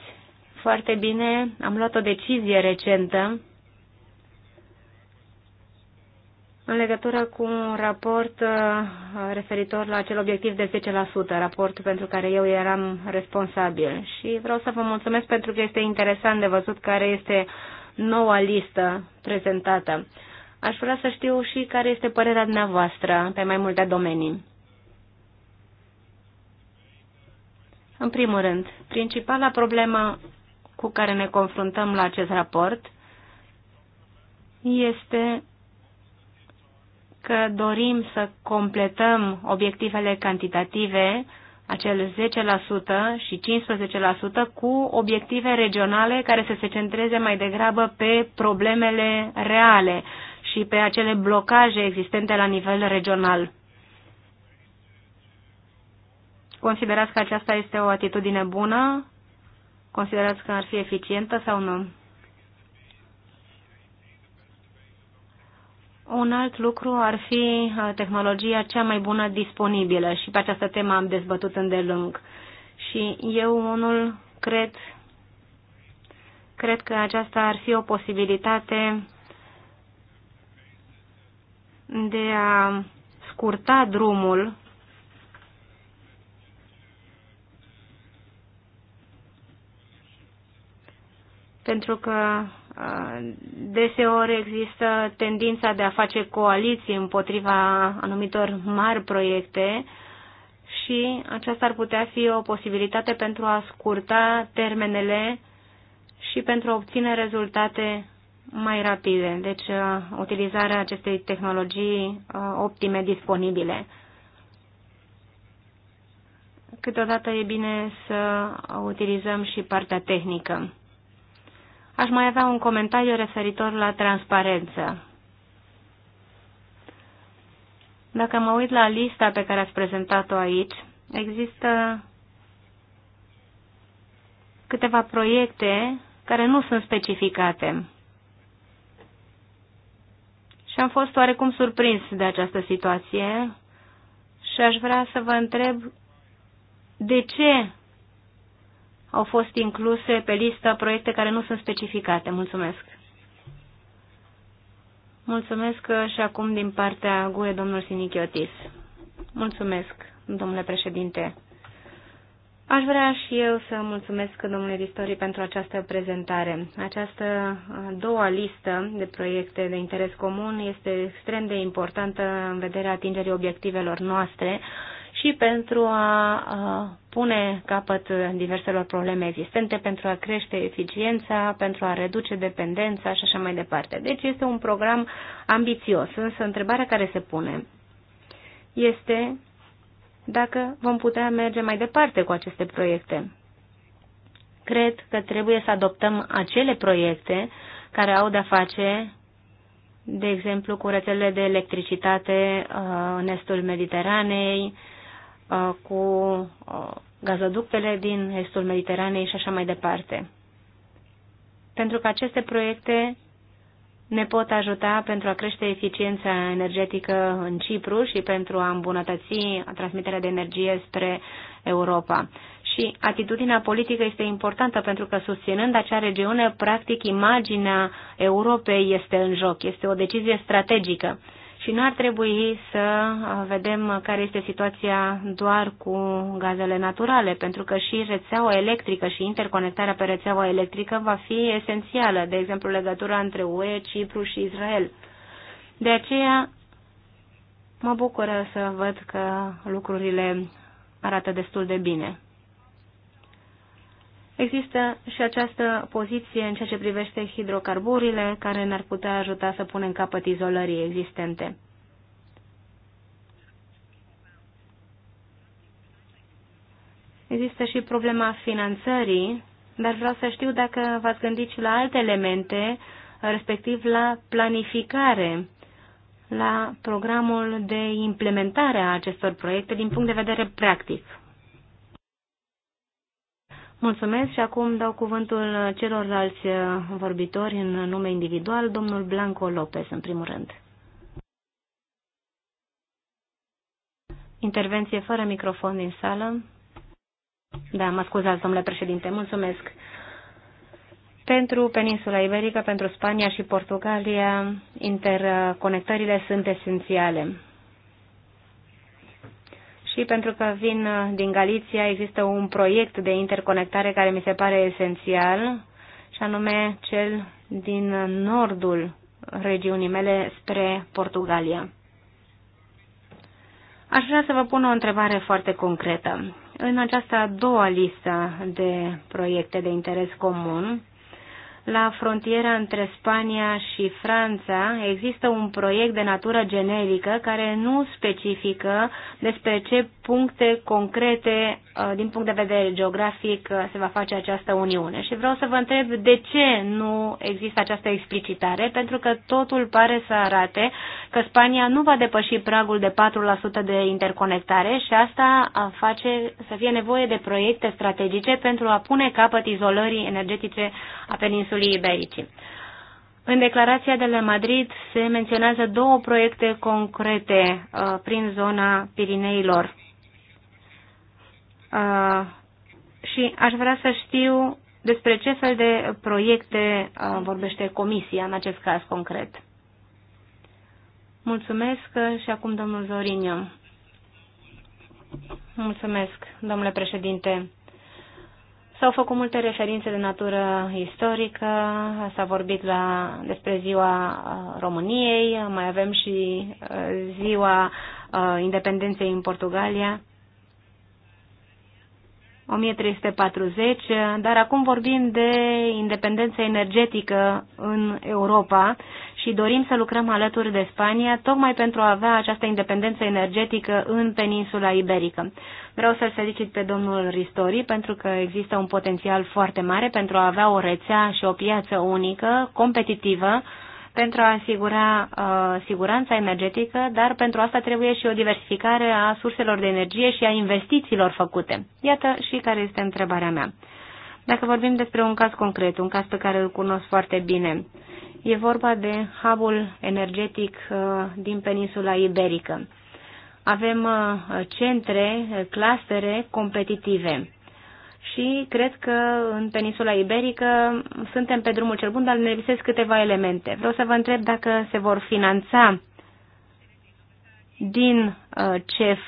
foarte bine, am luat o decizie recentă în legătură cu un raport uh, referitor la acel obiectiv de 10%, raport pentru care eu eram responsabil. Și vreau să vă mulțumesc pentru că este interesant de văzut care este noua listă prezentată. Aș vrea să știu și care este părerea dumneavoastră pe mai multe domenii. În primul rând, principala problemă cu care ne confruntăm la acest raport este că dorim să completăm obiectivele cantitative, acel 10% și 15%, cu obiective regionale care să se centreze mai degrabă pe problemele reale și pe acele blocaje existente la nivel regional. Considerați că aceasta este o atitudine bună? Considerați că ar fi eficientă sau nu? Un alt lucru ar fi uh, tehnologia cea mai bună disponibilă și pe această temă am dezbătut îndelung. Și eu unul cred, cred că aceasta ar fi o posibilitate de a scurta drumul pentru că Deseori există tendința de a face coaliții împotriva anumitor mari proiecte și aceasta ar putea fi o posibilitate pentru a scurta termenele și pentru a obține rezultate mai rapide, deci uh, utilizarea acestei tehnologii uh, optime disponibile. Câteodată e bine să utilizăm și partea tehnică. Aș mai avea un comentariu referitor la transparență. Dacă mă uit la lista pe care ați prezentat-o aici, există câteva proiecte care nu sunt specificate. Și am fost oarecum surprins de această situație și aș vrea să vă întreb de ce au fost incluse pe listă proiecte care nu sunt specificate. Mulțumesc. Mulțumesc și acum din partea GUE, domnul Sinichiotis. Mulțumesc, domnule președinte. Aș vrea și eu să mulțumesc domnului Ristori pentru această prezentare. Această doua listă de proiecte de interes comun este extrem de importantă în vederea atingerii obiectivelor noastre și pentru a pune capăt diverselor probleme existente, pentru a crește eficiența, pentru a reduce dependența și așa mai departe. Deci este un program ambițios, însă întrebarea care se pune este dacă vom putea merge mai departe cu aceste proiecte. Cred că trebuie să adoptăm acele proiecte care au de-a face, de exemplu, cu rețelele de electricitate uh, în estul Mediteranei, Uh, cu uh, gazoductele din estul Mediteranei și așa mai departe. Pentru că aceste proiecte ne pot ajuta pentru a crește eficiența energetică în Cipru și pentru a îmbunătăți transmiterea de energie spre Europa. Și atitudinea politică este importantă pentru că susținând acea regiune, practic imaginea Europei este în joc, este o decizie strategică și nu ar trebui să vedem care este situația doar cu gazele naturale, pentru că și rețeaua electrică și interconectarea pe rețeaua electrică va fi esențială, de exemplu legătura între UE, Cipru și Israel. De aceea mă bucură să văd că lucrurile arată destul de bine. Există și această poziție în ceea ce privește hidrocarburile, care ne-ar putea ajuta să punem capăt izolării existente. Există și problema finanțării, dar vreau să știu dacă v-ați gândit și la alte elemente, respectiv la planificare, la programul de implementare a acestor proiecte din punct de vedere practic. Mulțumesc și acum dau cuvântul celorlalți uh, vorbitori în nume individual, domnul Blanco Lopez, în primul rând. Intervenție fără microfon din sală. Da, mă scuzați, domnule președinte, mulțumesc. Pentru peninsula iberică, pentru Spania și Portugalia, interconectările sunt esențiale și pentru că vin uh, din Galiția, există un proiect de interconectare care mi se pare esențial, și anume cel din nordul regiunii mele spre Portugalia. Aș vrea să vă pun o întrebare foarte concretă. În această a doua listă de proiecte de interes comun, la frontiera între Spania și Franța există un proiect de natură generică care nu specifică despre ce puncte concrete, uh, din punct de vedere geografic, uh, se va face această uniune. Și vreau să vă întreb de ce nu există această explicitare, pentru că totul pare să arate că Spania nu va depăși pragul de 4% de interconectare și asta uh, face să fie nevoie de proiecte strategice pentru a pune capăt izolării energetice a peninsulei peninsului iberice. În declarația de la Madrid se menționează două proiecte concrete uh, prin zona Pirineilor. Uh, și aș vrea să știu despre ce fel de proiecte uh, vorbește Comisia în acest caz concret. Mulțumesc și acum domnul Zorinio. Mulțumesc, domnule președinte. S-au făcut multe referințe de natură istorică, s-a vorbit la, despre ziua uh, României, mai avem și uh, ziua uh, independenței în Portugalia, 1340, dar acum vorbim de independență energetică în Europa și dorim să lucrăm alături de Spania, tocmai pentru a avea această independență energetică în peninsula iberică. Vreau să-l felicit pe domnul Ristori pentru că există un potențial foarte mare pentru a avea o rețea și o piață unică, competitivă, pentru a asigura uh, siguranța energetică, dar pentru asta trebuie și o diversificare a surselor de energie și a investițiilor făcute. Iată și care este întrebarea mea. Dacă vorbim despre un caz concret, un caz pe care îl cunosc foarte bine, E vorba de hubul energetic uh, din peninsula iberică. Avem uh, centre, clastere competitive și cred că în peninsula iberică suntem pe drumul cel bun, dar ne lipsesc câteva elemente. Vreau să vă întreb dacă se vor finanța din uh, CEF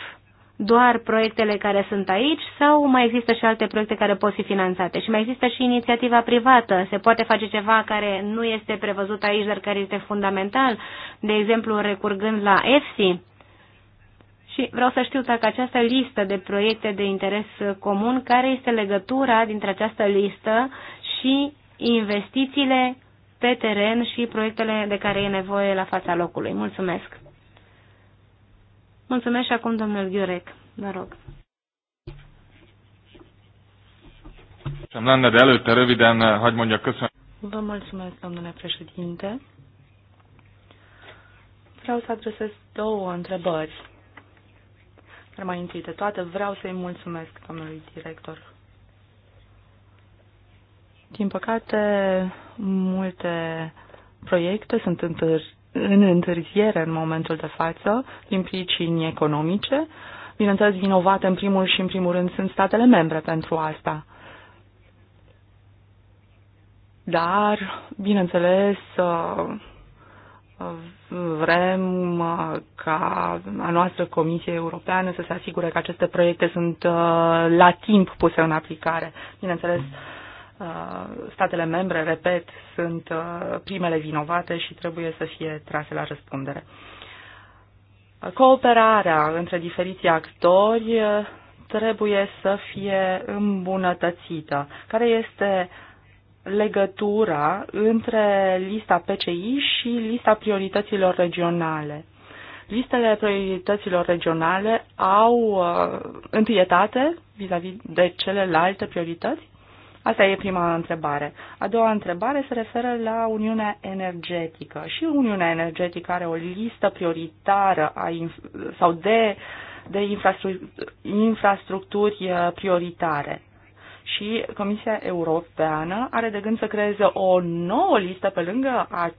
doar proiectele care sunt aici sau mai există și alte proiecte care pot fi finanțate? Și mai există și inițiativa privată. Se poate face ceva care nu este prevăzut aici, dar care este fundamental, de exemplu recurgând la EFSI? Și vreau să știu dacă această listă de proiecte de interes comun, care este legătura dintre această listă și investițiile pe teren și proiectele de care e nevoie la fața locului. Mulțumesc! Mulțumesc și acum domnul Ghiurec. Vă rog. Sem de előtte röviden, hagy mondja köszönöm. Vă mulțumesc, domnule președinte. Vreau să adresez două întrebări. Dar mai întâi de toate, vreau să-i mulțumesc domnului director. Din păcate, multe proiecte sunt întârziate în întârziere în momentul de față din pricini economice. Bineînțeles, vinovate în primul și în primul rând sunt statele membre pentru asta. Dar, bineînțeles, vrem ca a noastră Comisie Europeană să se asigure că aceste proiecte sunt uh, la timp puse în aplicare. Bineînțeles, mm Uh, statele membre, repet, sunt uh, primele vinovate și trebuie să fie trase la răspundere. Uh, cooperarea între diferiții actori trebuie să fie îmbunătățită. Care este legătura între lista PCI și lista priorităților regionale? Listele priorităților regionale au uh, întâietate vis-a-vis de celelalte priorități? Asta e prima întrebare. A doua întrebare se referă la Uniunea Energetică. Și Uniunea Energetică are o listă prioritară a sau de, de infrastructuri uh, prioritare și Comisia Europeană are de gând să creeze o nouă listă pe lângă a,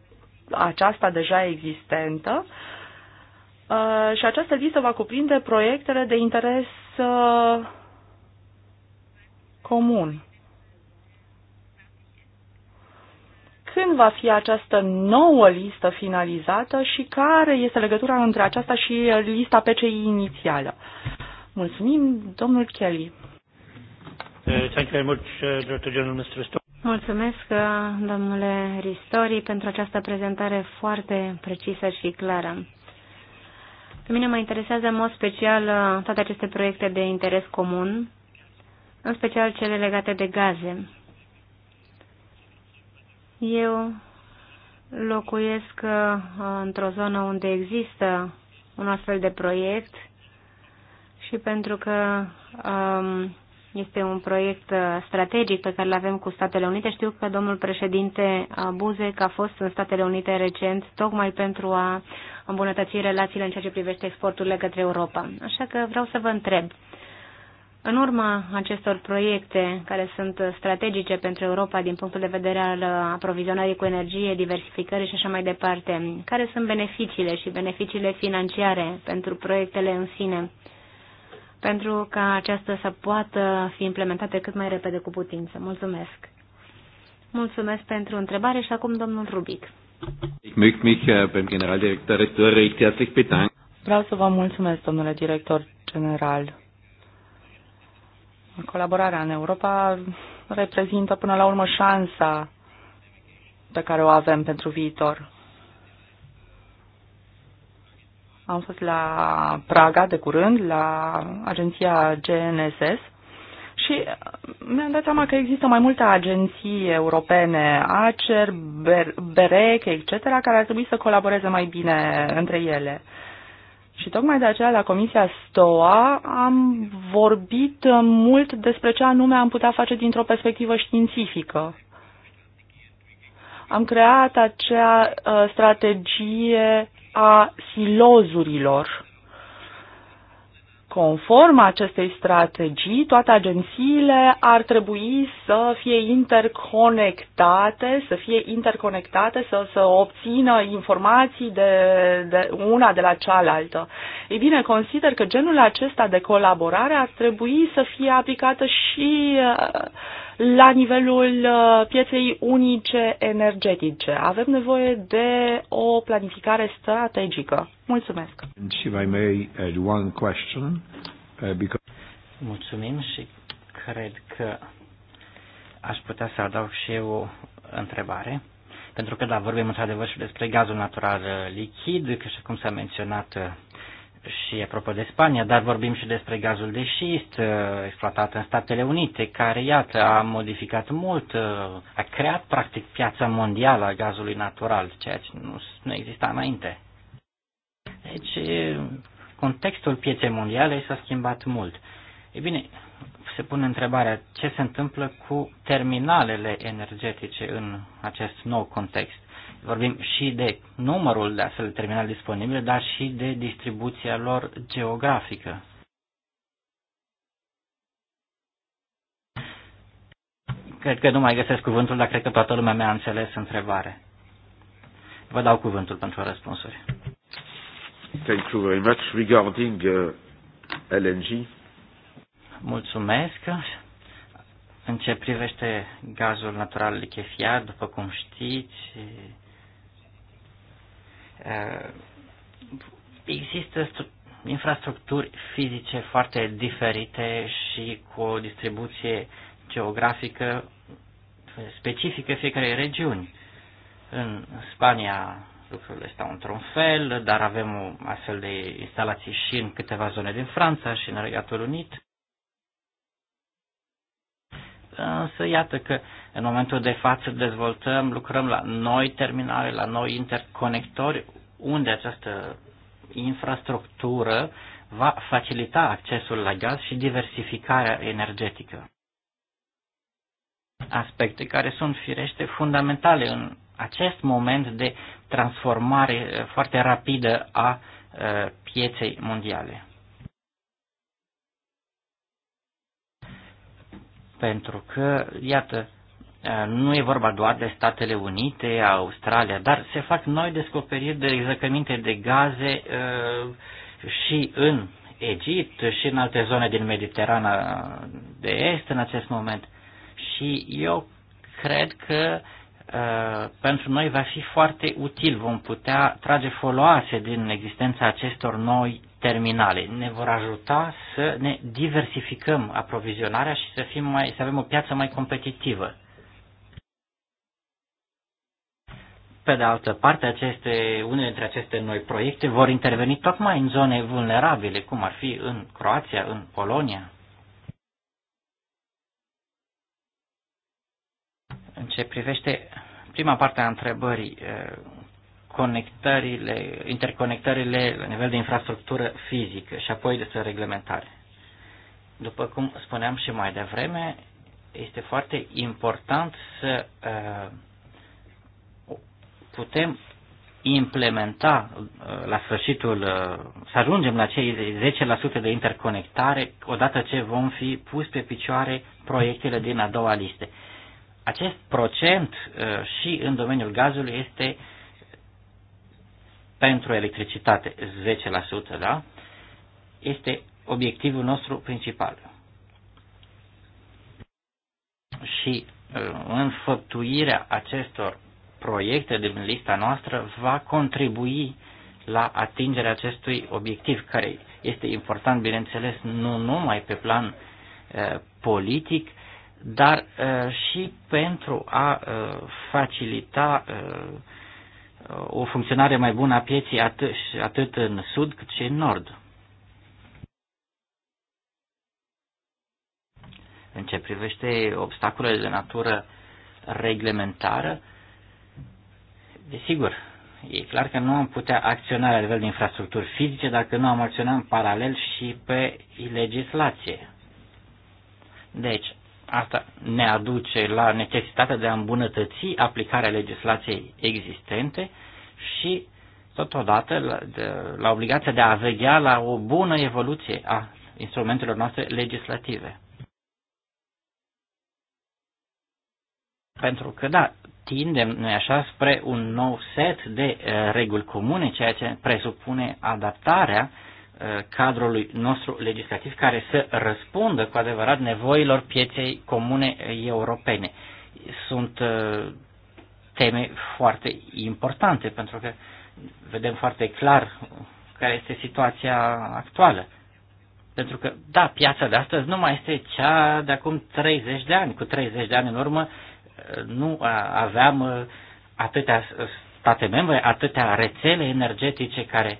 aceasta deja existentă uh, și această listă va cuprinde proiectele de interes uh, comun. când va fi această nouă listă finalizată și care este legătura între aceasta și lista PCI inițială. Mulțumim, domnul Kelly. Uh, uh, Mulțumesc, uh, domnule Ristori, pentru această prezentare foarte precisă și clară. Pe mine mă interesează în mod special toate aceste proiecte de interes comun, în special cele legate de gaze. Eu locuiesc uh, într-o zonă unde există un astfel de proiect și pentru că um, este un proiect uh, strategic pe care îl avem cu Statele Unite. Știu că domnul președinte Buzek a fost în Statele Unite recent, tocmai pentru a îmbunătăți relațiile în ceea ce privește exporturile către Europa. Așa că vreau să vă întreb, în urma acestor proiecte care sunt strategice pentru Europa din punctul de vedere al aprovizionării cu energie, diversificării și așa mai departe, care sunt beneficiile și beneficiile financiare pentru proiectele în sine, pentru ca aceasta să poată fi implementată cât mai repede cu putință. Mulțumesc! Mulțumesc pentru întrebare și acum domnul Rubic. Ich möchte mich eh, beim Generaldirektor recht herzlich bedanken. Vreau să vă mulțumesc, domnule director general. Colaborarea în Europa reprezintă până la urmă șansa pe care o avem pentru viitor. Am fost la Praga de curând, la agenția GNSS și mi-am dat seama că există mai multe agenții europene, ACER, BEREC, etc., care ar trebui să colaboreze mai bine între ele. Uh, și tocmai de aceea la Comisia STOA am vorbit mult despre ce anume am putea face dintr-o perspectivă științifică. Am creat acea uh, strategie a silozurilor Conform acestei strategii, toate agențiile ar trebui să fie interconectate, să fie interconectate, să, să obțină informații de, de una de la cealaltă. Ei bine, consider că genul acesta de colaborare ar trebui să fie aplicată și uh, la nivelul uh, pieței unice energetice. Avem nevoie de o planificare strategică. Mulțumesc. Uh, Mulțumim și cred că aș putea să adaug și eu o întrebare. Pentru că, da, vorbim într-adevăr și despre gazul natural uh, lichid, că și cum s-a menționat și apropo de Spania, dar vorbim și despre gazul de șist uh, exploatat în Statele Unite, care, iată, a modificat mult, uh, a creat, practic, piața mondială a gazului natural, ceea ce nu, nu exista înainte. Deci, uh, contextul pieței mondiale s-a schimbat mult. E bine, se pune întrebarea ce se întâmplă cu terminalele energetice în acest nou context. Vorbim și de numărul de astfel de terminale disponibile, dar și de distribuția lor geografică. Cred că nu mai găsesc cuvântul, dar cred că toată lumea mi-a înțeles întrebare. Vă dau cuvântul pentru răspunsuri. Thank you very much. Regarding uh, LNG. Mulțumesc. În ce privește gazul natural lichefiat, după cum știți, Există infrastructuri fizice foarte diferite și cu o distribuție geografică specifică fiecarei regiuni. În Spania lucrurile stau într-un fel, dar avem astfel de instalații și în câteva zone din Franța și în Regatul Unit însă iată că în momentul de față dezvoltăm, lucrăm la noi terminale, la noi interconectori, unde această infrastructură va facilita accesul la gaz și diversificarea energetică. Aspecte care sunt firește fundamentale în acest moment de transformare foarte rapidă a pieței mondiale. Pentru că, iată, nu e vorba doar de Statele Unite, Australia, dar se fac noi descoperiri de zăcăminte de gaze și în Egipt și în alte zone din Mediterana de Est în acest moment. Și eu cred că pentru noi va fi foarte util, vom putea trage foloase din existența acestor noi terminale. Ne vor ajuta să ne diversificăm aprovizionarea și să, fim mai, să avem o piață mai competitivă. Pe de altă parte, aceste, unele dintre aceste noi proiecte vor interveni tocmai în zone vulnerabile, cum ar fi în Croația, în Polonia. În ce privește prima parte a întrebării, eh, conectările, interconectările la nivel de infrastructură fizică și apoi de reglementare. După cum spuneam și mai devreme, este foarte important să uh, putem implementa uh, la sfârșitul, uh, să ajungem la cei 10% de interconectare odată ce vom fi pus pe picioare proiectele din a doua liste. Acest procent și în domeniul gazului este uh, pentru electricitate 10%, da? Este obiectivul nostru principal. Și uh, înfăptuirea acestor proiecte din lista noastră va contribui la atingerea acestui obiectiv, care este important, bineînțeles, nu numai pe plan uh, politic, dar uh, și pentru a uh, facilita uh, o funcționare mai bună a pieții atât, atât în sud cât și în nord. În ce privește obstacolele de natură reglementară, desigur, e clar că nu am putea acționa la nivel de infrastructuri fizice dacă nu am acționat în paralel și pe legislație. Deci, asta ne aduce la necesitatea de a îmbunătăți aplicarea legislației existente și, totodată, la, de, la obligația de a veghea la o bună evoluție a instrumentelor noastre legislative. Pentru că, da, tindem, noi așa, spre un nou set de uh, reguli comune, ceea ce presupune adaptarea uh, Eh, cadrului nostru legislativ care să răspundă cu adevărat nevoilor pieței comune europene. Sunt eh, teme foarte importante pentru că vedem foarte clar care este situația actuală. Pentru că, da, piața de astăzi nu mai este cea de acum 30 de ani. Cu 30 de ani în urmă eh, nu aveam atâtea state membre, atâtea rețele energetice care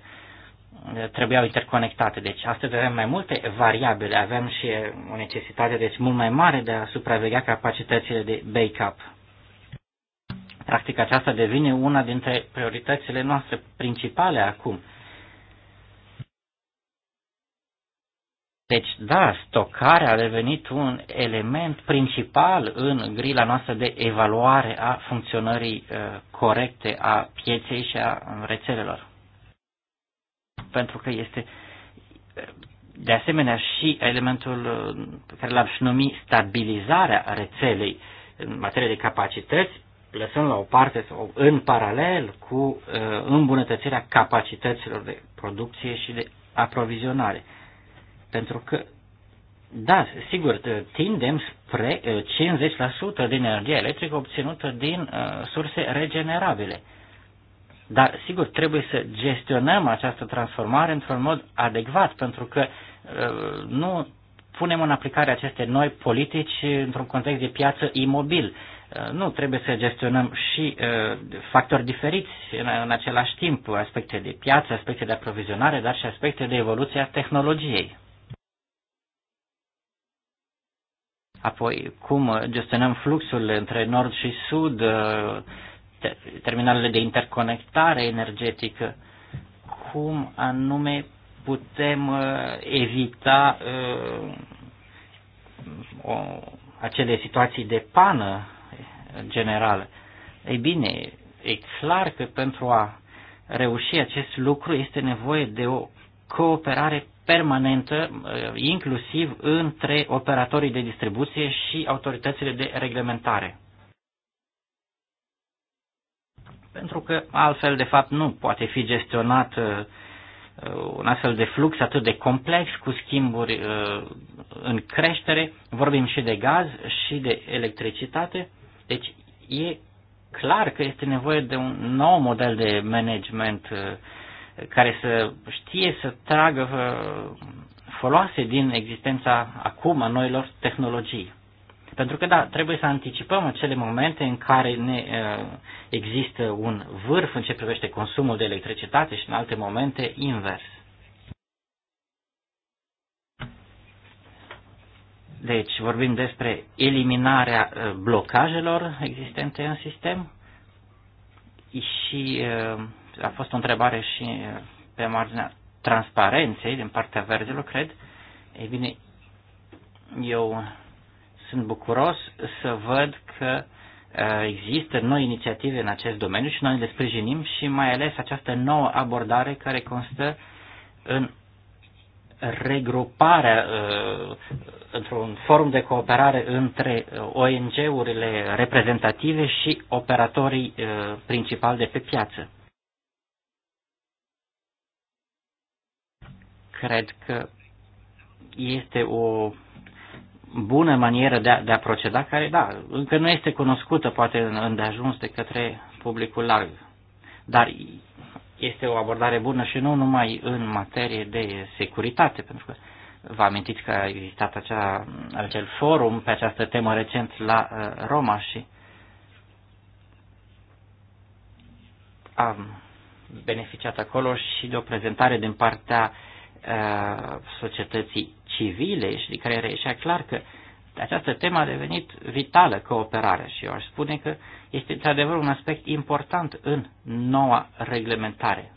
trebuiau interconectate. Deci astăzi avem mai multe variabile, avem și o necesitate deci mult mai mare de a supraveghea capacitățile de backup. Practic aceasta devine una dintre prioritățile noastre principale acum. Deci, da, stocarea a devenit un element principal în grila noastră de evaluare a funcționării uh, corecte a pieței și a rețelelor pentru că este de asemenea și elementul uh, pe care l-am și numit stabilizarea rețelei în materie de capacități, lăsând la o parte sau în paralel cu uh, îmbunătățirea capacităților de producție și de aprovizionare. Pentru că da, sigur, uh, tindem spre 50% din energia electrică obținută din surse regenerabile. Dar, sigur, trebuie să gestionăm această transformare într-un mod adecvat, pentru că uh, nu punem în aplicare aceste noi politici într-un context de piață imobil. Uh, nu, trebuie să gestionăm și uh, factori diferiți în, același timp, aspecte de piață, aspecte de aprovizionare, dar și aspecte de evoluție a tehnologiei. Apoi, cum gestionăm fluxul între nord și sud, terminalele de interconectare energetică, cum anume putem uh, evita uh, o, acele situații de pană generală. Ei bine, e clar că pentru a reuși acest lucru este nevoie de o cooperare permanentă, uh, inclusiv între operatorii de distribuție și autoritățile de reglementare. pentru că altfel, de fapt, nu poate fi gestionat uh, uh, un astfel de flux atât de complex, cu schimburi uh, în creștere, vorbim și de gaz și de electricitate, deci e clar că este nevoie de un nou model de management care să știe să tragă foloase din existența acum a noilor tehnologii. Pentru că, da, trebuie să anticipăm acele momente în care ne, uh, există un vârf în ce privește consumul de electricitate și în alte momente invers. Deci vorbim despre eliminarea uh, blocajelor existente în sistem și uh, a fost o întrebare și pe marginea transparenței din partea verzilor, cred. Ei bine, eu sunt bucuros să văd că există noi inițiative în acest domeniu și noi le sprijinim și mai ales această nouă abordare care constă în regruparea într-un forum de cooperare între ONG-urile reprezentative și operatorii principali de pe piață. Cred că este o bună manieră de a, de a proceda, care, da, încă nu este cunoscută, poate, îndeajuns de către publicul larg. Dar este o abordare bună și nu numai în materie de securitate, pentru că vă amintiți că a existat acea, acel forum pe această temă recent la uh, Roma și am beneficiat acolo și de o prezentare din partea uh, societății civile și de care reieșea clar că această temă a devenit vitală cooperare și eu aș spune că este într-adevăr un aspect important în noua reglementare.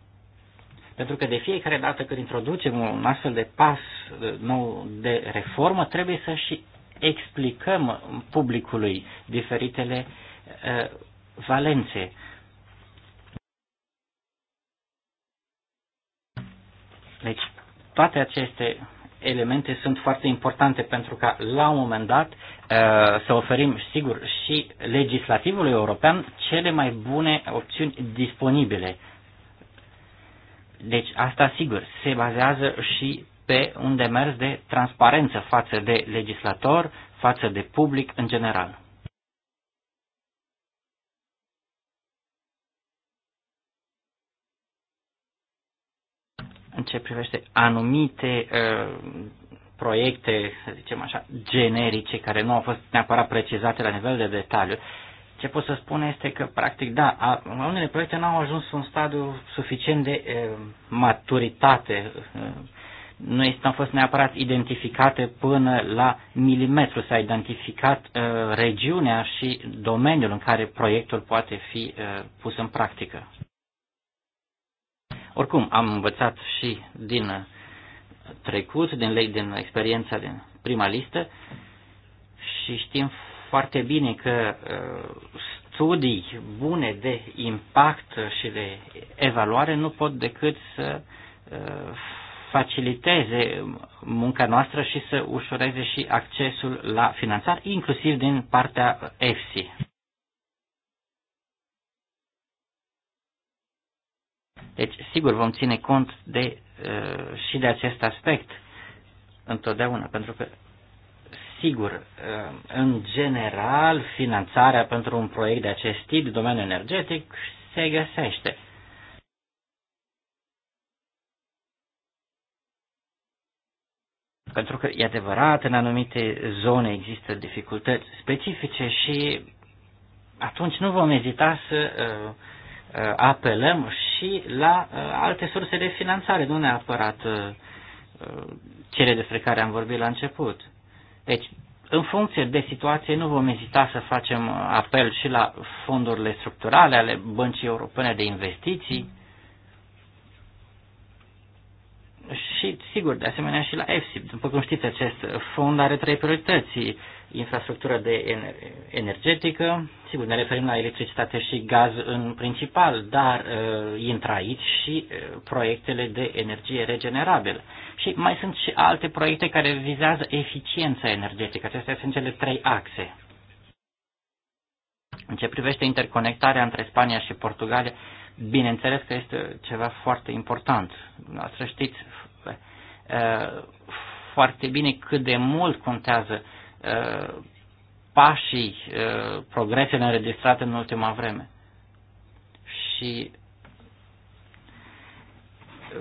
Pentru că de fiecare dată când introducem un astfel de pas uh, nou de reformă, trebuie să și explicăm publicului diferitele uh, valențe. Deci, toate aceste elemente sunt foarte importante pentru ca la un moment dat uh, să oferim, sigur, și legislativului european cele mai bune opțiuni disponibile. Deci asta, sigur, se bazează și pe un demers de transparență față de legislator, față de public în general. în ce privește anumite uh, proiecte, să zicem așa, generice, care nu au fost neapărat precizate la nivel de detaliu, ce pot să spun este că, practic, da, a, unele proiecte nu au ajuns în stadiu suficient de uh, maturitate, uh, nu este, au fost neapărat identificate până la milimetru, s-a identificat uh, regiunea și domeniul în care proiectul poate fi uh, pus în practică. Oricum, am învățat și din uh, trecut, din, din experiența din prima listă și știm foarte bine că uh, studii bune de impact și de evaluare nu pot decât să uh, faciliteze munca noastră și să ușureze și accesul la finanțare, inclusiv din partea EFSI. Deci, sigur, vom ține cont de, uh, și de acest aspect întotdeauna, pentru că, sigur, uh, în general, finanțarea pentru un proiect de acest tip, domeniul energetic, se găsește. Pentru că, e adevărat, în anumite zone există dificultăți specifice și atunci nu vom ezita să uh, Uh, apelăm și la uh, alte surse de finanțare, nu neapărat uh, cele despre care am vorbit la început. Deci, în funcție de situație, nu vom ezita să facem apel și la fondurile structurale ale Băncii Europene de Investiții și, sigur, de asemenea și la EFSI. După cum știți, acest fond are trei priorități infrastructură de energetică. Sigur, ne referim la electricitate și gaz în principal, dar uh, intră aici și uh, proiectele de energie regenerabilă. Și mai sunt și alte proiecte care vizează eficiența energetică. Acestea sunt cele trei axe. În ce privește interconectarea între Spania și Portugalia, bineînțeles că este ceva foarte important. Să știți uh, foarte bine cât de mult contează uh, Uh, pașii, uh, progresele înregistrate în ultima vreme. Și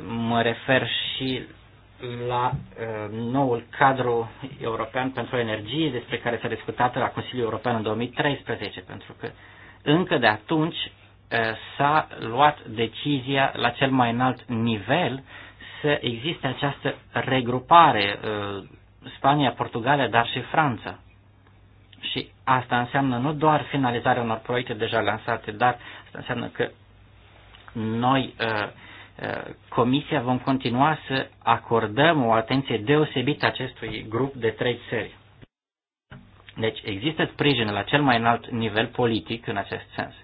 mă refer și la uh, noul cadru european pentru energie despre care s-a discutat la Consiliul European în 2013, pentru că încă de atunci uh, s-a luat decizia la cel mai înalt nivel să existe această regrupare uh, Spania, Portugalia, dar și Franța. Și asta înseamnă nu doar finalizarea unor proiecte deja lansate, dar asta înseamnă că noi, uh, uh, Comisia, vom continua să acordăm o atenție deosebită acestui grup de trei țări. Deci există sprijin la cel mai înalt nivel politic în acest sens.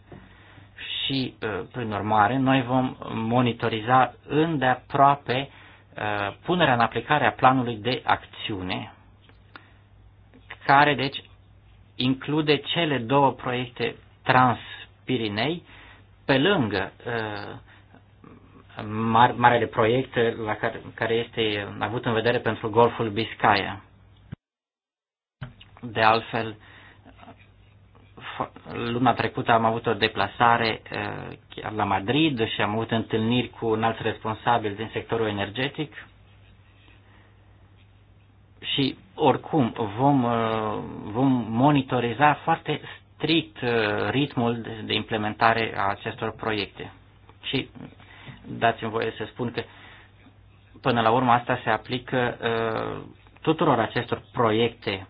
Și, uh, prin urmare, noi vom monitoriza îndeaproape Uh, punerea în aplicare a planului de acțiune, care deci include cele două proiecte Transpirinei, pe lângă uh, marele proiect la care, care este avut în vedere pentru Golful Biscaya. De altfel, luna trecută am avut o deplasare eh, chiar la Madrid și am avut întâlniri cu un alt responsabil din sectorul energetic. Și oricum vom, eh, vom monitoriza foarte strict eh, ritmul de implementare a acestor proiecte. Și dați-mi voie să spun că până la urmă asta se aplică tuturor acestor proiecte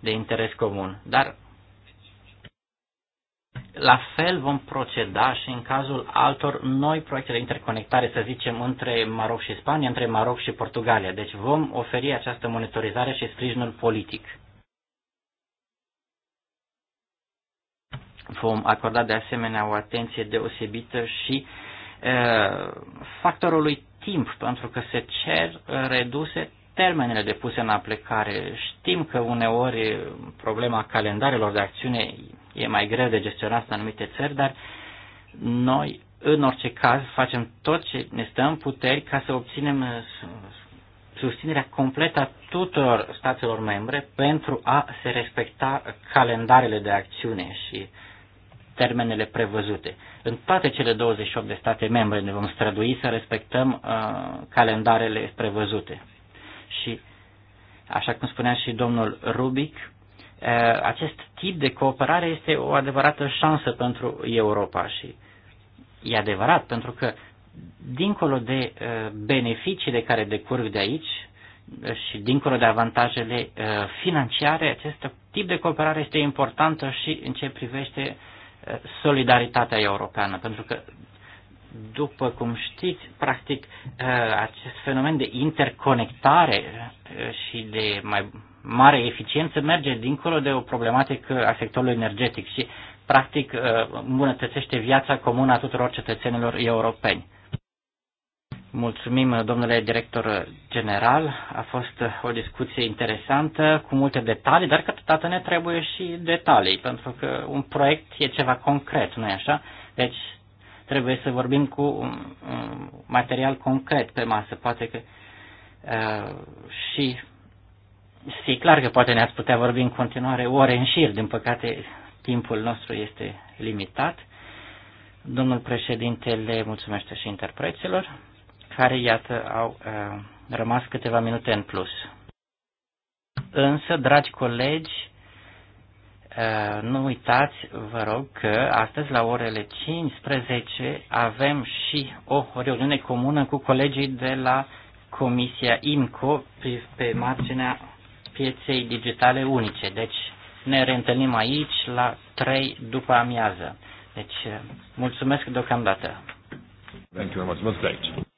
de interes comun. Dar la fel vom proceda și în cazul altor noi proiecte de interconectare, să zicem, între Maroc și Spania, între Maroc și Portugalia. Deci vom oferi această monitorizare și sprijinul politic. Vom acorda de asemenea o atenție deosebită și e, factorului timp, pentru că se cer reduse termenele depuse în aplicare. Știm că uneori problema calendarelor de acțiune e mai greu de gestionat în anumite țări, dar noi, în orice caz, facem tot ce ne stă în puteri ca să obținem uh, susținerea completă a tuturor statelor membre pentru a se respecta calendarele de acțiune și termenele prevăzute. În toate cele 28 de state membre ne vom strădui să respectăm uh, calendarele prevăzute. Și, așa cum spunea și domnul Rubic, Eh, acest tip de cooperare este o adevărată șansă pentru Europa și e adevărat pentru că dincolo de eh, beneficiile care decurg de aici eh, și dincolo de avantajele financiare, acest tip de cooperare este importantă și în ce privește solidaritatea europeană, pentru că după cum știți, practic acest fenomen de interconectare și de mai mare eficiență merge dincolo de o problematică a sectorului energetic și, practic, uh, îmbunătățește viața comună a tuturor cetățenilor europeni. Mulțumim, uh, domnule director general. A fost uh, o discuție interesantă, cu multe detalii, dar câteodată ne trebuie și detalii, pentru că un proiect e ceva concret, nu-i așa? Deci trebuie să vorbim cu un um, um, material concret pe masă. Poate că uh, și fi clar că poate ne-ați putea vorbi în continuare ore în șir, din păcate timpul nostru este limitat. Domnul președinte le mulțumește și interpreților, care, iată, au uh, rămas câteva minute în plus. Însă, dragi colegi, uh, nu uitați, vă rog, că astăzi la orele 15 avem și o reuniune comună cu colegii de la Comisia IMCO pe marginea pieței digitale unice. Deci ne reîntâlnim aici la 3 după amiază. Deci mulțumesc deocamdată. Thank you very much. It